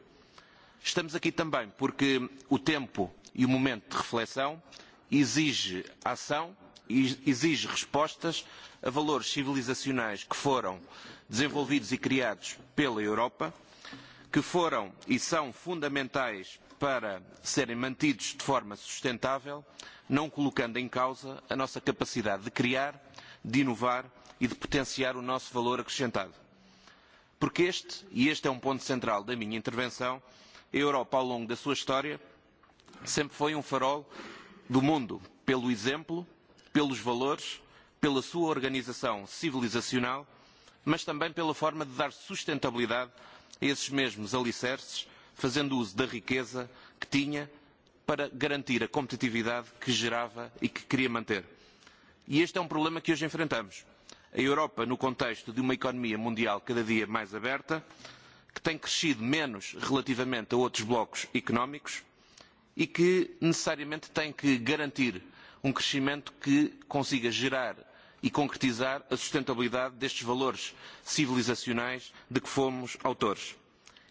Estamos aqui também porque o tempo e o momento de reflexão exige ação e exige respostas a valores civilizacionais que foram desenvolvidos e criados pela Europa, que foram e são fundamentais para serem mantidos de forma sustentável, não colocando em causa a nossa capacidade de criar, de inovar e de potenciar o nosso valor acrescentado. Porque este, e este é um ponto central da minha intervenção, a Europa, ao longo da sua história, sempre foi um farol do mundo pelo exemplo, pelos valores, pela sua organização civilizacional, mas também pela forma de dar sustentabilidade a esses mesmos alicerces fazendo uso da riqueza que tinha para garantir a competitividade que gerava e que queria manter. E este é um problema que hoje enfrentamos. A Europa, no contexto de uma economia mundial cada dia mais aberta, que tem crescido menos relativamente a outros blocos económicos e que necessariamente tem que garantir um crescimento que consiga gerar e concretizar a sustentabilidade destes valores civilizacionais de que fomos autores.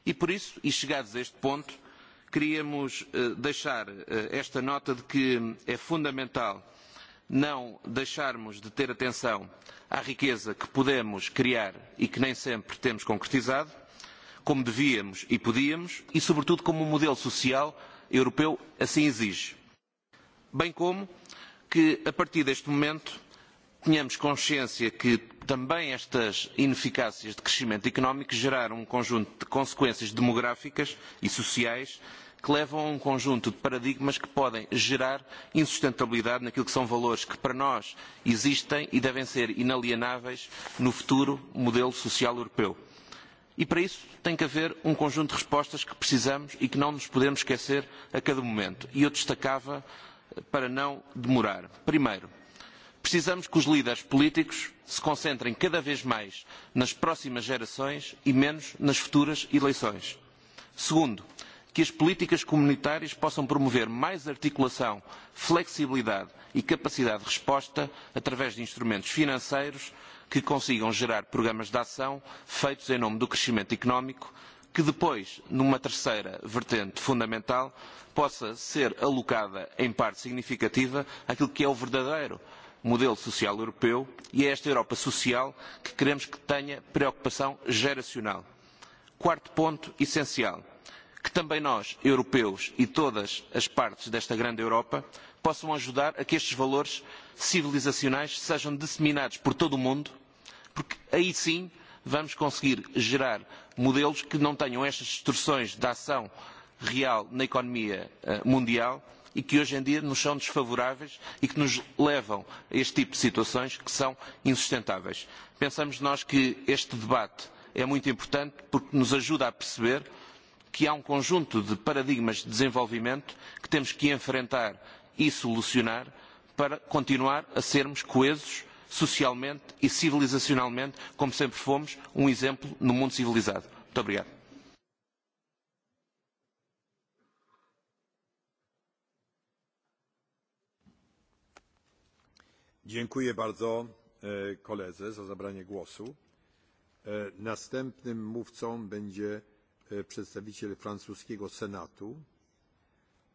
E por isso, e chegados a este ponto, queríamos eh, deixar eh, esta nota de que é fundamental não deixarmos de ter atenção à riqueza que podemos criar e que nem sempre temos concretizado, como devíamos e podíamos, e sobretudo como o modelo social europeu assim exige. Bem como que, a partir deste momento, tínhamos consciência que também estas ineficácias de crescimento económico geraram um conjunto de consequências demográficas e sociais que levam a um conjunto de paradigmas que podem gerar insustentabilidade naquilo que são valores que para nós existem e devem ser inalienáveis no futuro modelo social europeu. E para isso tem que haver um conjunto de respostas que precisamos e que não nos podemos esquecer a cada momento. E eu destacava eh, para não demorar. Primeiro, Precisamos que os líderes políticos se concentrem cada vez mais nas próximas gerações e menos nas futuras eleições. Segundo, que as políticas comunitárias possam promover mais articulação, flexibilidade e capacidade de resposta através de instrumentos financeiros que consigam gerar programas de ação feitos em nome do crescimento económico, que depois, numa terceira vertente fundamental, possa ser alocada em parte significativa àquilo que é o verdadeiro modelo social europeu e é esta Europa social que queremos que tenha preocupação geracional. Quarto ponto essencial, que também nós, europeus e todas as partes desta grande Europa, possam ajudar a que estes valores civilizacionais sejam disseminados por todo o mundo, porque aí sim vamos conseguir gerar modelos que não tenham estas distorções da ação real na economia eh, mundial e que hoje em dia nos são desfavoráveis e que nos levam a este tipo de situações que são insustentáveis. Pensamos nós que este debate é muito importante porque nos ajuda a perceber que há um conjunto de paradigmas de desenvolvimento que temos que enfrentar e solucionar para continuar a sermos coesos socialmente e civilizacionalmente, como sempre fomos, um exemplo no mundo civilizado. Muito obrigado. Dziękuję bardzo e, koledze za zabranie głosu. E, następnym mówcą będzie e, przedstawiciel francuskiego Senatu,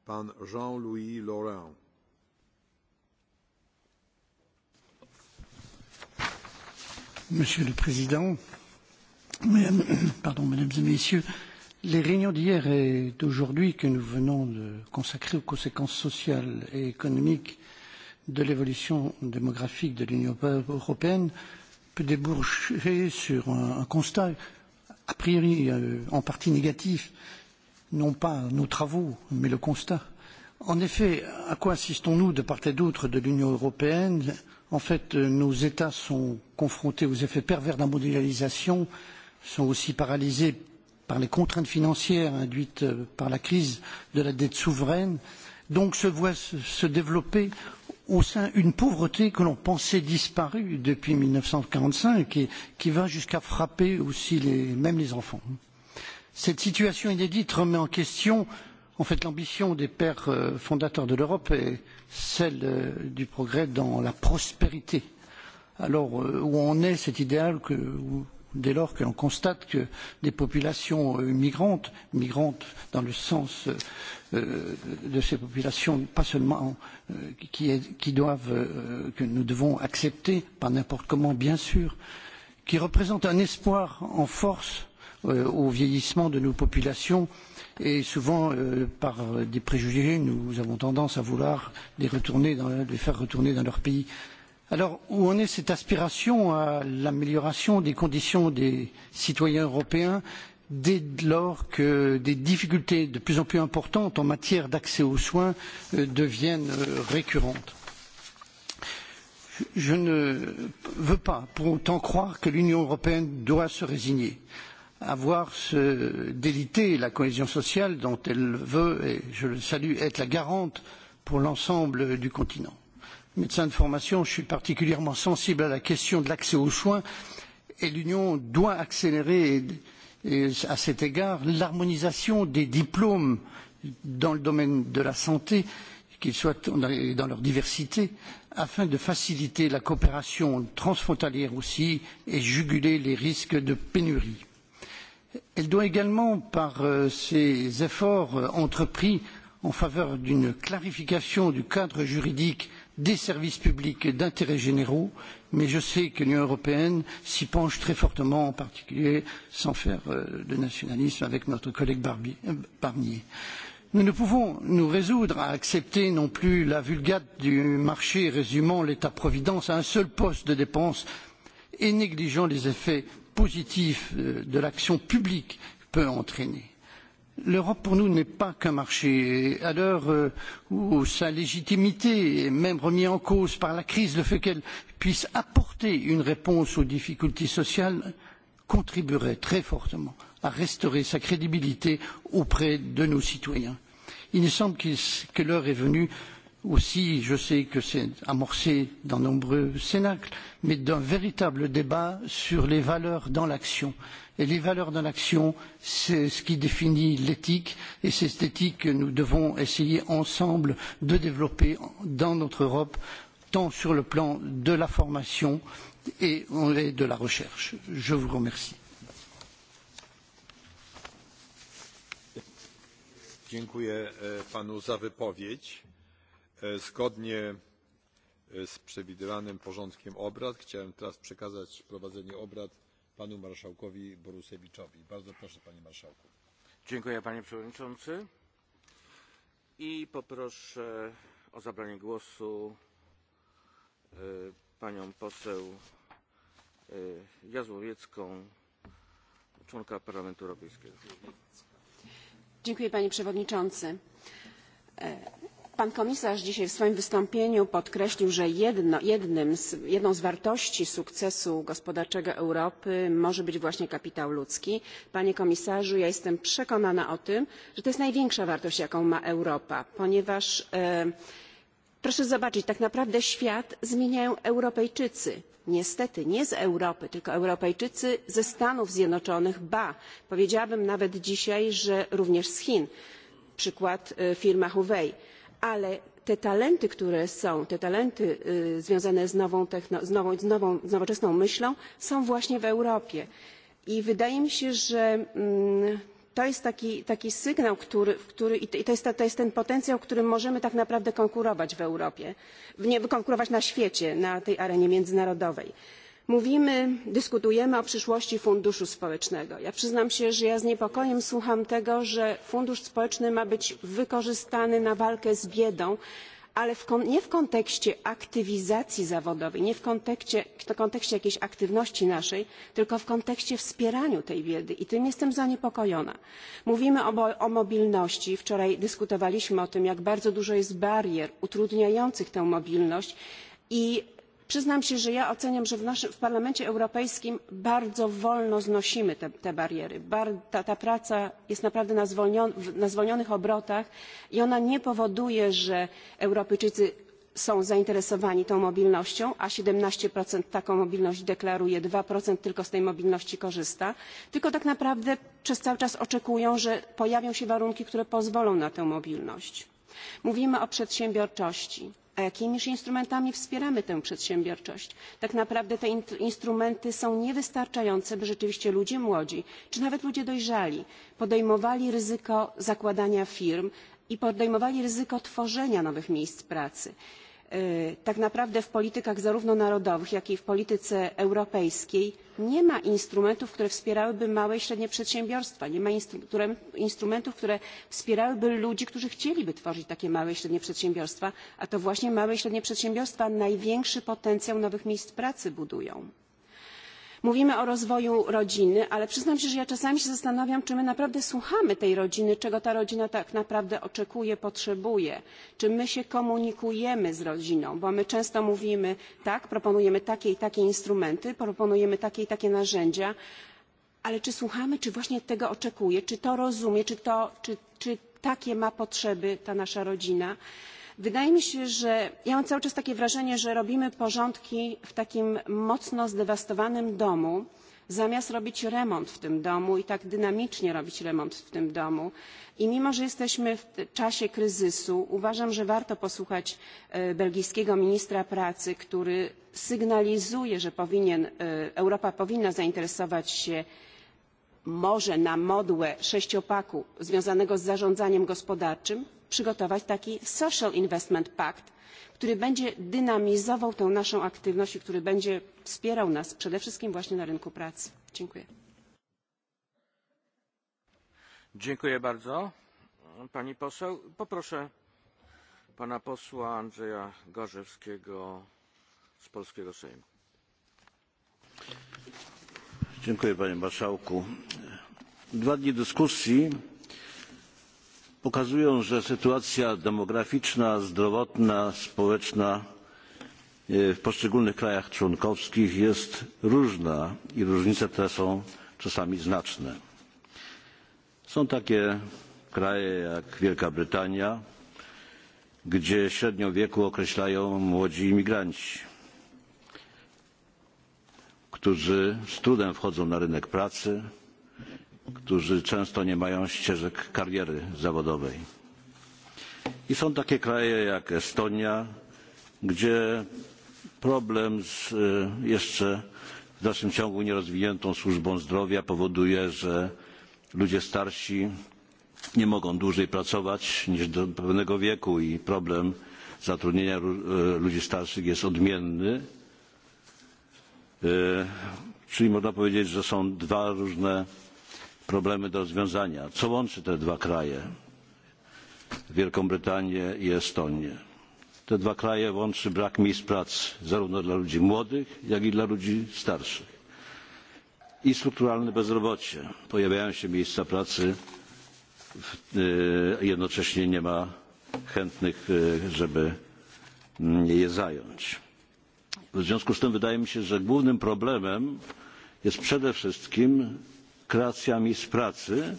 pan Jean-Louis Laurent. Monsieur le Président, mesdames, pardon, mesdames et messieurs, les réunions d'hier et d'aujourd'hui que nous venons de consacrer aux conséquences sociales et économiques de l'évolution démographique de l'Union européenne peut déboucher sur un, un constat a priori euh, en partie négatif, non pas nos travaux, mais le constat. En effet, à quoi assistons-nous de part et d'autre de l'Union européenne En fait, nos États sont confrontés aux effets pervers de la mondialisation, sont aussi paralysés par les contraintes financières induites par la crise de la dette souveraine, donc se voient se développer au sein une pauvreté que l'on pensait disparue depuis 1945 et qui va jusqu'à frapper aussi les, même les enfants. Cette situation inédite remet en question en fait l'ambition des pères euh, fondateurs de l'Europe et celle euh, du progrès dans la prospérité. Alors euh, où en est cet idéal que, dès lors que l'on constate que des populations euh, migrantes, migrantes dans le sens euh, euh, de ces populations, pas seulement euh, qui, est, qui doivent, euh, que nous devons accepter, par n'importe comment bien sûr, qui représentent un espoir en force euh, au vieillissement de nos populations, Et souvent, euh, par des préjugés, nous avons tendance à vouloir les, retourner dans, les faire retourner dans leur pays. Alors, où en est cette aspiration à l'amélioration des conditions des citoyens européens dès lors que des difficultés de plus en plus importantes en matière d'accès aux soins euh, deviennent euh, récurrentes Je ne veux pas pour autant croire que l'Union européenne doit se résigner à voir se déliter la cohésion sociale dont elle veut, et je le salue, être la garante pour l'ensemble du continent médecin de formation, je suis particulièrement sensible à la question de l'accès aux soins et l'Union doit accélérer à cet égard l'harmonisation des diplômes dans le domaine de la santé, qu'ils soient dans leur diversité, afin de faciliter la coopération transfrontalière aussi et juguler les risques de pénurie. Elle doit également, par ses euh, efforts euh, entrepris en faveur d'une clarification du cadre juridique des services publics d'intérêt généraux, mais je sais que l'Union européenne s'y penche très fortement, en particulier sans faire euh, de nationalisme avec notre collègue euh, Barnier. Nous ne pouvons nous résoudre à accepter non plus la vulgate du marché résumant l'État-providence à un seul poste de dépense et négligeant les effets positifs euh, de l'action publique peut entraîner. L'Europe pour nous n'est pas qu'un marché. À l'heure euh, où sa légitimité est même remise en cause par la crise, le fait qu'elle puisse apporter une réponse aux difficultés sociales contribuerait très fortement à restaurer sa crédibilité auprès de nos citoyens. Il me semble que l'heure est venue aussi, je sais que c'est amorcé dans nombreux cénacles, mais d'un véritable débat sur les valeurs dans l'action. Et les valeurs de l'action, c'est ce qui définit l'éthique, et c'est cette éthique que nous devons essayer ensemble de développer dans notre Europe, tant sur le plan de la formation et de la recherche. Je vous remercie. Dziękuję e, panu za wypowiedź. E, zgodnie e, z przewidywanym porządkiem obrad chciałem teraz przekazać prowadzenie obrad panu marszałkowi Borusewiczowi. Bardzo proszę panie marszałku. Dziękuję panie przewodniczący i poproszę o zabranie głosu e, panią poseł e, Jazłowiecką, członka Parlamentu Europejskiego. Dziękuję panie przewodniczący. E, Pan komisarz dzisiaj w swoim wystąpieniu podkreślił, że jedno, z, jedną z wartości sukcesu gospodarczego Europy może być właśnie kapitał ludzki. Panie komisarzu, ja jestem przekonana o tym, że to jest największa wartość, jaką ma Europa, ponieważ e, proszę zobaczyć, tak naprawdę świat zmieniają Europejczycy. Niestety nie z Europy, tylko Europejczycy ze Stanów Zjednoczonych, ba, powiedziałabym nawet dzisiaj, że również z Chin. Przykład e, firma Huawei ale te talenty, które są, te talenty y, związane z nową, techno, z, nową, z, nową, z nowoczesną myślą, są właśnie w Europie. I wydaje mi się, że mm, to jest taki, taki sygnał, który, który i to jest, to jest ten potencjał, którym możemy tak naprawdę konkurować w Europie, nie konkurować na świecie, na tej arenie międzynarodowej. Mówimy, dyskutujemy o przyszłości funduszu społecznego. Ja przyznam się, że ja z niepokojem słucham tego, że fundusz społeczny ma być wykorzystany na walkę z biedą, ale w, nie w kontekście aktywizacji zawodowej, nie w kontekście, w kontekście jakiejś aktywności naszej, tylko w kontekście wspierania tej biedy i tym jestem zaniepokojona. Mówimy o, o mobilności, wczoraj dyskutowaliśmy o tym, jak bardzo dużo jest barier utrudniających tę mobilność i Przyznam się, że ja oceniam, że w, Parlamencie Europejskim bardzo wolno znosimy te, bariery. ta, praca jest naprawdę na, zwolnionych obrotach i ona nie powoduje, że Europejczycy są zainteresowani tą mobilnością, a procent taką mobilność deklaruje, procent tylko z tej mobilności korzysta, tylko tak naprawdę przez cały czas oczekują, że pojawią się warunki, które pozwolą na tę mobilność. Mówimy o przedsiębiorczości A jakimiż instrumentami wspieramy tę przedsiębiorczość? Tak naprawdę te in instrumenty są niewystarczające, by rzeczywiście ludzie młodzi, czy nawet ludzie dojrzali, podejmowali ryzyko zakładania firm i podejmowali ryzyko tworzenia nowych miejsc pracy. E, tak naprawdę w politykach zarówno narodowych, jak i w polityce europejskiej nie ma instrumentów, które wspierałyby małe i średnie przedsiębiorstwa, nie ma instrumentów, które wspierałyby ludzi, którzy chcieliby tworzyć takie małe i średnie przedsiębiorstwa, a to właśnie małe i średnie przedsiębiorstwa największy potencjał nowych miejsc pracy budują. Mówimy o rozwoju rodziny, ale przyznam się, że ja czasami się zastanawiam, czy my naprawdę słuchamy tej rodziny, czego ta rodzina tak naprawdę oczekuje, potrzebuje. Czy my się komunikujemy z rodziną, bo my często mówimy tak, proponujemy takie i takie instrumenty, proponujemy takie i takie narzędzia, ale czy słuchamy, czy właśnie tego oczekuje, czy to rozumie, czy, to, czy, czy takie ma potrzeby ta nasza rodzina. Yy, Wydaje mi się, że ja mam cały czas takie wrażenie, że robimy porządki w takim mocno zdewastowanym domu, zamiast robić remont w tym domu i tak dynamicznie robić remont w tym domu. I mimo, że jesteśmy w czasie kryzysu, uważam, że warto posłuchać e, belgijskiego ministra pracy, który sygnalizuje, że powinien, e, Europa powinna zainteresować się może na modłę sześciopaku związanego z zarządzaniem gospodarczym, przygotować taki social investment pact, który będzie dynamizował tę naszą aktywność i który będzie wspierał nas przede wszystkim właśnie na rynku pracy. Dziękuję. Dziękuję bardzo. Pani poseł, poproszę pana posła Andrzeja Gorzewskiego z Polskiego Sejmu. Dziękuję panie marszałku. Dwa dni dyskusji pokazują, że sytuacja demograficzna, zdrowotna, społeczna e, w poszczególnych krajach członkowskich jest różna i różnice te są czasami znaczne. Są takie kraje jak Wielka Brytania, gdzie średnią wieku określają młodzi imigranci, którzy z trudem wchodzą na rynek pracy, którzy często nie mają ścieżek kariery zawodowej. I są takie kraje jak Estonia, gdzie problem z jeszcze w dalszym ciągu nierozwiniętą służbą zdrowia powoduje, że ludzie starsi nie mogą dłużej pracować niż do pewnego wieku i problem zatrudnienia ludzi starszych jest odmienny. Czyli można powiedzieć, że są dwa różne problemy do rozwiązania. Co łączy te dwa kraje? Wielką Brytanię i Estonię. Te dwa kraje łączy brak miejsc pracy zarówno dla ludzi młodych, jak i dla ludzi starszych. I strukturalne bezrobocie. Pojawiają się miejsca pracy, jednocześnie nie ma chętnych, żeby mm, je zająć. W związku z tym wydaje mi się, że głównym problemem jest przede wszystkim kreacja miejsc pracy,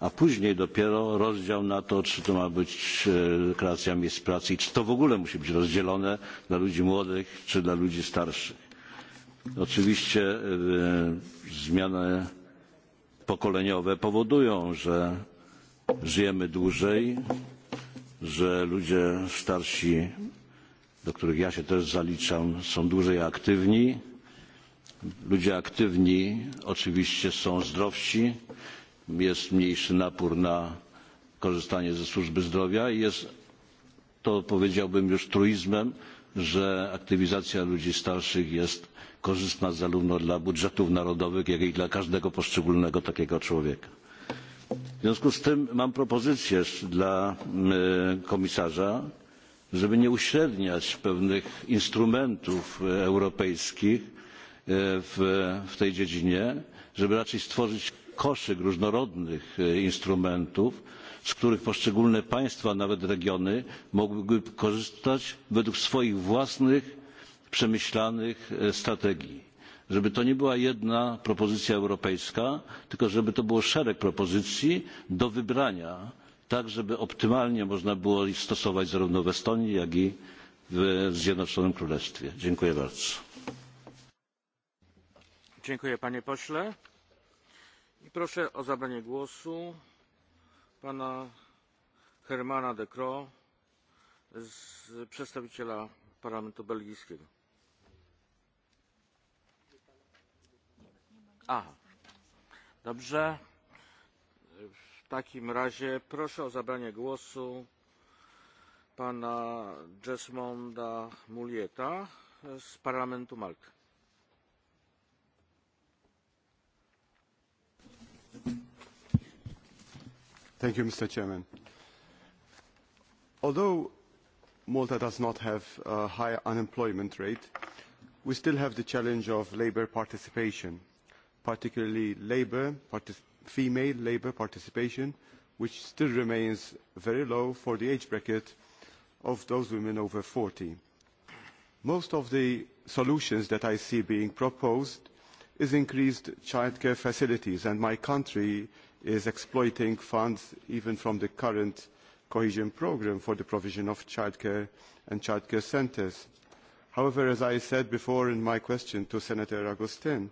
a później dopiero rozdział na to, czy to ma być e, kreacja miejsc pracy i czy to w ogóle musi być rozdzielone dla ludzi młodych czy dla ludzi starszych. Oczywiście e, zmiany pokoleniowe powodują, że żyjemy dłużej, że ludzie starsi, do których ja się też zaliczam, są dłużej aktywni, Ludzie aktywni oczywiście są zdrowsi, jest mniejszy napór na korzystanie ze służby zdrowia i jest to powiedziałbym już truizmem, że aktywizacja ludzi starszych jest korzystna zarówno dla budżetów narodowych, jak i dla każdego poszczególnego takiego człowieka. W związku z tym mam propozycję dla e, komisarza, żeby nie uśredniać pewnych instrumentów e, europejskich, E, w, w tej dziedzinie, żeby raczej stworzyć koszyk różnorodnych e, instrumentów, z których poszczególne państwa, nawet regiony, mogłyby korzystać według swoich własnych, przemyślanych e, strategii. Żeby to nie była jedna propozycja europejska, tylko żeby to było szereg propozycji do wybrania, tak żeby optymalnie można było ich stosować zarówno w Estonii, jak i w Zjednoczonym Królestwie. Dziękuję bardzo. Dziękuję panie pośle. I proszę o zabranie głosu pana Hermana de Croo, z przedstawiciela Parlamentu Belgijskiego. Aha, dobrze. W takim razie proszę o zabranie głosu pana Jesmonda Mulieta z Parlamentu Malty. Thank you, Mr. Chairman. Although Malta does not have a high unemployment rate, we still have the challenge of labour participation, particularly labor, partic female labour participation, which still remains very low for the age bracket of those women over 40. Most of the solutions that I see being proposed is increased childcare facilities, and my country is exploiting funds even from the current cohesion programme for the provision of childcare and childcare centres. However, as I said before in my question to Senator Agustin,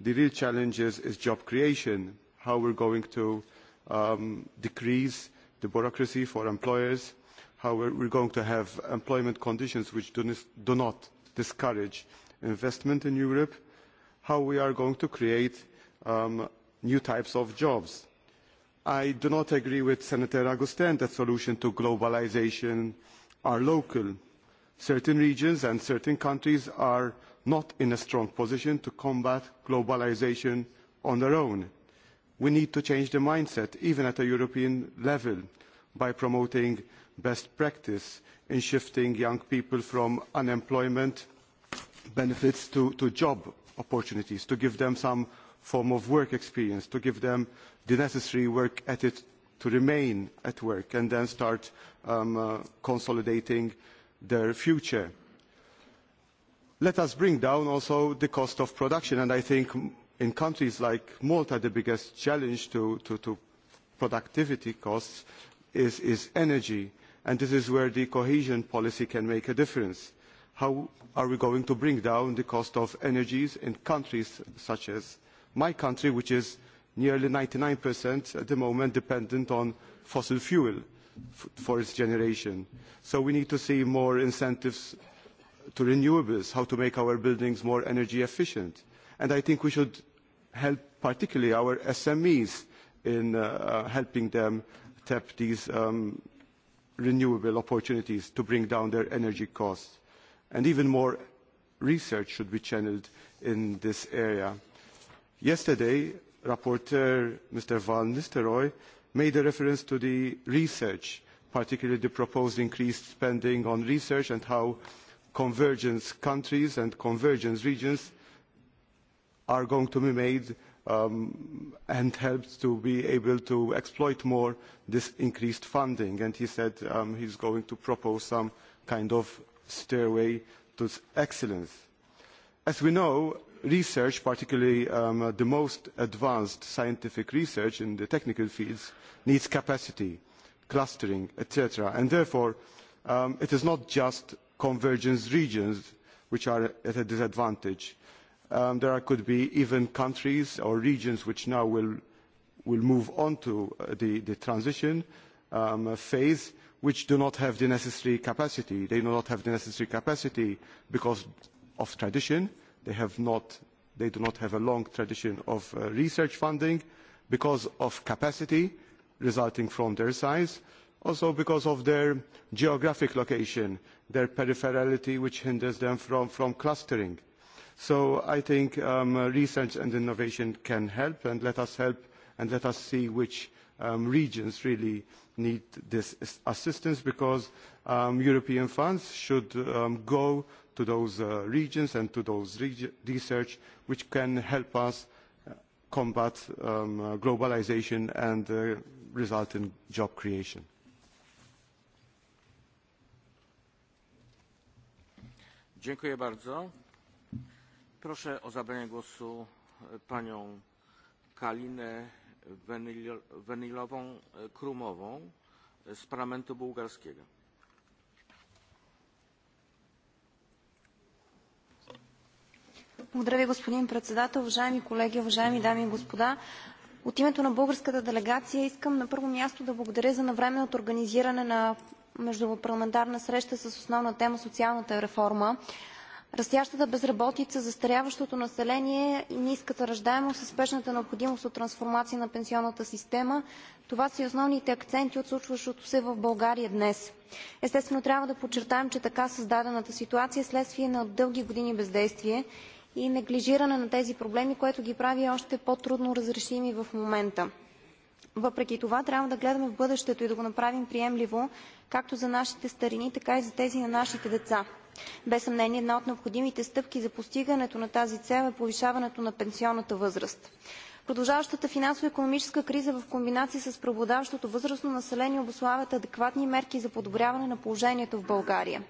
the real challenge is, is job creation, how we are going to um, decrease the bureaucracy for employers, how we are going to have employment conditions which do, do not discourage investment in Europe, how we are going to create um, new types of jobs. I do not agree with Senator Agustin that solutions to globalisation are local. Certain regions and certain countries are not in a strong position to combat globalisation on their own. We need to change the mindset, even at a European level, by promoting best practice in shifting young people from unemployment benefits to, to job opportunities, to give them some form of work experience to give them the necessary work ethic to remain at work and then start um, uh, consolidating their future. Let us bring down also the cost of production and I think in countries like Malta the biggest challenge to, to, to productivity costs is, is energy and this is where the cohesion policy can make a difference. How are we going to bring down the cost of energies in countries such as my country, which is nearly ninety 99% at the moment dependent on fossil fuel for its generation. So we need to see more incentives to renewables, how to make our buildings more energy efficient. And I think we should help particularly our SMEs in uh, uh, helping them tap these um, renewable opportunities to bring down their energy costs. And even more research should be channeled in this area. Yesterday, Rapporteur Mr. Van Nistelrooy made a reference to the research, particularly the proposed increased spending on research and how convergence countries and convergence regions are going to be made um, and helped to be able to exploit more this increased funding. And he said um, he's going to propose some kind of stairway to excellence. As we know, research, particularly um, uh, the most advanced scientific research in the technical fields, needs capacity, clustering, etc. And therefore, um, it is not just convergence regions which are at a disadvantage. Um, there are, could be even countries or regions which now will, will move on to uh, the, the transition um, phase which do not have the necessary capacity. They do not have the necessary capacity because of tradition, They, have not, they do not have a long tradition of uh, research funding because of capacity resulting from their size, also because of their geographic location, their peripherality, which hinders them from, from clustering. So I think um, research and innovation can help, and let us help and let us see which um, regions really need this assistance because um, European funds should um, go to those uh, regions and to those reg research which can help us uh, combat um, uh, globalization and uh, result in job creation. Dziękuję bardzo. Proszę o zabranie głosu e, panią Kalinę Wenilową-Krumową e, e, z Parlamentu Bułgarskiego. Благодаря ви, господин председател. Уважаеми колеги, уважаеми дами и господа, от името на българската делегация искам на първо място да благодаря за навременното организиране на междупарламентарна среща с основна тема социалната реформа. Растящата безработица, застаряващото население и ниската ръждаемост и спешната необходимост от трансформация на пенсионната система – това са и основните акценти от случващото се в България днес. Естествено, трябва да подчертаем, че така създадената ситуация е следствие на дълги години бездействие и неглижиране на тези проблеми, което ги прави още по-трудно разрешими в момента. Въпреки това трябва да гледаме в бъдещето и да го направим приемливо, както за нашите старини, така и за тези на нашите деца. Без съмнение, една от необходимите стъпки за постигането на тази цел е повишаването на пенсионната възраст. Продължаващата финансово-економическа криза в комбинация с преобладаващото възрастно население обославят адекватни мерки за подобряване на положението в България.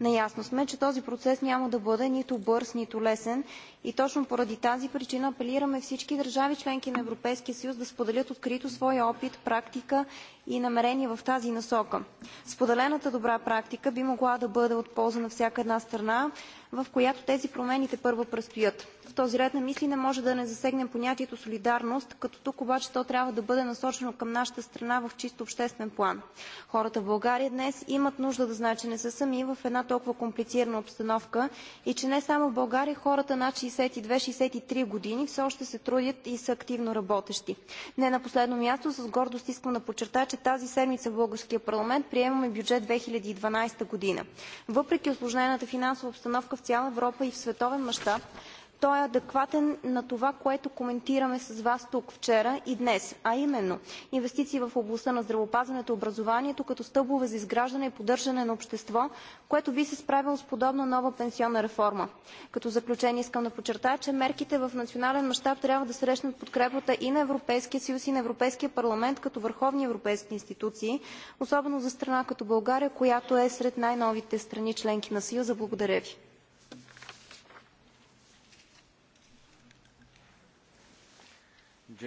Наясно сме, че този процес няма да бъде нито бърз, нито лесен И точно поради тази причина апелираме всички държави членки на Европейския съюз да споделят открито своя опит, практика и намерения в тази насока. Споделената добра практика би могла да бъде от полза на всяка една страна, в която тези промените първо предстоят. В този ред на мисли не може да не засегнем понятието солидарност, като тук обаче то трябва да бъде насочено към нашата страна в чисто обществен план. Хората в България днес имат нужда да знаят, че не са сами в една толкова комплицирана обстановка и че не само в България хората, начи 62-63 години все още се трудят и са активно работещи. Не на последно място, с гордост искам да подчертая, че тази седмица в Българския парламент приемаме бюджет 2012 година. Въпреки осложнената финансова обстановка в цяла Европа и в световен мащаб, Той е адекватен на това, което коментираме с вас тук вчера и днес, а именно инвестиции в областта на здравопазването и образованието като стълбове за изграждане и поддържане на общество, което би се справило с подобна нова пенсионна реформа. Като заключение искам да подчертая, че мерките в национален мащаб трябва да срещнат подкрепата и на Европейския съюз и на Европейския парламент като върховни европейски институции, особено за страна като България, която е сред най-новите страни членки на Съюза. Благодаря ви. E,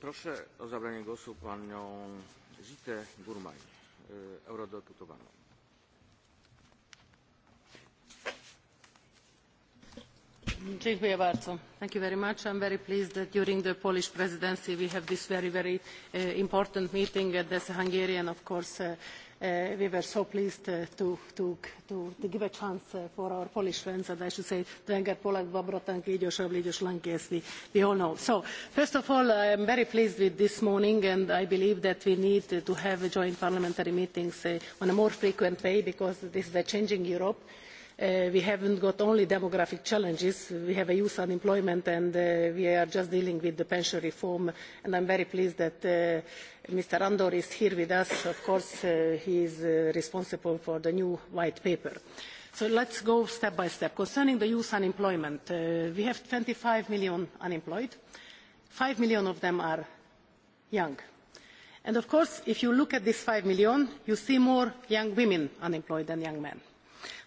proszę o zabranie głosu panią Zitę Gurmaj, e, eurodeputowaną. Dziękuję bardzo. Thank you very much. I'm very pleased that during the Polish presidency we have this very, very uh, important meeting. As a Hungarian, of course, uh, uh, we were so pleased uh, to, to, to, to give a chance uh, for our Polish friends, and I should say, Dwenger Polak, Babrotank, Idios, Avlidios, Lanki, as we, we all know. So, first of all, I am very pleased with this morning, and I believe that we need to have joint parliamentary meetings uh, on a more frequent way, because this is a changing Europe. Uh, we have not got only demographic challenges, we have youth unemployment and uh, we are just dealing with the pension reform and I am very pleased that uh, Mr. Andor is here with us. Of course, he is responsible for the new white paper. So let us go step by step. Concerning the youth unemployment, we have twenty five million unemployed. five million of them are young. And of course, if you look at these five million, you see more young women unemployed than young men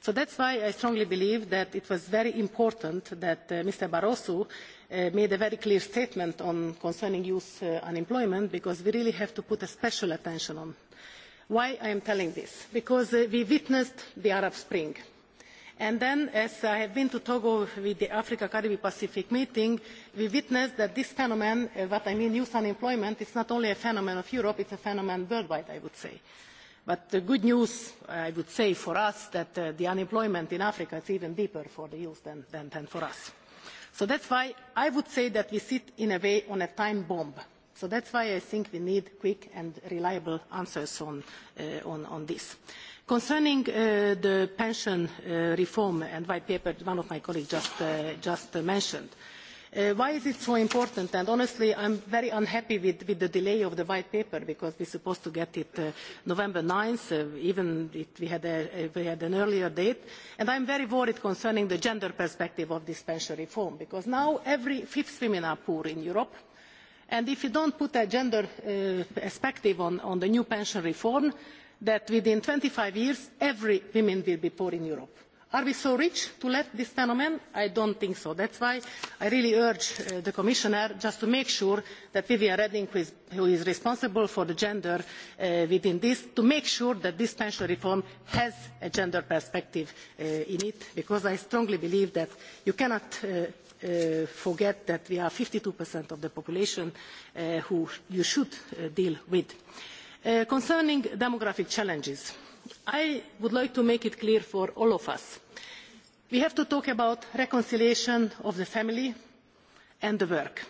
So that's why I strongly believe that it was very important that uh, Mr. Barroso uh, made a very clear statement on concerning youth uh, unemployment because we really have to put a special attention on. Why I am telling this? Because uh, we witnessed the Arab Spring. And then, as I have been to Togo with the Africa Caribbean Pacific meeting, we witnessed that this phenomenon, uh, what I mean youth unemployment, is not only a phenomenon of Europe, it's a phenomenon worldwide, I would say. Uh, But the good news, I would say, for us that uh, the unemployment in Africa is even deeper for the youth than, than, than for us. So that's why I would say that we sit in a way on a time bomb. So that's why I think we need quick and reliable answers on, uh, on, on this. Concerning uh, the pension uh, reform and white paper one of my colleagues just, uh, just mentioned, uh, Uh, why is it so important? And honestly, I'm very unhappy with, with the delay of the white paper because we're supposed to get it uh, November 9th, uh, even if we had, a, uh, we had an earlier date. And I'm very worried concerning the gender perspective of this pension reform because now every fifth women are poor in Europe. And if you don't put a gender uh, perspective on, on the new pension reform, that within 25 years, every woman will be poor in Europe Are we so rich to let this phenomenon? I don't think so. That's why I really urge uh, the Commissioner just to make sure that Vivian Redding, who is, who is responsible for the gender uh, within this, to make sure that this pension reform has a gender perspective uh, in it, because I strongly believe that you cannot uh, uh, forget that we are 52% of the population uh, who you should uh, deal with. Uh, concerning demographic challenges, uh, I would like to make it clear for all of us. We have to talk about reconciliation of the family and the work.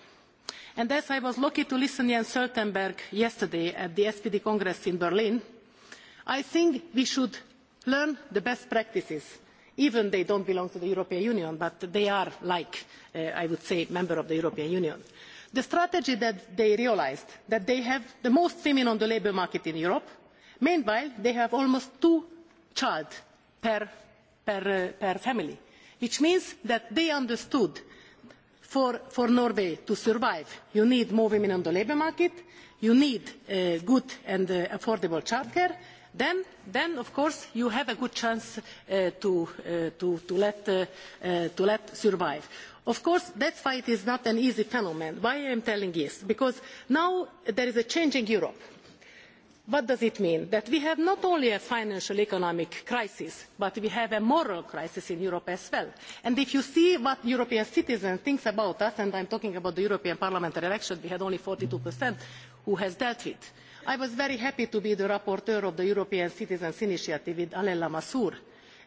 And as I was lucky to listen to Jens Stoltenberg yesterday at the SPD Congress in Berlin, I think we should learn the best practices. Even they don't belong to the European Union, but they are like, uh, I would say, member of the European Union. The strategy that they realized, that they have the most women on the labour market in Europe, Meanwhile, they have almost two child per, per, uh, per family, which means that they understood for, for Norway to survive, you need more women on the labour market, you need uh, good and uh, affordable childcare, then, then of course you have a good chance uh, to, uh, to, to, let, uh, uh, to let survive. Of course, that's why it is not an easy phenomenon. Why I am telling this? Because now there is a change in Europe. What does it mean? That we have not only a financial economic crisis, but we have a moral crisis in Europe as well. And if you see what European citizens think about us, and I am talking about the European parliamentary election, we had only forty 42% who has dealt with. I was very happy to be the rapporteur of the European Citizens Initiative with Alain Lamassoure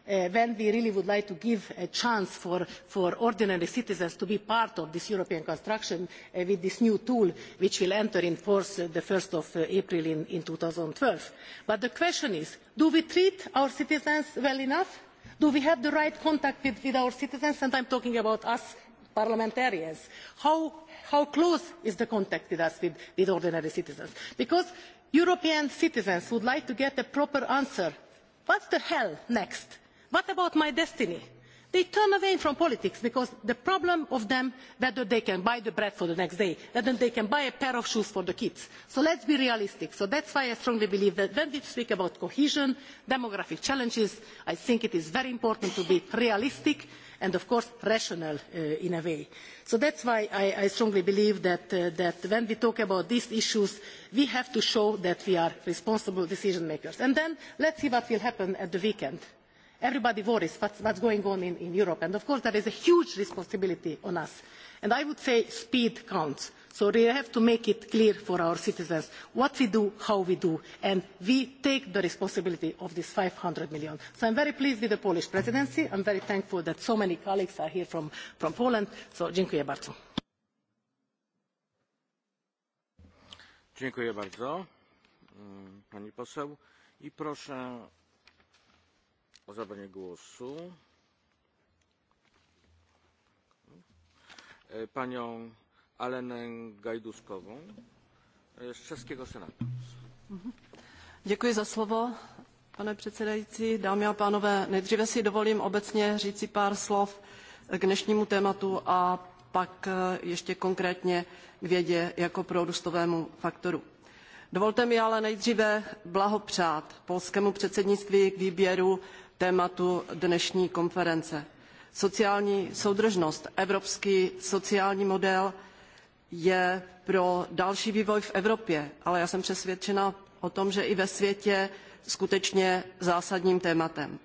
uh, when we really would like to give a chance for, for ordinary citizens to be part of this European construction uh, with this new tool which will enter in force uh, the 1st of uh, April in, in 2012. But the question is, do we treat our citizens well enough? Do we have the right contact with, with our citizens? And I'm talking about us parliamentarians. How, how close is the contact with us, with, with ordinary citizens? Because European citizens would like to get a proper answer. What's the hell next? What about my destiny? They turn away from politics because the problem of them whether they can buy the bread for the next day, whether they can buy a pair of shoes for the kids. So let's be realistic. So that's why I strongly believe that when we speak about cohesion, demographic challenges, I think it is very important to be realistic and of course rational uh, in a way. So that's why I, I strongly believe that, uh, that when we talk about these issues, we have to show that we are responsible decision makers. And then let's see what will happen at the weekend. Everybody worries what's, what's going on in, in Europe. And of course, there is a huge responsibility on us. And I would say speed counts. So we have to make it clear for our citizens what we do, how we do, and we take the responsibility of this 500 million. So I'm very pleased with the Polish presidency. I'm very thankful that so many colleagues are here from, from Poland. So dziękuję bardzo. Dziękuję bardzo, mm, pani poseł. I proszę o zabranie e, panią Alenę Gajduskową z czeskiego Senatu. Mhm. Děkuji za slovo, pane předsedající, dámy a pánové. Nejdříve si dovolím obecně říci pár slov k dnešnímu tématu a pak e, ještě konkrétně k vědě jako prorůstovému faktoru. Dovolte mi ale nejdříve blahopřát polskému předsednictví k výběru tématu dnešní konference. Sociální soudržnost, evropský sociální model je pro další vývoj v Evropě, ale já jsem přesvědčena o tom, že i ve světě skutečně zásadním tématem.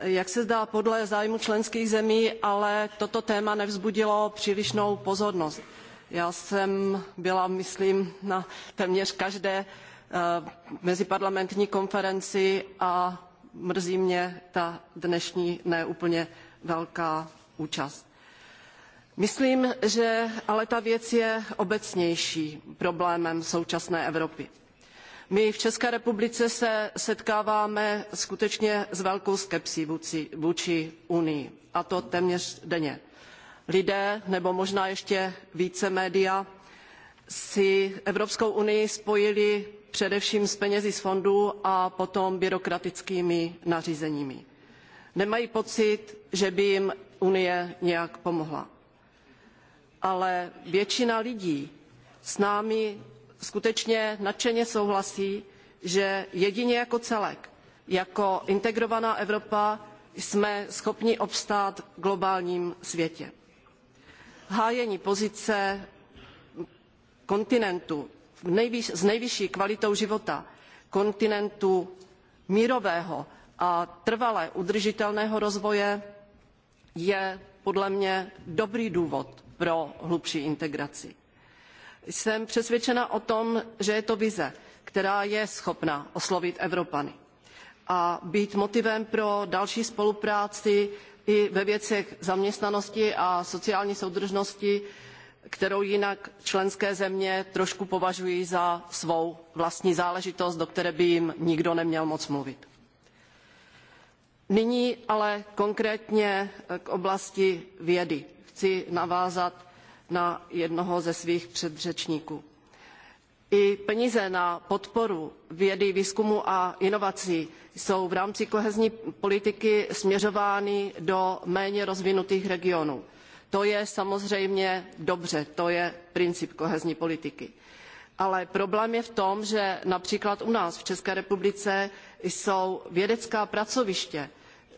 Jak se zdá podle zájmu členských zemí, ale toto téma nevzbudilo přílišnou pozornost. Já jsem byla, myslím, na téměř každé eh, meziparlamentní konferenci a mrzí mě ta dnešní neúplně velká účast. Myslím, že ale ta věc je obecnější problémem současné Evropy. My v České republice se setkáváme skutečně s velkou skepsí vůči, vůči Unii, a to téměř denně. Lidé, nebo možná ještě více média, si Evropskou unii spojili především z peněz z fondů a potom byrokratickými nařízeními. Nemají pocit, že by jim Unie nějak pomohla. Ale většina lidí s námi skutečně nadšeně souhlasí, že jedině jako celek, jako integrovaná Evropa, jsme schopni obstát v globálním světě. Hájení pozice kontinentu s nejvyšší kvalitou života kontinentu mírového a trvale udržitelného rozvoje je podle mě dobrý důvod pro hlubší integraci. Jsem přesvědčena o tom, že je to vize, která je schopna oslovit Evropany a být motivem pro další spolupráci i ve věcech zaměstnanosti a sociální soudržnosti kterou jinak členské země trošku považují za svou vlastní záležitost, do které by jim nikdo neměl moc mluvit. Nyní ale konkrétně eh, k oblasti vědy. Chci navázat na jednoho ze svých předřečníků. I peníze na podporu vědy, výzkumu a inovací jsou v rámci kohezní politiky směřovány do méně rozvinutých regionů. To je samozřejmě dobře, to je princip kohezní politiky. Ale problém je v tom, že například u nás v České republice jsou vědecká pracoviště,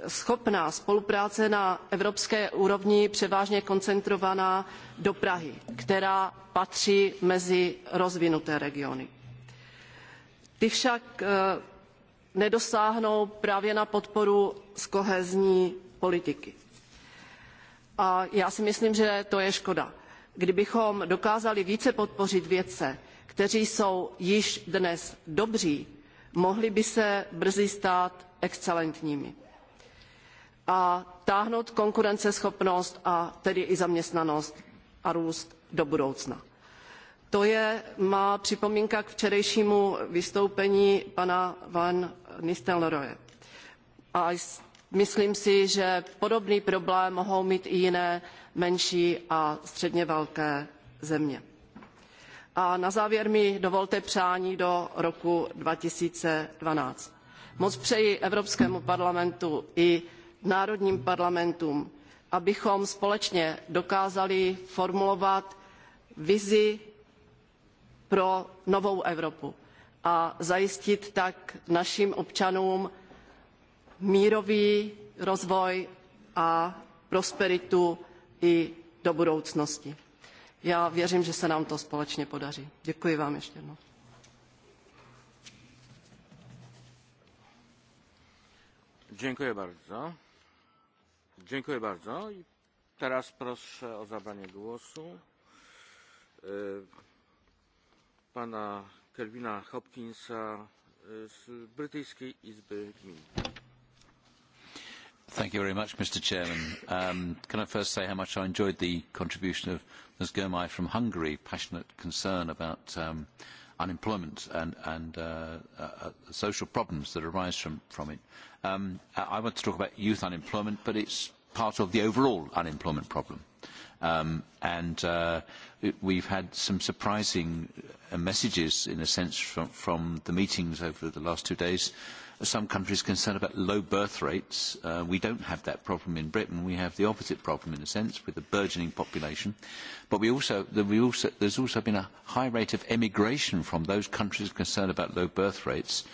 schopná spolupráce na evropské úrovni převážně koncentrovaná do Prahy, která patří mezi rozvinuté regiony. Ty však eh, nedosáhnou právě na podporu z kohezní politiky. A já si myslím, že to je škoda. Kdybychom dokázali více podpořit vědce, kteří jsou již dnes dobří, mohli by se brzy stát excelentními a táhnout konkurenceschopnost a tedy i zaměstnanost a růst do budoucna. To je má připomínka k včerejšímu vystoupení pana Van Nistelrooye. A Myslím si, že podobný problém mohou mít i jiné menší a středně velké země. A na závěr mi dovolte přání do roku 2012. Moc přeji Evropskému parlamentu i národním parlamentům, abychom společně dokázali formulovat vizi pro novou Evropu a zajistit tak našim občanům mírový rozvoj a prosperitu i do budoucnosti. Já věřím, že se nám to společně podaří. Děkuji vám ještě jednou. Dziękuję bardzo. Dziękuję bardzo. I teraz proszę o zabranie głosu e, pana Kelvina Hopkinsa e, z Brytyjskiej Izby Gmin. Thank you very much, Mr. Chairman. Um, can I first say how much I enjoyed the contribution of Ms. Germay from Hungary, passionate concern about um, unemployment and, and uh, uh, uh social problems that arise from, from it. Um, I want to talk about youth unemployment, but it's part of the overall unemployment problem. Um, and uh, it, we've had some surprising uh, messages, in a sense, from, from the meetings over the last two days some countries concerned about low birth rates. Uh, we don't have that problem in Britain. We have the opposite problem, in a sense, with a burgeoning population. But we also, the, we also, there's also been a high rate of emigration from those countries concerned about low birth rates,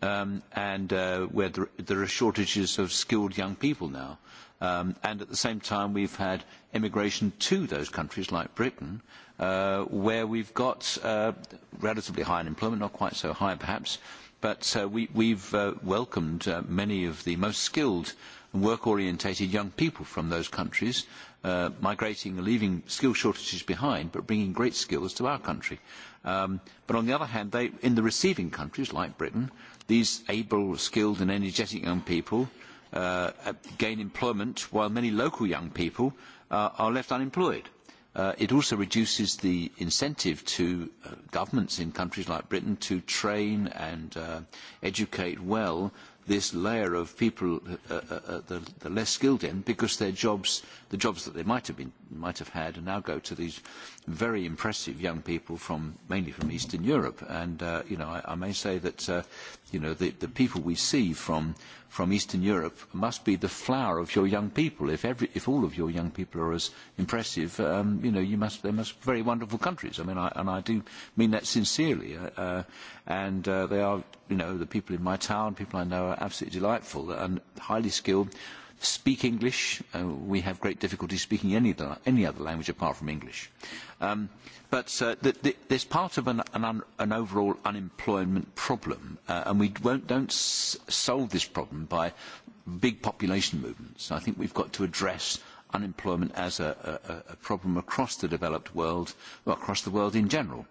um, and uh, where there, there are shortages of skilled young people now. Um, and at the same time, we've had emigration to those countries like Britain, uh, where we've got uh, relatively high unemployment, not quite so high perhaps, But uh, we, we've uh, welcomed uh, many of the most skilled and work-orientated young people from those countries, uh, migrating and leaving skill shortages behind, but bringing great skills to our country. Um, but on the other hand, they, in the receiving countries like Britain, these able, skilled and energetic young people uh, gain employment while many local young people uh, are left unemployed. Uh, it also reduces the incentive to uh, governments in countries like Britain to train and uh, educate well this layer of people uh, uh, uh, the, the less skilled in because their jobs the jobs that they might have, been, might have had and now go to these very impressive young people from mainly from Eastern Europe. And uh, you know, I, I may say that uh, you know, the, the people we see from, from Eastern Europe must be the flower of your young people. If, every, if all of your young people are as impressive, um, you know, you must, they must be very wonderful countries. I mean, I, and I do mean that sincerely. Uh, uh and uh, they are, you know, the people in my town, people I know are absolutely delightful and highly skilled speak English. Uh, we have great difficulty speaking any any other language apart from English. Um, but uh, the, the, there's part of an, an, un, an overall unemployment problem, uh, and we won't, don't s solve this problem by big population movements. I think we've got to address unemployment as a, a, a problem across the developed world, well, across the world in general.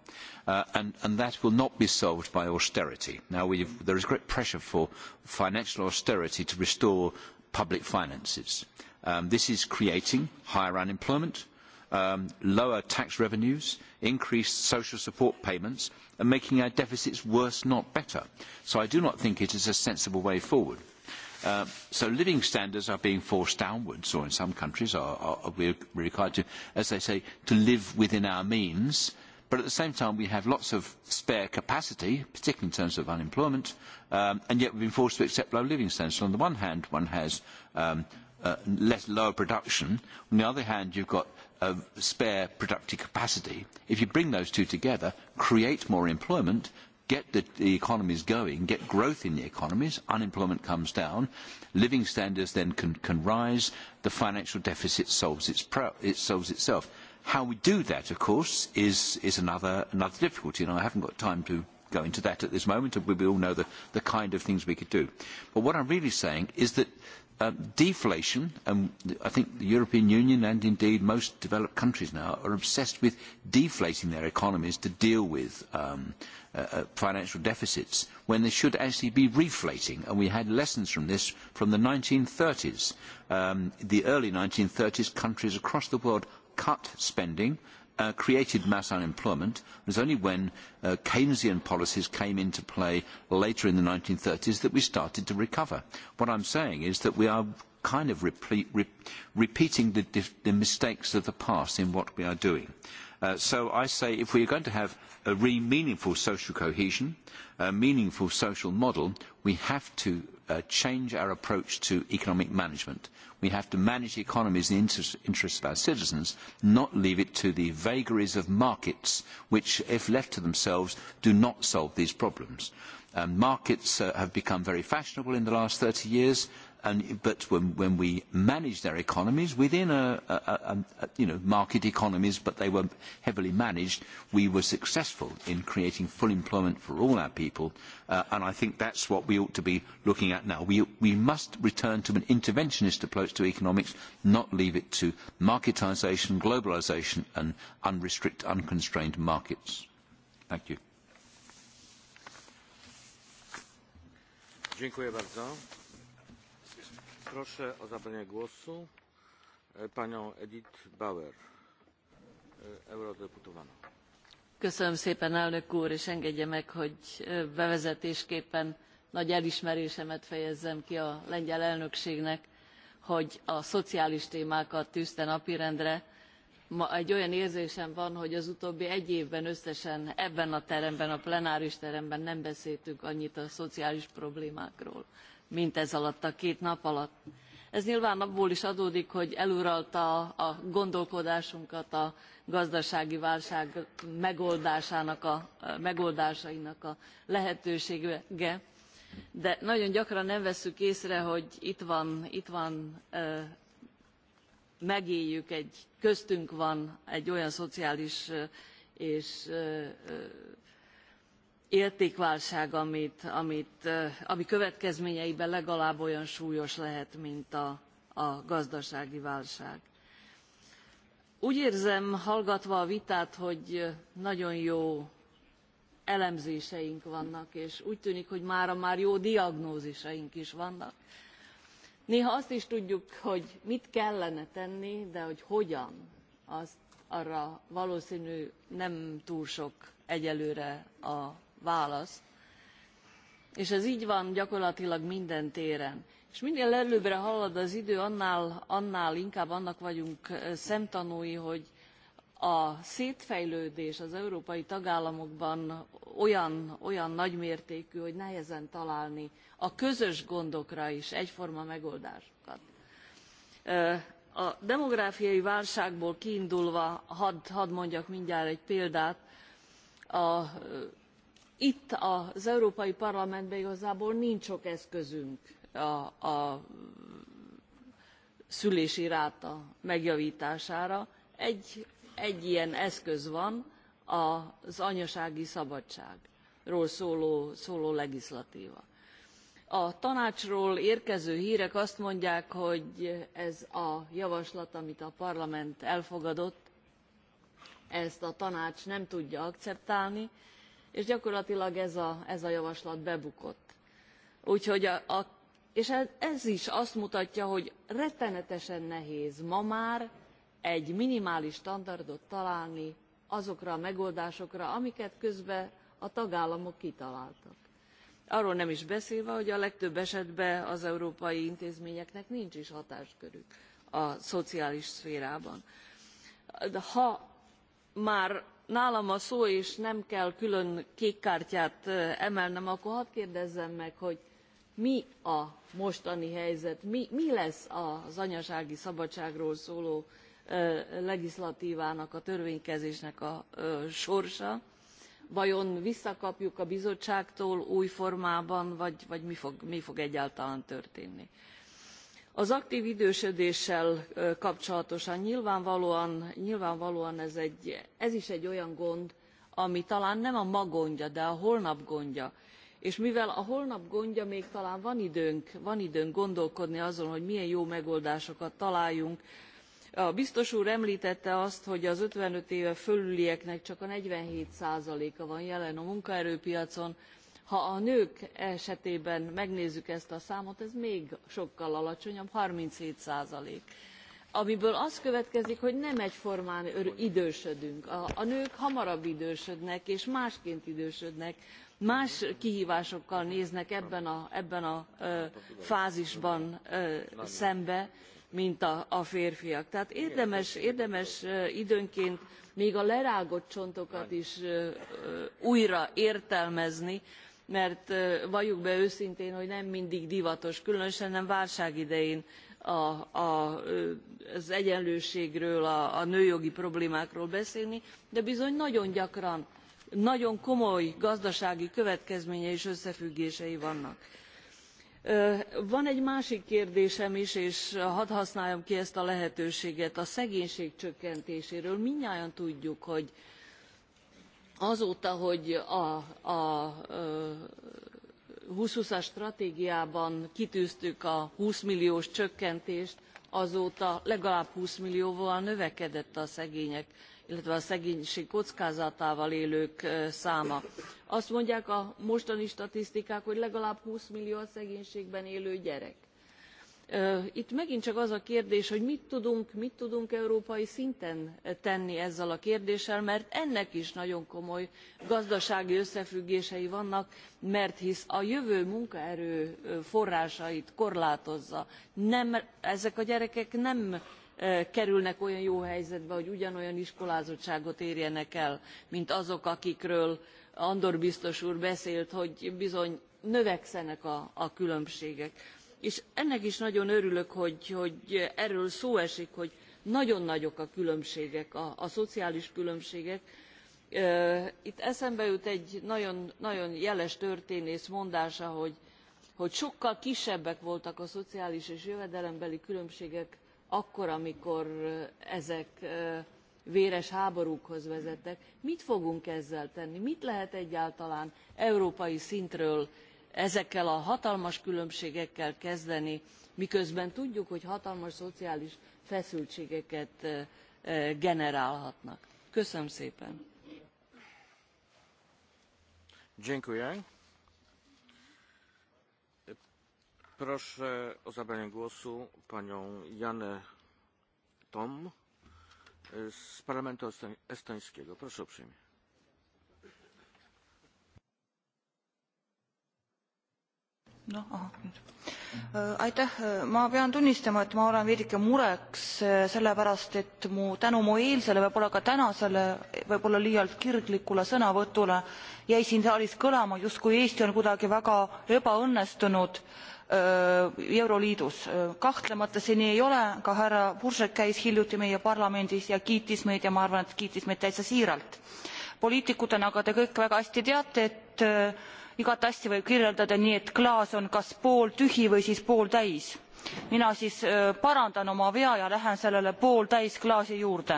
Uh, and, and that will not be solved by austerity. Now, we've, there is great pressure for financial austerity to restore public finances. Um, this is creating higher unemployment, um, lower tax revenues, increased social support payments, and making our deficits worse, not better. So I do not think it is a sensible way forward. Uh, so living standards are being forced downwards, or in some countries are, are, are we're required to, as they say, to live within our means, But at the same time, we have lots of spare capacity, particularly in terms of unemployment, um, and yet we've been forced to accept low living standards. So on the one hand, one has um, uh, less lower production. On the other hand, you've got uh, spare productive capacity. If you bring those two together, create more employment, get the, the economies going, get growth in the economies, unemployment comes down, living standards then can, can rise, the financial deficit solves, its pro, it solves itself. How we do that, of course, is, is another, another difficulty, and I haven't got time to go into that at this moment, and we all know the, the kind of things we could do. But what I'm really saying is that uh, deflation, and I think the European Union and indeed most developed countries now are obsessed with deflating their economies to deal with um, uh, uh financial deficits when they should actually be reflating. And we had lessons from this from the 1930s. Um, the early 1930s, countries across the world cut spending, uh, created mass unemployment. It was only when uh, Keynesian policies came into play later in the 1930s that we started to recover. What I'm saying is that we are kind of repeat, re repeating the, the mistakes of the past in what we are doing. Uh, so I say if we are going to have a really meaningful social cohesion, a meaningful social model, we have to uh, change our approach to economic management. We have to manage the economies in the interest, of our citizens, not leave it to the vagaries of markets, which, if left to themselves, do not solve these problems. Um, markets uh, have become very fashionable in the last thirty years and, but when, when we managed their economies within a, a, a, a, you know, market economies, but they were heavily managed, we were successful in creating full employment for all our people, uh, and I think that's what we ought to be looking at now. We, we must return to an interventionist approach to economics, not leave it to marketisation, globalisation, and unrestricted, unconstrained markets. Thank you. Dziękuję bardzo. Proszę o zabranie głosu e, panią Edith Bauer, e, eurodeputowana. Köszönöm szépen, elnök úr, és engedje meg, hogy e, bevezetésképpen nagy elismerésemet fejezzem ki a lengyel elnökségnek, hogy a szociális témákat tűzte napirendre. Ma egy olyan érzésem van, hogy az utóbbi egy évben összesen ebben a teremben, a plenáris teremben nem beszéltünk annyit a szociális problémákról mint ez alatt a két nap alatt. Ez nyilván abból is adódik, hogy eluralta a gondolkodásunkat a gazdasági válság megoldásának a, a megoldásainak a lehetősége, de nagyon gyakran nem vesszük észre, hogy itt van, itt van e, megéljük, egy, köztünk van egy olyan szociális és e, értékválság, amit, amit, ami következményeiben legalább olyan súlyos lehet, mint a, a gazdasági válság. Úgy érzem, hallgatva a vitát, hogy nagyon jó elemzéseink vannak, és úgy tűnik, hogy mára már jó diagnóziseink is vannak. Néha azt is tudjuk, hogy mit kellene tenni, de hogy hogyan, azt arra valószínű nem túl sok egyelőre a választ. És ez így van gyakorlatilag minden téren. És minél előbbre halad az idő, annál, annál inkább annak vagyunk szemtanúi, hogy a szétfejlődés az európai tagállamokban olyan, olyan nagymértékű, hogy nehezen találni a közös gondokra is egyforma megoldásokat. A demográfiai válságból kiindulva, hadd had mondjak mindjárt egy példát, a Itt az Európai Parlamentben igazából nincs sok eszközünk a, a szülési ráta megjavítására. Egy, egy ilyen eszköz van, az anyasági szabadságról szóló, szóló legislatíva. A tanácsról érkező hírek azt mondják, hogy ez a javaslat, amit a parlament elfogadott, ezt a tanács nem tudja akceptálni, és gyakorlatilag ez a, ez a javaslat bebukott. Úgyhogy a, a, és ez, ez is azt mutatja, hogy rettenetesen nehéz ma már egy minimális standardot találni azokra a megoldásokra, amiket közben a tagállamok kitaláltak. Arról nem is beszélve, hogy a legtöbb esetben az európai intézményeknek nincs is hatáskörük a szociális szférában. De ha már nálam a szó, és nem kell külön kékkártyát emelnem, akkor hadd kérdezzem meg, hogy mi a mostani helyzet, mi, mi lesz az anyasági szabadságról szóló legislatívának, a törvénykezésnek a sorsa. Vajon visszakapjuk a bizottságtól új formában, vagy, vagy mi, fog, mi fog egyáltalán történni? Az aktív idősödéssel kapcsolatosan nyilvánvalóan, nyilvánvalóan ez, egy, ez is egy olyan gond, ami talán nem a ma gondja, de a holnap gondja. És mivel a holnap gondja még talán van időnk, van időnk gondolkodni azon, hogy milyen jó megoldásokat találjunk, a biztos úr emltette azt hogy az fifty five éve fölülieknek csak a forty seven a van jelen a munkaerőpiacon Ha a nők esetében megnézzük ezt a számot, ez még sokkal alacsonyabb, 37 százalék. Amiből az következik, hogy nem egyformán idősödünk. A, a nők hamarabb idősödnek, és másként idősödnek, más kihívásokkal néznek ebben a, ebben a ö, fázisban ö, szembe, mint a, a férfiak. Tehát érdemes, érdemes időnként még a lerágott csontokat is ö, újra értelmezni, mert valljuk be őszintén, hogy nem mindig divatos, különösen nem válság idején a, a, az egyenlőségről, a, a nőjogi problémákról beszélni, de bizony nagyon gyakran nagyon komoly gazdasági következményei és összefüggései vannak. Van egy másik kérdésem is, és hadd használjam ki ezt a lehetőséget, a szegénység csökkentéséről. Mindnyájan tudjuk, hogy azóta, hogy a, a 20 as stratégiában kitűztük a 20 milliós csökkentést, azóta legalább 20 millióval növekedett a szegények, illetve a szegénység kockázatával élők száma. Azt mondják a mostani statisztikák, hogy legalább 20 millió a szegénységben élő gyerek Itt megint csak az a kérdés, hogy mit tudunk, mit tudunk európai szinten tenni ezzel a kérdéssel, mert ennek is nagyon komoly gazdasági összefüggései vannak, mert hisz a jövő munkaerő forrásait korlátozza. Nem, ezek a gyerekek nem kerülnek olyan jó helyzetbe, hogy ugyanolyan iskolázottságot érjenek el, mint azok, akikről Andor biztos úr beszélt, hogy bizony növekszenek a, a különbségek és ennek is nagyon örülök, hogy, hogy erről szó esik, hogy nagyon nagyok a különbségek, a, a szociális különbségek. Itt eszembe jut egy nagyon, nagyon jeles történész mondása, hogy, hogy sokkal kisebbek voltak a szociális és jövedelembeli különbségek akkor, amikor ezek véres háborúkhoz vezettek. Mit fogunk ezzel tenni? Mit lehet egyáltalán európai szintről ezekkel a hatalmas különbségekkel kezdeni, miközben tudjuk, hogy hatalmas szociális feszültségeket generálhatnak. Köszönöm szépen! Dziękuję. Proszę o zabranie głosu panią Janę Tom z Parlamentu Estońskiego. Proszę uprzejmie. noh, äh, aitäh, äh, ma pean tunnistama, et ma olen veidike mureks äh, sellepärast, et mu tänu mu eilsele, võib-olla ka tänasele, võib-olla liialt kirglikule sõnavõtule jäi siin saalis kõlama, just kui Eesti on kuidagi väga ebaõnnestunud Euroliidus. kahtlemata see nii ei ole, ka härra Pursek käis hiljuti meie parlamendis ja kiitis meid ja ma arvan, et kiitis meid täitsa siiralt. poliitikutena aga te kõik väga hästi teate, et igat asja võib kirjeldada nii, et klaas on kas pooltühi või siis pooltäis. mina siis äh, parandan oma vea ja lähen sellele pooltäis klaasi juurde.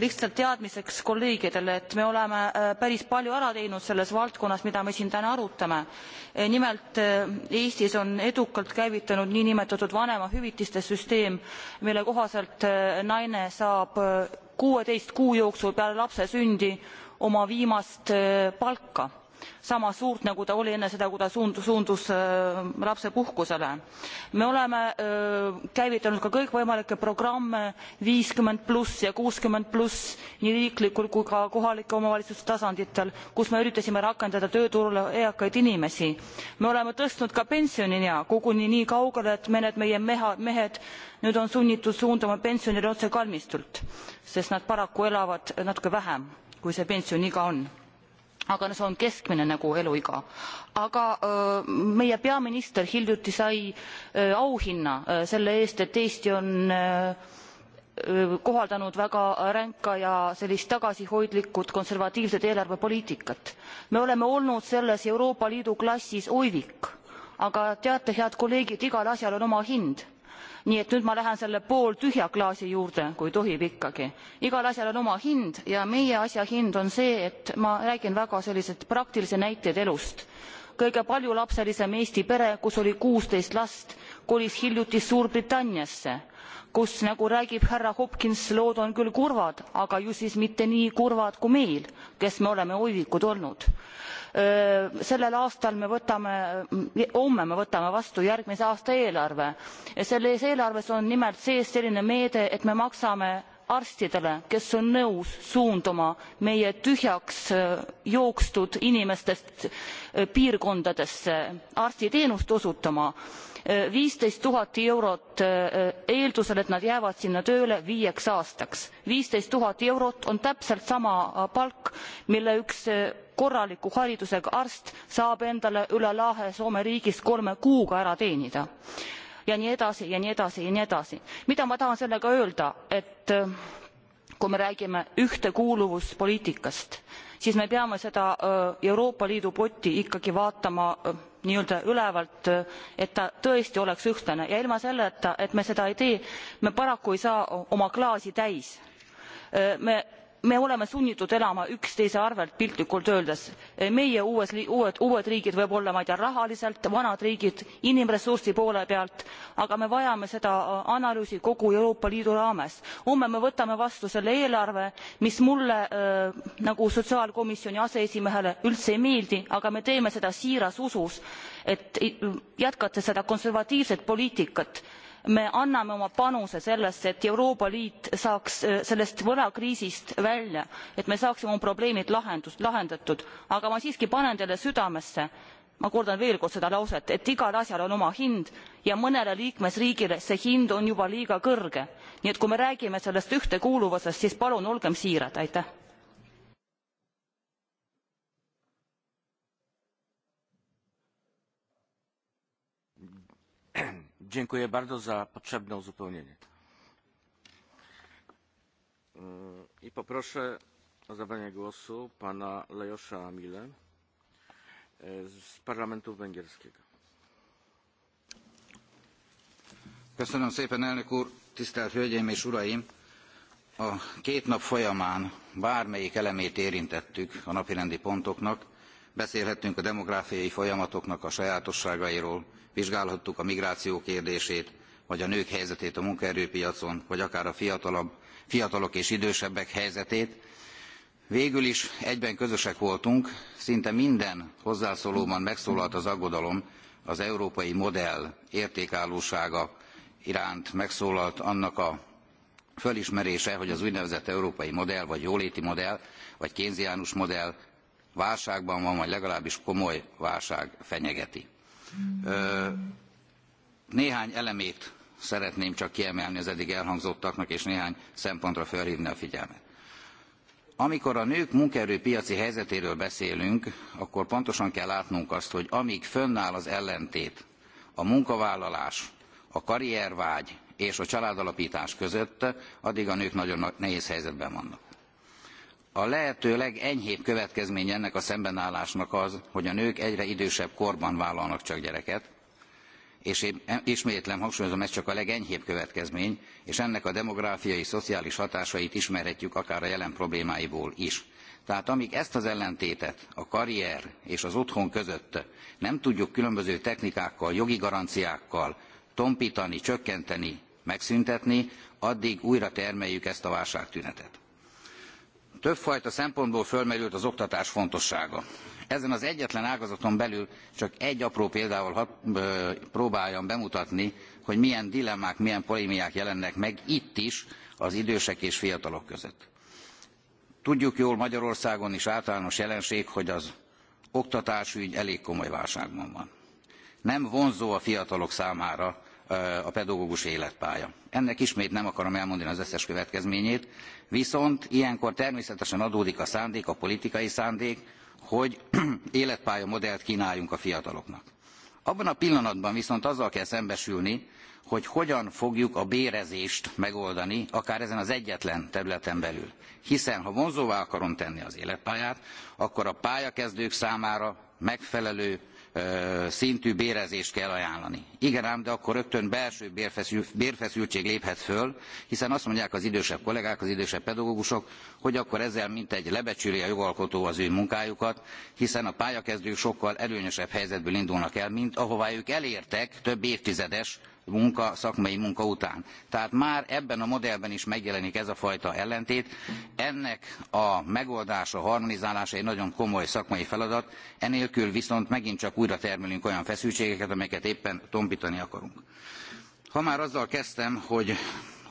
lihtsalt teadmiseks kolleegidele, et me oleme äh, päris palju ära teinud selles valdkonnas, mida me siin täna arutame. E, nimelt äh, Eestis on edukalt käivitanud niinimetatud vanemahüvitiste süsteem, mille kohaselt naine saab kuueteist kuu jooksul peale lapse sündi oma viimast palka sama suurt, nagu ta oli enne seda, kui ta suundus suundus äh, lapsepuhkusele. me oleme äh, käivitanud ka kõikvõimalikke programme viiskümmend pluss ja kuuskümmend pluss nii riiklikul kui ka kohalike omavalitsuste tasanditel, kus me üritasime rakendada tööturule eakaid inimesi. me oleme tõstnud ka pensionina koguni nii kaugele, et mõned meie meha, mehed nüüd on sunnitud suunduma pensionile otse kalmistult, sest nad paraku elavad natuke vähem, kui see pensioniiga on aga no see on keskmine nagu eluiga. aga öö, meie peaminister hiljuti sai öö, auhinna öö, selle eest, et Eesti on öö, kohaldanud väga ränka ja sellist tagasihoidlikud konservatiivset eelarvepoliitikat. me oleme olnud selles Euroopa Liidu klassis oivik, aga teate, head kolleegid, igal asjal on oma hind nii et nüüd ma lähen selle pool tühja klaasi juurde kui tohib ikkagi igal asjal on oma hind ja meie asja hind on see et ma räägin väga sellised praktilise näiteid elust kõige palju lapselisem eesti pere kus oli 16 last kolis hiljuti suurbritanniasse kus nagu räägib härra Hopkins, lood on küll kurvad, aga ju siis mitte nii kurvad kui meil, kes me oleme uivikud olnud. sellel aastal me võtame, homme me võtame vastu järgmise aasta eelarve. ja selles eelarves on nimelt sees selline meede, et me maksame arstidele, kes on nõus suunduma meie tühjaks jookstud inimestest piirkondadesse arstiteenust osutama viisteist tuhat eurot eh, eeldusel et nad jäävad sinna tööle viieks aastaks viisteist tuhat eurot on täpselt sama palk mille üks eh, korraliku haridusega arst saab endale üle lahe soome riigis kolme kuuga ära teenida ja nii edasi ja nii edasi ja nii edasi mida ma tahan sellega öelda et eh, kui me räägime ühtekuuluvuspoliitikast siis me peame seda euroopa liidu potti ikkagi vaatama nii-öelda ülevalt, et ta tõesti oleks ühtlane ja ilma selleta, et me seda ei tee, me paraku ei saa oma klaasi täis. me me oleme sunnitud elama üksteise arvelt piltlikult öeldes meie uues uued uued riigid võib olla ma ei tea rahaliselt vanad riigid inimressursi poole pealt aga me vajame seda äh, analüüsi kogu euroopa liidu raames homme me võtame vastu selle eelarve mis mulle äh, nagu sotsiaalkomisjoni aseesimehele üldse ei meeldi aga me teeme seda siiras usus et jätkates seda konservatiivset poliitikat me anname oma panuse sellesse, et Euroopa Liit saaks äh, sellest võlakriisist välja, et me saaksime oma probleemid lahendust, lahendatud, aga ma siiski panen teile südamesse, ma kordan veel kord seda lauset, et igal asjal on oma hind ja mõnele liikmesriigile see hind on juba liiga kõrge. nii et kui me räägime sellest ühtekuuluvusest, siis palun olgem siirad, aitäh! Dziękuję bardzo za potrzebne uzupełnienie. I poproszę o zabranie głosu pana Lejosza Amile z Parlamentu Węgierskiego. Köszönöm szépen, elnök úr, tisztelt hölgyeim és uraim! A két nap folyamán bármelyik elemét érintettük a napirendi pontoknak, beszélhettünk a demográfiai folyamatoknak a sajátosságairól, vizsgálhattuk a migráció kérdését, vagy a nők helyzetét a munkaerőpiacon, vagy akár a fiatalabb, fiatalok és idősebbek helyzetét. Végül is egyben közösek voltunk, szinte minden hozzászólóban megszólalt az aggodalom, az európai modell értékállósága iránt megszólalt annak a fölismerése, hogy az úgynevezett európai modell, vagy jóléti modell, vagy kénziánus modell válságban van, vagy legalábbis komoly válság fenyegeti. Néhány elemét szeretném csak kiemelni az eddig elhangzottaknak, és néhány szempontra felhívni a figyelmet. Amikor a nők munkaerőpiaci helyzetéről beszélünk, akkor pontosan kell látnunk azt, hogy amíg fönnáll az ellentét a munkavállalás, a karriervágy és a családalapítás között, addig a nők nagyon nehéz helyzetben vannak. A lehető legenyhébb következménye ennek a szembenállásnak az, hogy a nők egyre idősebb korban vállalnak csak gyereket, és én ismétlem, hangsúlyozom, ez csak a legenyhébb következmény, és ennek a demográfiai, szociális hatásait ismerhetjük akár a jelen problémáiból is. Tehát amíg ezt az ellentétet a karrier és az otthon között nem tudjuk különböző technikákkal, jogi garanciákkal tompítani, csökkenteni, megszüntetni, addig újra termeljük ezt a válságtünetet. Többfajta szempontból fölmerült az oktatás fontossága. Ezen az egyetlen ágazaton belül csak egy apró példával hat, ö, próbáljam bemutatni, hogy milyen dilemmák, milyen polémiák jelennek meg itt is az idősek és fiatalok között. Tudjuk jól Magyarországon is általános jelenség, hogy az oktatásügy elég komoly válságban van. Nem vonzó a fiatalok számára a pedagógus életpálya. Ennek ismét nem akarom elmondani az összes következményét, viszont ilyenkor természetesen adódik a szándék, a politikai szándék, hogy életpálya modellt kínáljunk a fiataloknak. Abban a pillanatban viszont azzal kell szembesülni, hogy hogyan fogjuk a bérezést megoldani, akár ezen az egyetlen területen belül. Hiszen, ha vonzóvá akarom tenni az életpályát, akkor a pályakezdők számára megfelelő szintű bérezést kell ajánlani. Igen ám, de akkor rögtön belső bérfeszültség léphet föl, hiszen azt mondják az idősebb kollégák, az idősebb pedagógusok, hogy akkor ezzel mintegy lebecsüli a jogalkotó az ő munkájukat, hiszen a pályakezdők sokkal előnyösebb helyzetből indulnak el, mint ahová ők elértek több évtizedes munka, szakmai munka után. Tehát már ebben a modellben is megjelenik ez a fajta ellentét. Ennek a megoldása, harmonizálása egy nagyon komoly szakmai feladat, enélkül viszont megint csak újra termelünk olyan feszültségeket, amelyeket éppen tompítani akarunk. Ha már azzal kezdtem, hogy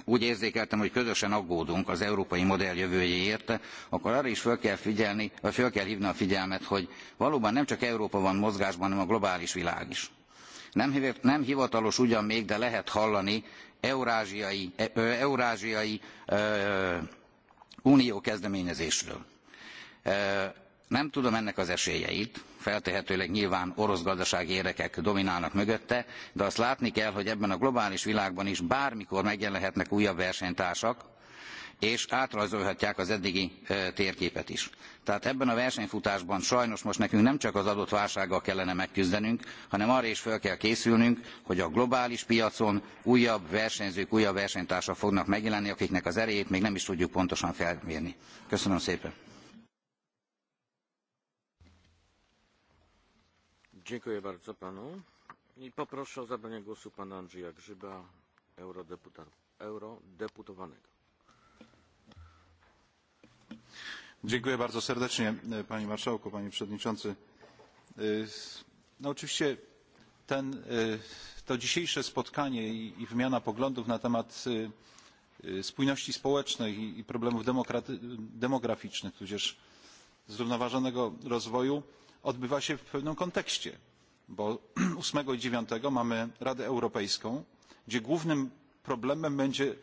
úgy érzékeltem, hogy közösen aggódunk az európai modell jövőjéért, akkor arra is fel kell, figyelni, vagy fel kell hívni a figyelmet, hogy valóban nem csak Európa van mozgásban, hanem a globális világ is. Nem, nem hivatalos ugyan még, de lehet hallani eurázsiai, e, eurázsiai unió kezdeményezésről. nem tudom ennek az esélyeit, feltehetőleg nyilván orosz gazdasági érdekek dominálnak mögötte, de azt látni kell, hogy ebben a globális világban is bármikor megjelenhetnek újabb versenytársak, és átrajzolhatják az eddigi térképet is. Tehát ebben a versenyfutásban sajnos most nekünk nem csak az adott válsággal kellene megküzdenünk, hanem arra is fel kell készülnünk, hogy a globális piacon újabb versenyzők, újabb versenytársak fognak megjelenni, akiknek az erejét még nem is tudjuk pontosan felmérni. Köszönöm szépen! Dziękuję bardzo panu. I poproszę o zabranie głosu pana Andrzeja Grzyba, eurodeputowanego. Dziękuję bardzo serdecznie e, Panie Marszałku, Panie Przewodniczący. E, no oczywiście ten, e, to dzisiejsze spotkanie i, i wymiana poglądów na temat spójności społecznej i, i problemów demograficznych, tudzież zrównoważonego rozwoju odbywa się w pewnym kontekście, bo 8 i 9 mamy Radę Europejską, gdzie głównym problemem będzie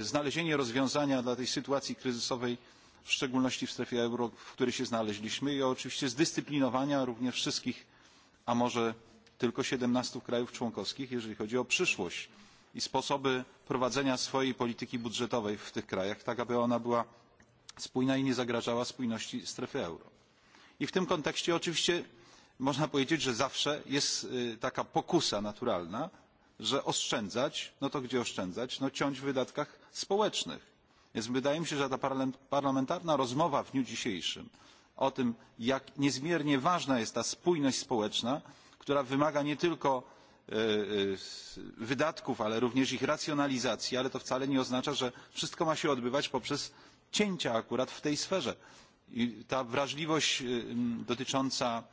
znalezienie rozwiązania dla tej sytuacji kryzysowej w szczególności w strefie euro, w której się znaleźliśmy i oczywiście zdyscyplinowania również wszystkich, a może tylko 17 krajów członkowskich, jeżeli chodzi o przyszłość i sposoby prowadzenia swojej polityki budżetowej w tych krajach, tak aby ona była spójna i nie zagrażała spójności strefy euro. I w tym kontekście oczywiście można powiedzieć, że zawsze jest taka pokusa naturalna, że oszczędzać, no to gdzie oszczędzać? No ciąć w wydatkach społecznych Więc wydaje mi się, że ta parlamentarna rozmowa w dniu dzisiejszym o tym, jak niezmiernie ważna jest ta spójność społeczna, która wymaga nie tylko e, e, wydatków, ale również ich racjonalizacji, ale to wcale nie oznacza, że wszystko ma się odbywać poprzez cięcia akurat w tej sferze. I ta wrażliwość e, dotycząca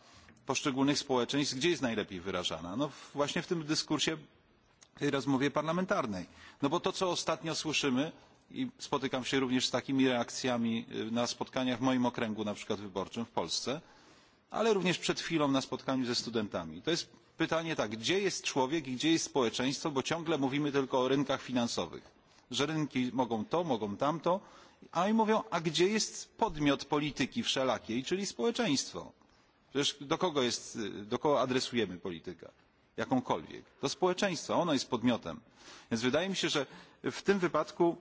poszczególnych społeczeństw, gdzie jest najlepiej wyrażana? No właśnie w tym dyskursie, w tej rozmowie parlamentarnej. No bo to, co ostatnio słyszymy, i spotykam się również z takimi reakcjami na spotkaniach w moim okręgu na przykład wyborczym w Polsce, ale również przed chwilą na spotkaniu ze studentami. To jest pytanie tak, gdzie jest człowiek i gdzie jest społeczeństwo, bo ciągle mówimy tylko o rynkach finansowych, że rynki mogą to, mogą tamto, a oni mówią, a gdzie jest podmiot polityki wszelakiej, czyli społeczeństwo? Przecież do kogo, jest, do kogo adresujemy politykę? Jakąkolwiek. Do społeczeństwa, ono jest podmiotem. Więc wydaje mi się, że w tym wypadku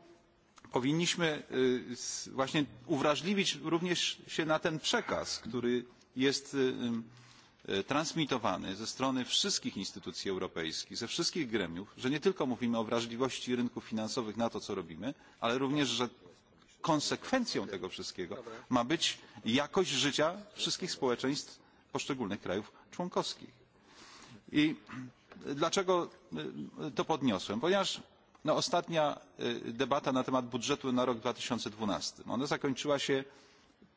powinniśmy właśnie uwrażliwić również się na ten przekaz, który jest transmitowany ze strony wszystkich instytucji europejskich, ze wszystkich gremiów, że nie tylko mówimy o wrażliwości rynków finansowych na to, co robimy, ale również, że konsekwencją tego wszystkiego ma być jakość życia wszystkich społeczeństw poszczególnych krajów członkowskich. I dlaczego to podniosłem? Ponieważ No, ostatnia debata na temat budżetu na rok 2012. Ona zakończyła się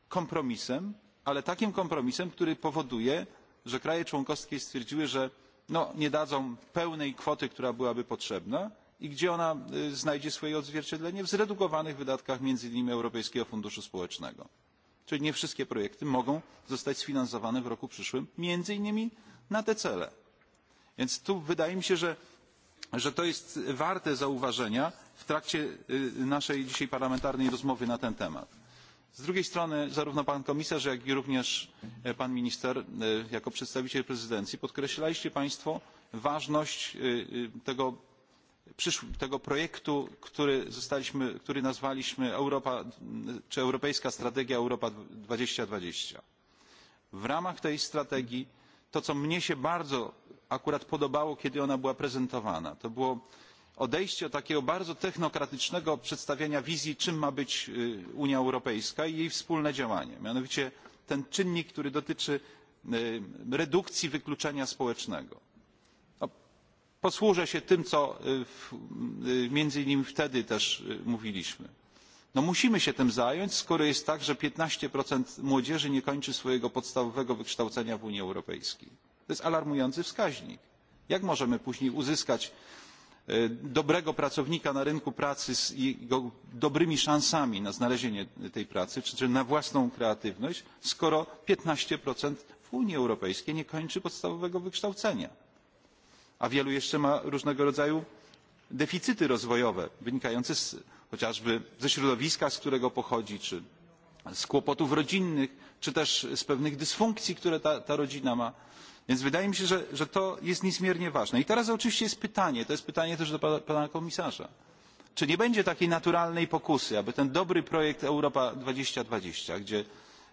kompromisem, ale takim kompromisem, który powoduje, że kraje członkowskie stwierdziły, że no, nie dadzą pełnej kwoty, która byłaby potrzebna i gdzie ona znajdzie swoje odzwierciedlenie w zredukowanych wydatkach między innymi Europejskiego Funduszu Społecznego. Czyli nie wszystkie projekty mogą zostać sfinansowane w roku przyszłym, między innymi na te cele. Więc tu wydaje mi się, że że to jest warte zauważenia w trakcie naszej dzisiaj parlamentarnej rozmowy na ten temat. Z drugiej strony zarówno pan komisarz, jak i również e, pan minister e, jako przedstawiciel prezydencji podkreślaliście państwo ważność e, tego, tego projektu, który, zostaliśmy, który nazwaliśmy Europa, czy Europejska Strategia Europa 2020. W ramach tej strategii to, co mnie się bardzo akurat podobało, kiedy ona była prezentowana. To było odejście od takiego bardzo technokratycznego przedstawiania wizji, czym ma być Unia Europejska i jej wspólne działanie. Mianowicie ten czynnik, który dotyczy redukcji wykluczenia społecznego. Posłużę się tym, co między innymi wtedy też mówiliśmy. No musimy się tym zająć, skoro jest tak, że 15% młodzieży nie kończy swojego podstawowego wykształcenia w Unii Europejskiej. To jest alarmujący wskaźnik. Jak możemy później uzyskać e, dobrego pracownika na rynku pracy z jego dobrymi szansami na znalezienie tej pracy, czy na własną kreatywność, skoro 15% w Unii Europejskiej nie kończy podstawowego wykształcenia. A wielu jeszcze ma różnego rodzaju deficyty rozwojowe wynikające z, chociażby ze środowiska, z którego pochodzi, czy z kłopotów rodzinnych, czy też z pewnych dysfunkcji, które ta, ta rodzina ma. Więc wydaje mi się, że, że to jest niezmiernie ważne. I teraz oczywiście jest pytanie, to jest pytanie też do pana, pana komisarza. Czy nie będzie takiej naturalnej pokusy, aby ten dobry projekt Europa 2020, gdzie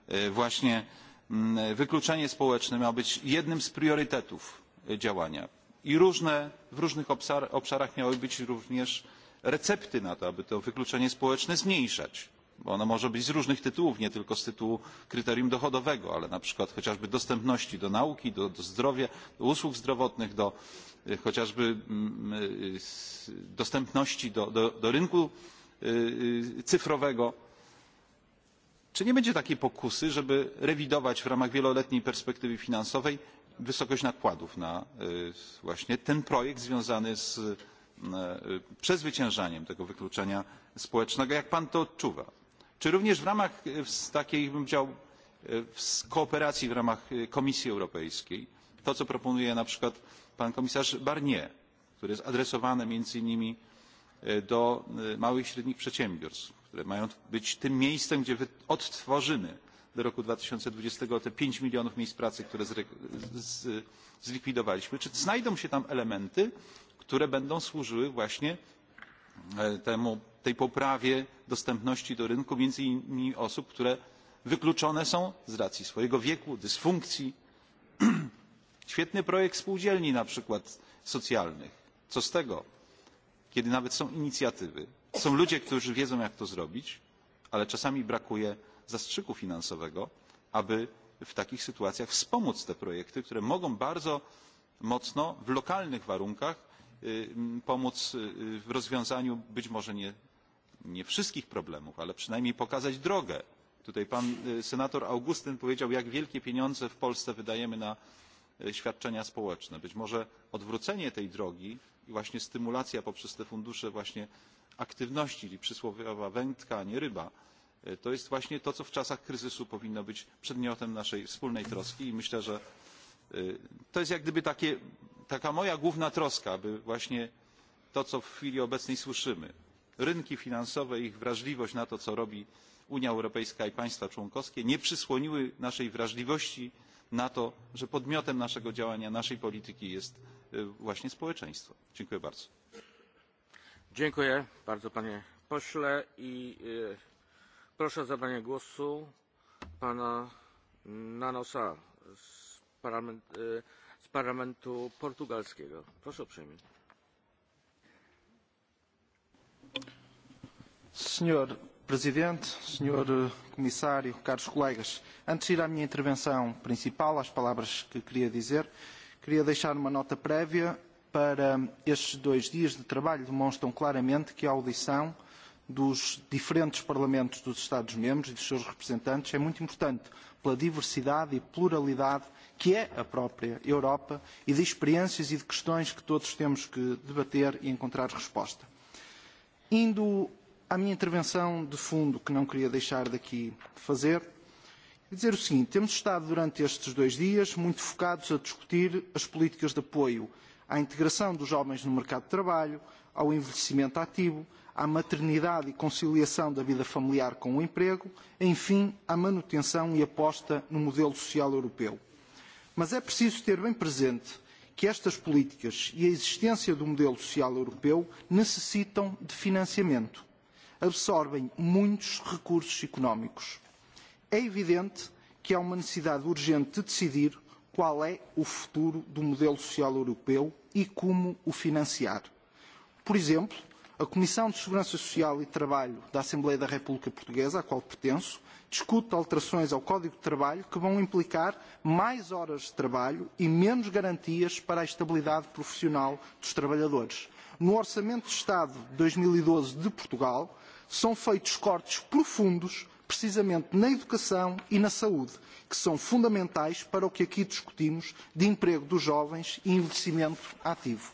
e, właśnie mm, wykluczenie społeczne ma być jednym z priorytetów e, działania i różne, w różnych obszarach miały być również recepty na to, aby to wykluczenie społeczne zmniejszać bo ono może być z różnych tytułów, nie tylko z tytułu kryterium dochodowego, ale na przykład chociażby dostępności do nauki, do, do zdrowia, do usług zdrowotnych, do chociażby mm, dostępności do, do, do rynku cyfrowego. Czy nie będzie takiej pokusy, żeby rewidować w ramach wieloletniej perspektywy finansowej wysokość nakładów na właśnie ten projekt związany z przezwyciężaniem tego wykluczenia społecznego? Jak pan to odczuwa? czy również w ramach e, takiej bym powiedział e, kooperacji w ramach e, komisji europejskiej to co proponuje na przykład pan komisarz barnier które jest adresowane między innymi do małych i średnich przedsiębiorstw które mają być tym miejscem gdzie odtworzymy do roku dwa tysiące dwadzieścia te pięć milionów miejsc pracy które zlikwidowaliśmy czy znajdą się tam elementy które będą służyły właśnie E, tej poprawie dostępności do rynku między innymi osób, które wykluczone są z racji swojego wieku, dysfunkcji. Świetny projekt spółdzielni na przykład socjalnych. Co z tego, kiedy nawet są inicjatywy, są ludzie, którzy wiedzą jak to zrobić, ale czasami brakuje zastrzyku finansowego, aby w takich sytuacjach wspomóc te projekty, które mogą bardzo mocno w lokalnych warunkach pomóc w rozwiązaniu być może nie, nie wszystkich problemów, ale przynajmniej pokazać drogę. Tutaj pan senator Augustyn powiedział, jak wielkie pieniądze w Polsce wydajemy na świadczenia społeczne. Być może odwrócenie tej drogi i właśnie stymulacja poprzez te fundusze właśnie aktywności, czyli przysłowiowa wędka, a nie ryba, to jest właśnie to, co w czasach kryzysu powinno być przedmiotem naszej wspólnej troski i myślę, że to jest jak gdyby takie taka moja główna troska, by właśnie to, co w chwili obecnej słyszymy, rynki finansowe i ich wrażliwość na to, co robi Unia Europejska i państwa członkowskie, nie przysłoniły naszej wrażliwości na to, że podmiotem naszego działania, naszej polityki jest właśnie społeczeństwo. Dziękuję bardzo. Dziękuję bardzo panie pośle i proszę o zabranie głosu pana Nanosa z parlamentu. Parlamentu Portugalskiego. Proszę uprzejmie. Senhor Presidente, Senhor Comissário, caros colegas, antes de ir à minha intervenção principal, às palavras que queria dizer, queria deixar uma nota prévia para estes dois dias de trabalho demonstram claramente que a audição dos diferentes parlamentos dos Estados-membros e dos seus representantes é muito importante pela diversidade e pluralidade que é a própria Europa e de experiências e de questões que todos temos que debater e encontrar resposta. Indo à minha intervenção de fundo, que não queria deixar daqui de fazer, dizer o seguinte, temos estado durante estes dois dias muito focados a discutir as políticas de apoio à integração dos jovens no mercado de trabalho, ao envelhecimento ativo, à maternidade e conciliação da vida familiar com o emprego, enfim, à manutenção e aposta no modelo social europeu. Mas é preciso ter bem presente que estas políticas e a existência do modelo social europeu necessitam de financiamento. Absorvem muitos recursos económicos. É evidente que há uma necessidade urgente de decidir qual é o futuro do modelo social europeu e como o financiar. Por exemplo, a Comissão de Segurança Social e Trabalho da Assembleia da República Portuguesa, à qual pertenço, discute alterações ao Código de Trabalho que vão implicar mais horas de trabalho e menos garantias para a estabilidade profissional dos trabalhadores. No Orçamento de Estado de 2012 e de Portugal, são feitos cortes profundos precisamente na educação e na saúde, que são fundamentais para o que aqui discutimos de emprego dos jovens e envelhecimento ativo.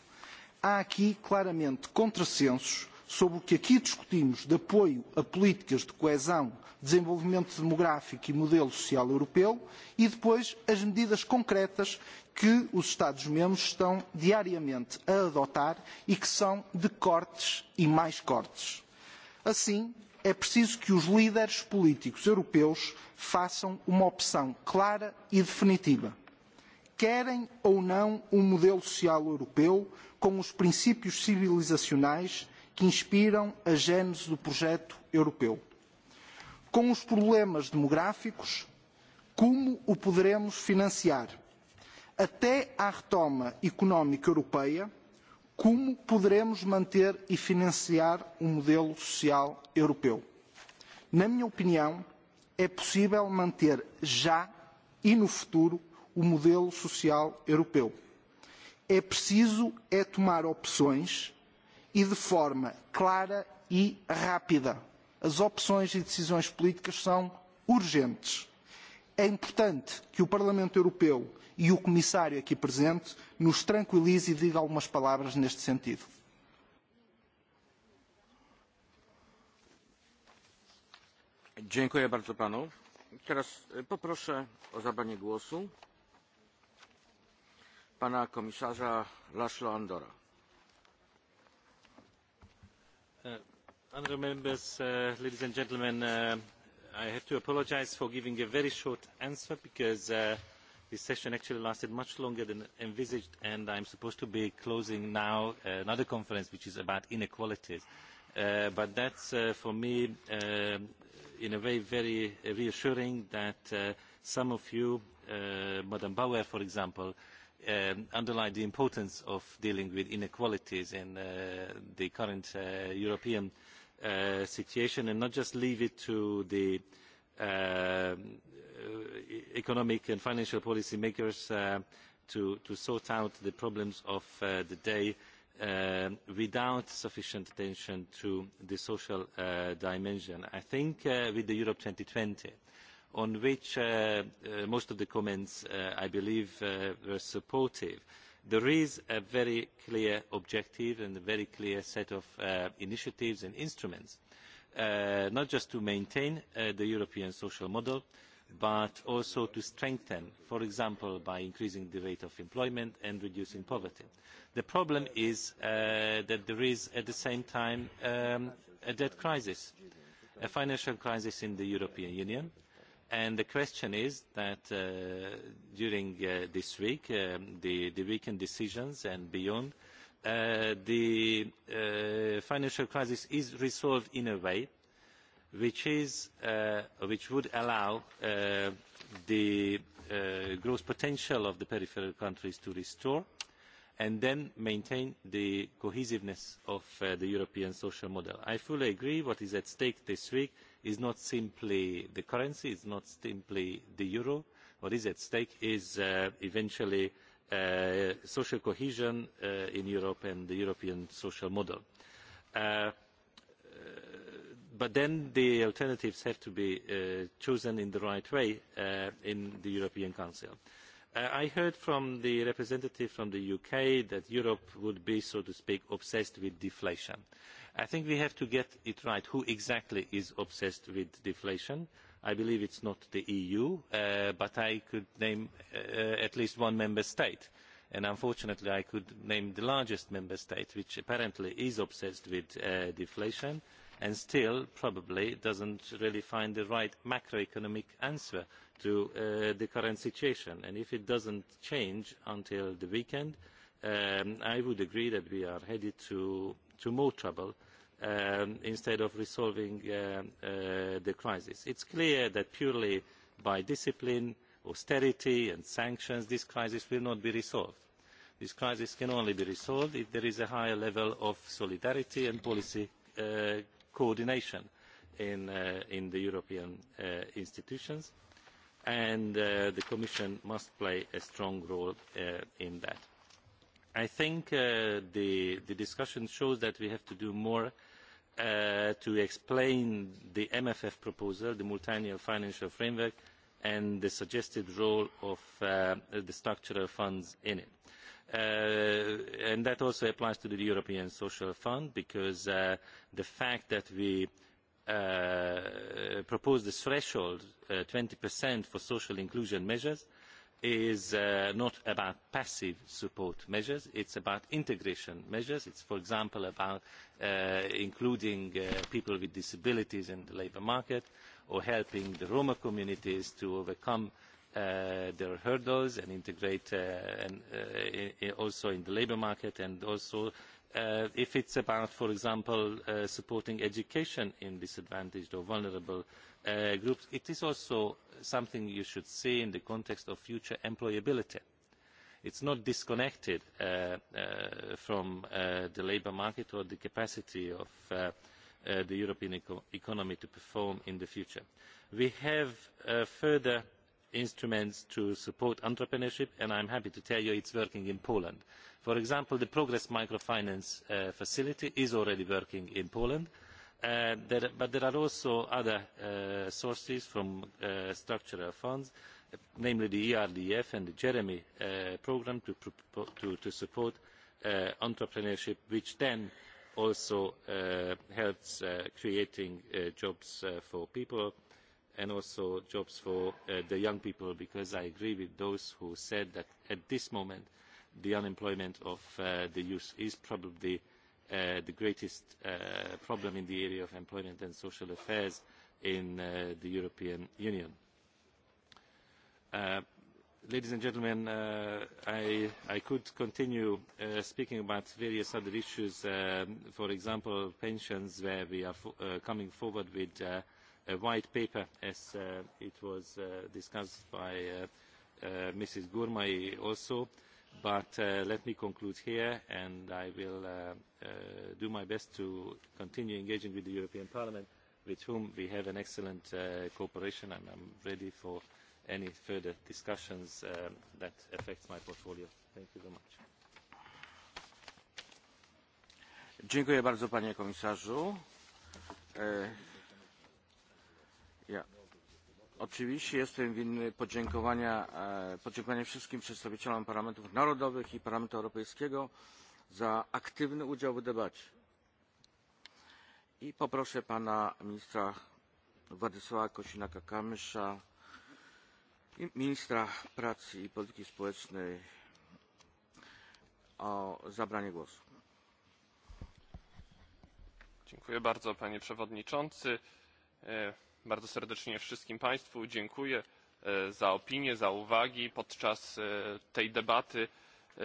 Há aqui claramente contrassensos sobre o que aqui discutimos de apoio a políticas de coesão, desenvolvimento demográfico e modelo social europeu e depois as medidas concretas que os Estados-membros estão diariamente a adotar e que são de cortes e mais cortes. Assim, é preciso que os líderes políticos europeus façam uma opção clara e definitiva. Querem ou não um modelo social europeu com os princípios civilizacionais que inspiram a gênese do projeto europeu. Com os problemas demográficos, como o poderemos financiar? Até à retoma económica europeia, como poderemos manter e financiar um modelo social europeu? Na minha opinião, é possível manter já e no futuro o modelo social europeu. É preciso é tomar opções e de forma clara e rápida. As opções e decisões políticas são urgentes. É importante que o Parlamento Europeu e o Comissário aqui presente nos tranquilize e diga algumas palavras neste sentido. Dziękuję bardzo panu. Teraz e, poproszę o zabranie głosu pana komisarza Laszlo Andora. Honourable members, uh, ladies and gentlemen, uh, I have to apologise for giving a very short answer because uh, this session actually lasted much longer than envisaged and I am supposed to be closing now uh, another conference which is about inequalities. Uh, but that's uh, for me uh, in a way very reassuring that uh, some of you, uh, Madam Bauer for example, um, underlined the importance of dealing with inequalities in uh, the current uh, European uh, uh, situation and not just leave it to the uh, uh, economic and financial policy makers uh, to, to sort out the problems of uh, the day without sufficient attention to the social uh, dimension. I think with the Europe twenty, on which most of the comments, I believe, were supportive, there is a very clear objective and a very clear set of uh, initiatives and instruments, uh, not just to maintain uh, the European social model, but also to strengthen, for example, by increasing the rate of employment and reducing poverty. The problem is that there is, at the same time, um, a debt crisis, a financial crisis in the European Union, And the question is that uh, during uh, this week, uh, the, the weekend decisions and beyond, uh, the uh, financial crisis is resolved in a way which, is, uh, which would allow uh, the uh, growth potential of the peripheral countries to restore and then maintain the cohesiveness of uh, the European social model. I fully agree what is at stake this week is not simply the currency, is not simply the euro. What is at stake is uh, eventually uh, social cohesion uh, in Europe and the European social model. but then the alternatives have to be chosen in the right way in the European Council. I heard from the representative from the UK that Europe would be, so to speak, obsessed with deflation. I think we have to get it right who exactly is obsessed with deflation. I believe it is not the EU, uh, but I could name uh, at least one member state. And unfortunately, I could name the largest member state, which apparently is obsessed with uh, deflation and still probably does not really find the right macroeconomic answer to the current situation. And if it does not change until the weekend, um, I would agree that we are headed to, to more trouble um, instead of resolving uh, uh, the crisis. It's clear that purely by discipline, austerity and sanctions, this crisis will not be resolved. This crisis can only be resolved if there is a higher level of solidarity and policy uh, coordination in, uh, in the European uh, institutions, and uh, the Commission must play a strong role uh, in that. I think uh, the, the discussion shows that we have to do more uh, to explain the MFF proposal, the multiannual financial framework, and the suggested role of uh, the structural funds in it. Uh, and that also applies to the European Social Fund because uh, the fact that we uh, propose this threshold uh, 20% for social inclusion measures is uh, not about passive support measures it is about integration measures it is for example about uh, including uh, people with disabilities in the labour market or helping the roma communities to overcome uh, their hurdles and integrate uh, and, uh, also in the labour market and also if it is about for example supporting education in disadvantaged or vulnerable Uh, groups, it is also something you should see in the context of future employability. It is not disconnected uh, uh, from the labour market or the capacity of the European economy to perform in the future. We have further instruments to support entrepreneurship and i am happy to tell you it is working in poland. for example the progress microfinance facility is already working in poland. Uh, there, but there are also other uh, sources from uh, structural funds, namely the ERDF and the Jeremy uh, programme to, to, to support uh, entrepreneurship, which then also uh, helps uh, creating uh, jobs uh, for people and also jobs for uh, the young people, because I agree with those who said that at this moment the unemployment of uh, the youth is probably Uh, the greatest uh, problem in the area of employment and social affairs in uh, the European Union. Uh, ladies and gentlemen, uh, I, I could continue uh, speaking about various other issues, um, for example, pensions, where we are fo uh, coming forward with uh, a white paper, as uh, it was uh, discussed by uh, uh, Mrs. Gourmay also. Uh, But uh, let me conclude here, and I will uh, uh, do my best to continue engaging with the European Parliament, with whom we have an excellent uh, cooperation, and I'm ready for any further discussions um, that affect my portfolio. Thank you very much. Dziękuję bardzo, panie komisarzu. Uh, e, yeah. Oczywiście jestem winny podziękowania, e, podziękowania wszystkim przedstawicielom parlamentów narodowych i Parlamentu Europejskiego za aktywny udział w debacie. I poproszę pana ministra Władysława Kosinaka-Kamysza, ministra pracy i polityki społecznej o zabranie głosu. Dziękuję bardzo panie przewodniczący. E, bardzo serdecznie wszystkim Państwu. Dziękuję e, za opinie, za uwagi podczas e, tej debaty, e,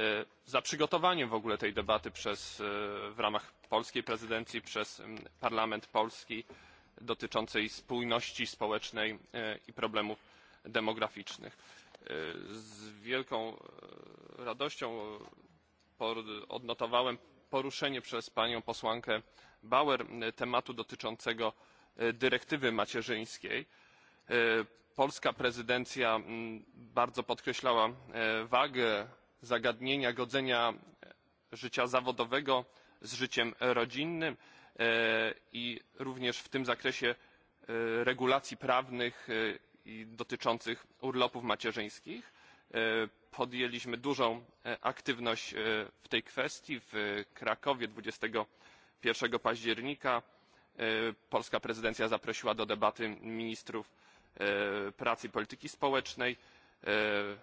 za przygotowanie w ogóle tej debaty przez, w ramach polskiej prezydencji przez Parlament Polski dotyczącej spójności społecznej i problemów demograficznych. Z wielką radością odnotowałem poruszenie przez panią posłankę Bauer tematu dotyczącego E, dyrektywy macierzyńskiej. E, polska prezydencja bardzo podkreślała e, wagę zagadnienia godzenia życia zawodowego z życiem rodzinnym i również w tym zakresie regulacji prawnych dotyczących urlopów macierzyńskich. Podjęliśmy dużą aktywność w tej kwestii w Krakowie 21 października E, polska prezydencja zaprosiła do debaty ministrów e, pracy i polityki społecznej. E,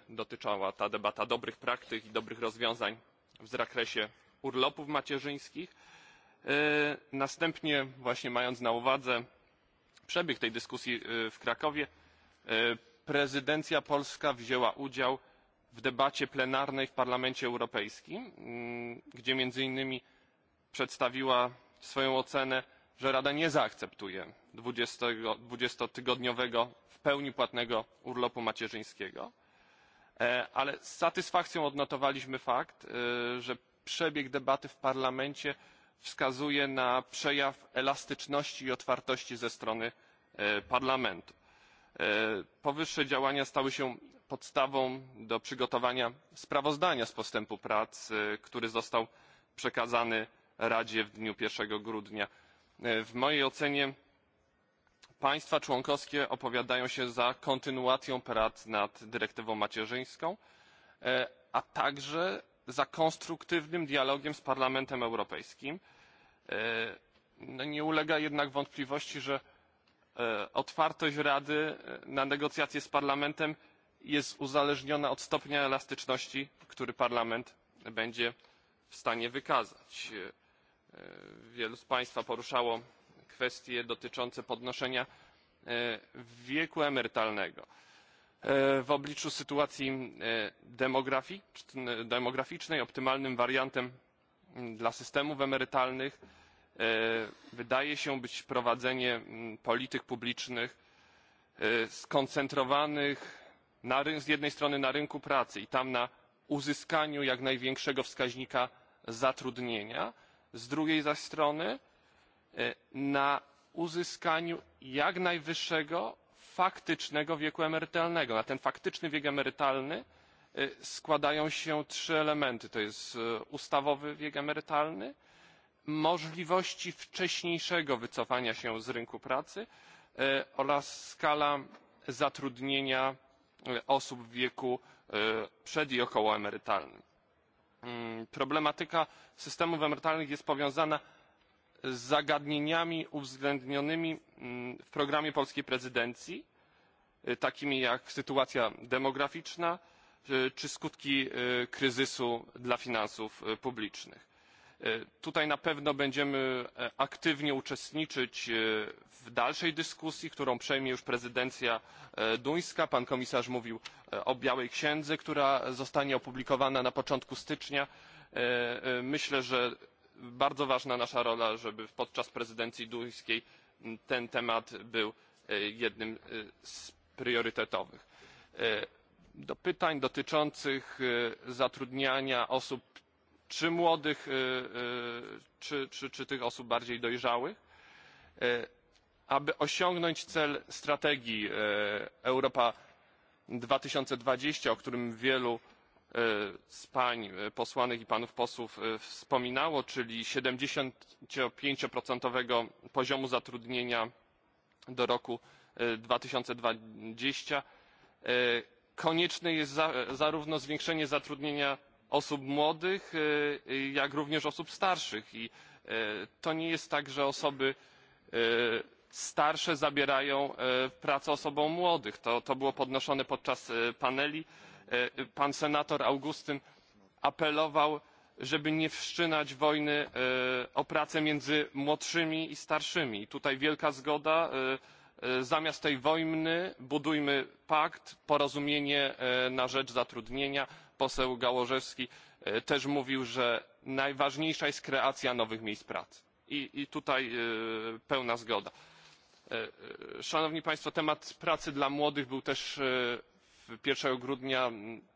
Dotyczyła ta debata dobrych praktyk i dobrych rozwiązań w zakresie urlopów macierzyńskich. Następnie, właśnie mając na uwadze przebieg tej dyskusji w Krakowie, prezydencja polska wzięła udział w debacie plenarnej w Parlamencie Europejskim, gdzie między innymi przedstawiła swoją ocenę że Rada nie zaakceptuje 20-tygodniowego w pełni płatnego urlopu macierzyńskiego, e, ale z satysfakcją odnotowaliśmy fakt, e, że przebieg debaty w parlamencie wskazuje na przejaw elastyczności i otwartości ze strony e, parlamentu. Powyższe działania stały się podstawą do przygotowania sprawozdania z postępu prac, który został przekazany Radzie w dniu 1 grudnia E, w mojej ocenie państwa członkowskie opowiadają się za kontynuacją prac nad dyrektywą macierzyńską, e, a także za konstruktywnym dialogiem z Parlamentem Europejskim. E, no nie ulega jednak wątpliwości, że otwartość Rady na negocjacje z Parlamentem jest uzależniona od stopnia elastyczności, który Parlament będzie w stanie wykazać. E, wielu z Państwa poruszało kwestie dotyczące podnoszenia e, wieku emerytalnego. E, w obliczu sytuacji demograficznej optymalnym wariantem dla systemów emerytalnych wydaje się być prowadzenie polityk publicznych skoncentrowanych na, z jednej strony na rynku pracy i tam na uzyskaniu jak największego wskaźnika zatrudnienia, z drugiej zaś strony e, na uzyskaniu jak najwyższego faktycznego wieku emerytalnego. Na ten faktyczny wiek emerytalny e, składają się trzy elementy. To jest e, ustawowy wiek emerytalny, możliwości wcześniejszego wycofania się z rynku pracy oraz skala zatrudnienia osób w wieku przed i okołoemerytalnym. Mm, problematyka systemów emerytalnych jest powiązana z zagadnieniami uwzględnionymi mm, w programie polskiej prezydencji, takimi jak sytuacja demograficzna czy skutki kryzysu dla finansów publicznych. E, tutaj na pewno będziemy e, aktywnie uczestniczyć e, w dalszej dyskusji, którą przejmie już prezydencja duńska. Pan komisarz mówił o Białej Księdze, która zostanie opublikowana na początku stycznia. Myślę, że bardzo ważna nasza rola, żeby podczas prezydencji duńskiej ten temat był jednym z priorytetowych. Do pytań dotyczących zatrudniania osób czy młodych, e, e, czy, czy, czy tych osób bardziej dojrzałych, e, aby osiągnąć cel strategii Europa 2020, o którym wielu z pań posłanych i panów posłów wspominało, czyli 75% poziomu zatrudnienia do roku 2020, konieczne jest za, zarówno zwiększenie zatrudnienia osób młodych, e, e, jak również osób starszych. I e, to nie jest tak, że osoby starsze zabierają pracę osobom młodych. To, to było podnoszone podczas paneli. Pan senator Augustyn apelował, żeby nie wszczynać wojny o pracę między młodszymi i starszymi. Tutaj wielka zgoda. Zamiast tej wojny budujmy pakt, porozumienie na rzecz zatrudnienia, poseł Gałożewski e, też mówił, że najważniejsza jest kreacja nowych miejsc pracy. I, i tutaj e, pełna zgoda. E, szanowni Państwo, temat pracy dla młodych był też 1 grudnia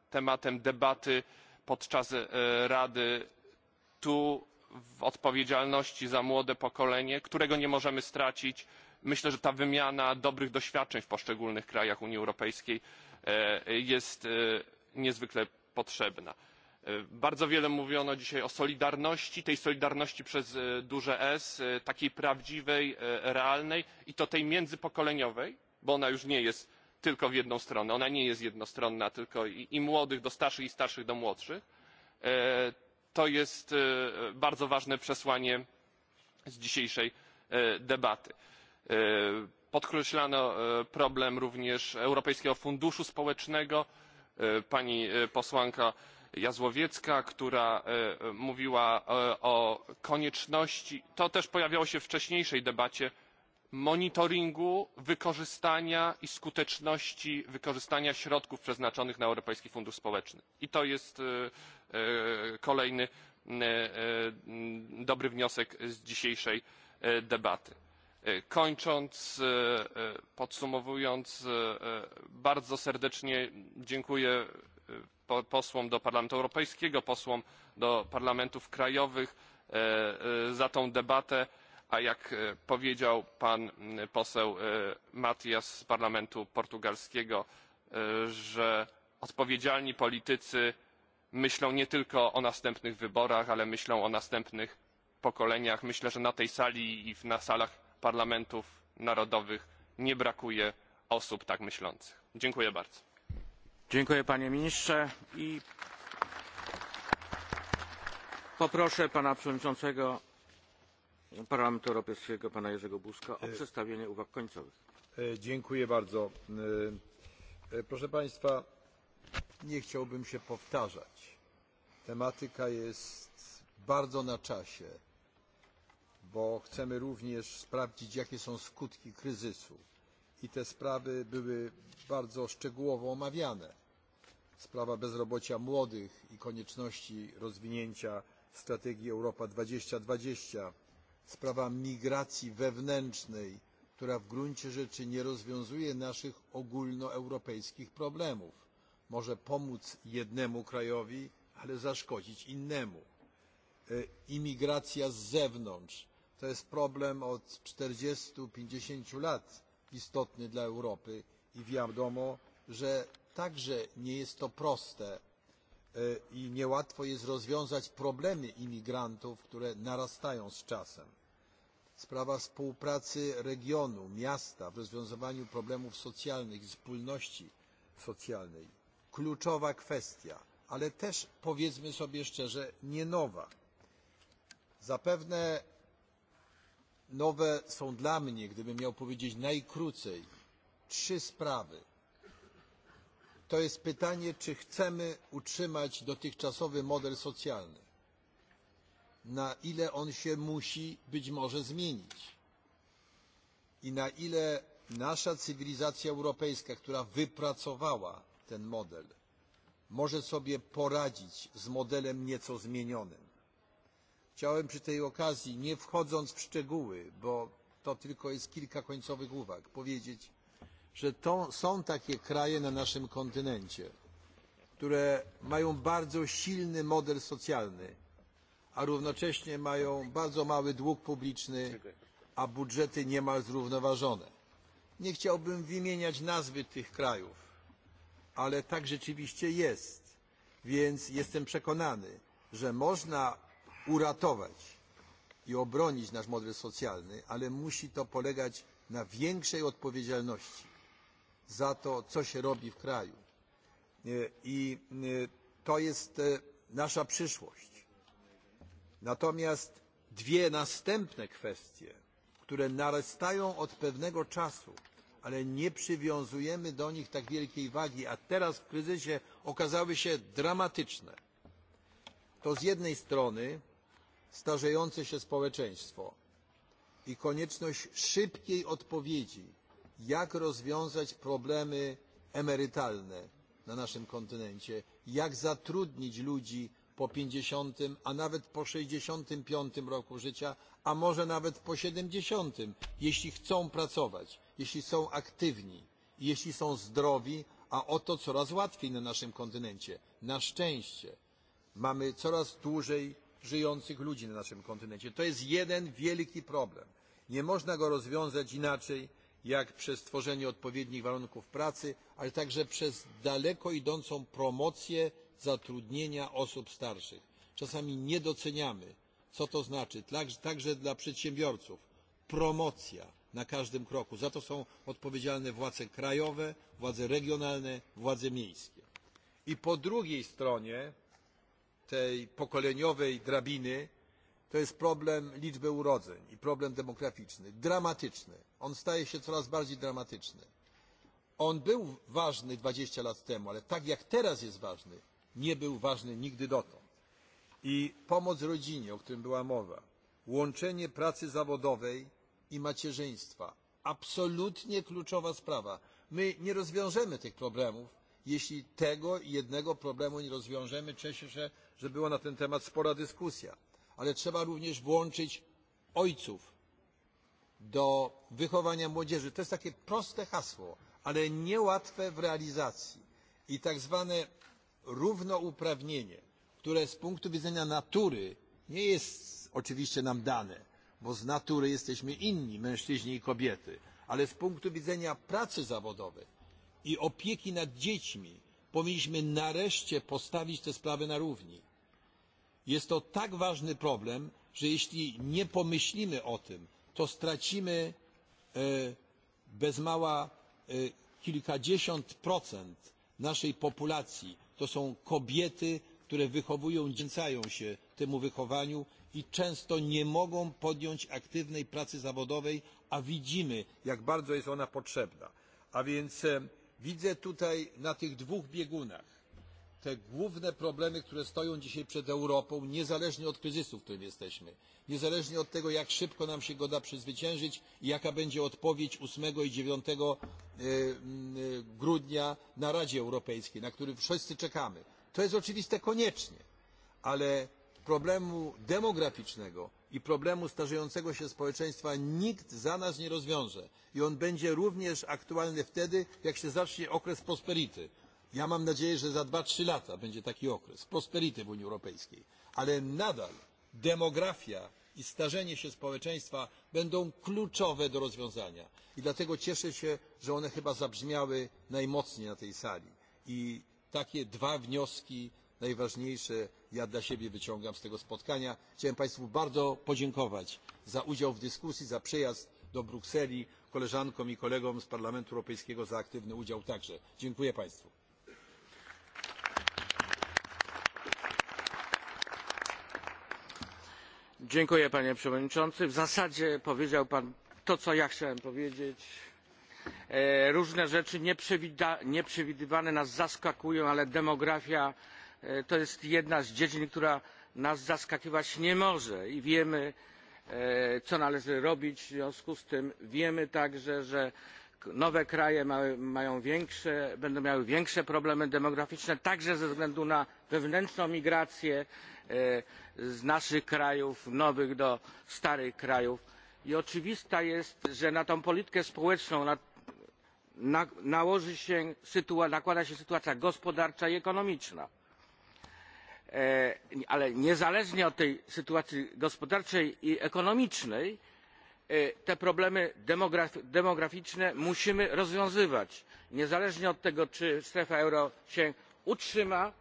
tematem debaty podczas Rady. Tu w odpowiedzialności za młode pokolenie, którego nie możemy stracić. Myślę, że ta wymiana dobrych doświadczeń w poszczególnych krajach Unii Europejskiej jest niezwykle potrzebna. E, bardzo wiele mówiono dzisiaj o solidarności, tej solidarności przez e, duże S, e, takiej prawdziwej, realnej i to tej międzypokoleniowej, bo ona już nie jest tylko w jedną stronę, ona nie jest jednostronna, tylko i, i młodych do starszych i starszych do młodszych. To jest bardzo ważne przesłanie z dzisiejszej debaty. Podkreślano problem również Europejskiego Funduszu Społecznego, E, pani e, posłanka Jazłowiecka, która e, mówiła o konieczności, to też pojawiało się w wcześniejszej debacie, monitoringu wykorzystania i skuteczności wykorzystania środków przeznaczonych na Europejski Fundusz Społeczny. I to jest kolejny dobry wniosek z dzisiejszej debaty. E, kończąc, e, e, podsumowując, bardzo serdecznie dziękuję posłom do Parlamentu Europejskiego, posłom do parlamentów krajowych za tą debatę, a jak powiedział pan poseł Matias z Parlamentu Portugalskiego, że odpowiedzialni politycy myślą nie tylko o następnych wyborach, ale myślą o następnych pokoleniach. Myślę, że na tej sali i na salach parlamentów narodowych nie brakuje osób tak myślących. Dziękuję bardzo. Dziękuję panie ministrze i poproszę pana przewodniczącego Parlamentu Europejskiego, pana Jerzego Buzka o e, przedstawienie uwag końcowych. E, dziękuję bardzo. E, proszę państwa, nie chciałbym się powtarzać. Tematyka jest bardzo na czasie bo chcemy również sprawdzić, jakie są skutki kryzysu. I te sprawy były bardzo szczegółowo omawiane. Sprawa bezrobocia młodych i konieczności rozwinięcia strategii Europa 2020, sprawa migracji wewnętrznej, która w gruncie rzeczy nie rozwiązuje naszych ogólnoeuropejskich problemów. Może pomóc jednemu krajowi, ale zaszkodzić innemu. E, imigracja z zewnątrz, To jest problem od 40-50 lat istotny dla Europy i wiadomo, że także nie jest to proste e, i niełatwo jest rozwiązać problemy imigrantów, które narastają z czasem. Sprawa współpracy regionu, miasta w rozwiązywaniu problemów socjalnych i wspólności socjalnej. Kluczowa kwestia, ale też powiedzmy sobie szczerze, nie nowa. Zapewne nowe są dla mnie, gdybym miał powiedzieć najkrócej, trzy sprawy. To jest pytanie, czy chcemy utrzymać dotychczasowy model socjalny. Na ile on się musi być może zmienić. I na ile nasza cywilizacja europejska, która wypracowała ten model, może sobie poradzić z modelem nieco zmienionym. Chciałem przy tej okazji, nie wchodząc w szczegóły, bo to tylko jest kilka końcowych uwag, powiedzieć, że to, są takie kraje na naszym kontynencie, które mają bardzo silny model socjalny, a równocześnie mają bardzo mały dług publiczny, a budżety niemal zrównoważone. Nie chciałbym wymieniać nazwy tych krajów, ale tak rzeczywiście jest. Więc jestem przekonany, że można uratować i obronić nasz model socjalny, ale musi to polegać na większej odpowiedzialności za to, co się robi w kraju. E, I e, to jest e, nasza przyszłość. Natomiast dwie następne kwestie, które narastają od pewnego czasu, ale nie przywiązujemy do nich tak wielkiej wagi, a teraz w kryzysie okazały się dramatyczne. To z jednej strony starzejące się społeczeństwo i konieczność szybkiej odpowiedzi, jak rozwiązać problemy emerytalne na naszym kontynencie, jak zatrudnić ludzi po 50, a nawet po 65 roku życia, a może nawet po 70, jeśli chcą pracować, jeśli są aktywni, jeśli są zdrowi, a o to coraz łatwiej na naszym kontynencie. Na szczęście mamy coraz dłużej żyjących ludzi na naszym kontynencie. To jest jeden wielki problem. Nie można go rozwiązać inaczej jak przez tworzenie odpowiednich warunków pracy, ale także przez daleko idącą promocję zatrudnienia osób starszych. Czasami nie doceniamy, co to znaczy, także dla przedsiębiorców. Promocja na każdym kroku. Za to są odpowiedzialne władze krajowe, władze regionalne, władze miejskie. I po drugiej stronie tej pokoleniowej drabiny to jest problem liczby urodzeń i problem demograficzny. Dramatyczny. On staje się coraz bardziej dramatyczny. On był ważny 20 lat temu, ale tak jak teraz jest ważny, nie był ważny nigdy dotąd. I pomoc rodzinie, o którym była mowa, łączenie pracy zawodowej i macierzyństwa. Absolutnie kluczowa sprawa. My nie rozwiążemy tych problemów jeśli tego jednego problemu nie rozwiążemy. Cieszę się, że była na ten temat spora dyskusja. Ale trzeba również włączyć ojców do wychowania młodzieży. To jest takie proste hasło, ale niełatwe w realizacji. I tak zwane równouprawnienie, które z punktu widzenia natury nie jest oczywiście nam dane, bo z natury jesteśmy inni, mężczyźni i kobiety, ale z punktu widzenia pracy zawodowej i opieki nad dziećmi powinniśmy nareszcie postawić te sprawy na równi. Jest to tak ważny problem, że jeśli nie pomyślimy o tym, to stracimy e, bez mała e, kilkadziesiąt procent naszej populacji. To są kobiety, które wychowują, dziecają się temu wychowaniu i często nie mogą podjąć aktywnej pracy zawodowej, a widzimy, jak bardzo jest ona potrzebna. A więc e, Widzę tutaj na tych dwóch biegunach te główne problemy, które stoją dzisiaj przed Europą, niezależnie od kryzysu, w którym jesteśmy, niezależnie od tego, jak szybko nam się go da przezwyciężyć i jaka będzie odpowiedź 8 i 9 e, e, grudnia na Radzie Europejskiej, na który wszyscy czekamy. To jest oczywiste koniecznie, ale problemu demograficznego, i problemu starzejącego się społeczeństwa nikt za nas nie rozwiąże. I on będzie również aktualny wtedy, jak się zacznie okres prosperity. Ja mam nadzieję, że za dwa, trzy lata będzie taki okres prosperity w Unii Europejskiej. Ale nadal demografia i starzenie się społeczeństwa będą kluczowe do rozwiązania. I dlatego cieszę się, że one chyba zabrzmiały najmocniej na tej sali. I takie dwa wnioski najważniejsze ja dla siebie wyciągam z tego spotkania. Chciałem Państwu bardzo podziękować za udział w dyskusji, za przyjazd do Brukseli, koleżankom i kolegom z Parlamentu Europejskiego za aktywny udział także. Dziękuję Państwu. Dziękuję panie przewodniczący. W zasadzie powiedział pan to, co ja chciałem powiedzieć. E, różne rzeczy nieprzewidywane nas zaskakują, ale demografia E, to jest jedna z dziedzin, która nas zaskakiwać nie może i wiemy, e, co należy robić. W związku z tym wiemy także, że nowe kraje mają większe, będą miały większe problemy demograficzne, także ze względu na wewnętrzną migrację e, z naszych krajów nowych do starych krajów. I oczywiste jest, że na tę politykę społeczną na, na, nałoży się nakłada się sytuacja gospodarcza i ekonomiczna E, ale niezależnie od tej sytuacji gospodarczej i ekonomicznej e, te problemy demograficzne musimy rozwiązywać niezależnie od tego czy strefa euro się utrzyma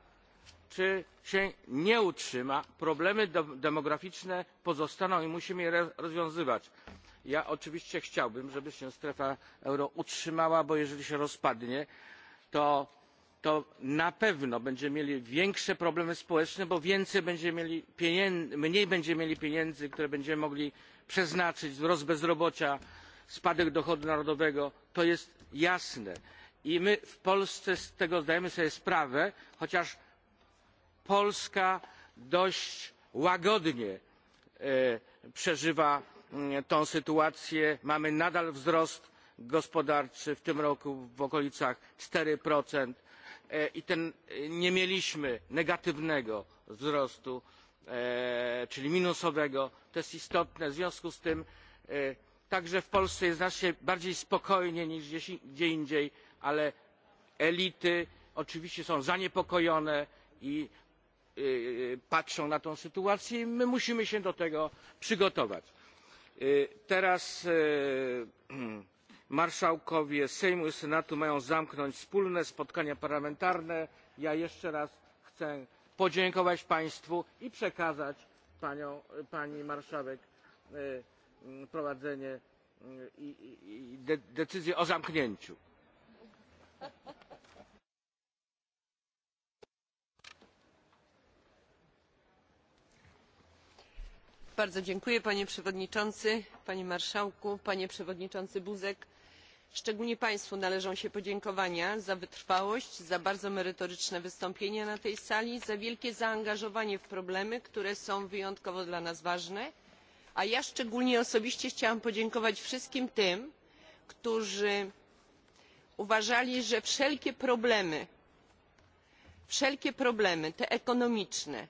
czy się nie utrzyma problemy demograficzne pozostaną i musimy je rozwiązywać. ja oczywiście chciałbym żeby się strefa euro utrzymała bo jeżeli się rozpadnie to to na pewno będziemy mieli większe problemy społeczne bo więcej będziemy mieli pieniędzy, mniej będziemy mieli pieniędzy które będziemy mogli przeznaczyć wzrost bezrobocia spadek dochodu narodowego to jest jasne i my w polsce z tego zdajemy sobie sprawę chociaż polska dość łagodnie e, przeżywa mm, tę sytuację mamy nadal wzrost gospodarczy w tym roku w okolicach cztery procent E, i ten, e, nie mieliśmy negatywnego wzrostu, e, czyli minusowego. To jest istotne. W związku z tym także w Polsce jest znacznie bardziej spokojnie niż gdzie indziej, ale elity oczywiście są zaniepokojone i patrzą na tę sytuację i my musimy się do tego przygotować. Teraz marszałkowie sejmu i senatu mają zamknąć wspólne spotkania parlamentarne. ja jeszcze raz chcę podziękować państwu i przekazać panią, pani marszałek prowadzenie i, i, i de, decyzję o zamknięciu. Bardzo dziękuję panie przewodniczący, panie marszałku, panie przewodniczący Buzek szczególnie państwu należą się podziękowania za wytrwałość za bardzo merytoryczne wystąpienia na tej sali za wielkie zaangażowanie w problemy które są wyjątkowo dla nas ważne a ja szczególnie osobiście chciałam podziękować wszystkim tym którzy uważali że wszelkie problemy wszelkie problemy te ekonomiczne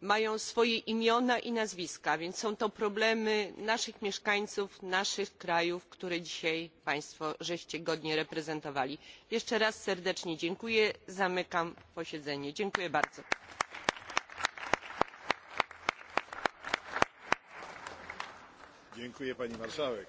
mają swoje imiona i nazwiska, więc są to problemy naszych mieszkańców, naszych krajów, które dzisiaj Państwo żeście godnie reprezentowali. Jeszcze raz serdecznie dziękuję. Zamykam posiedzenie. Dziękuję bardzo. Dziękuję Pani Marszałek.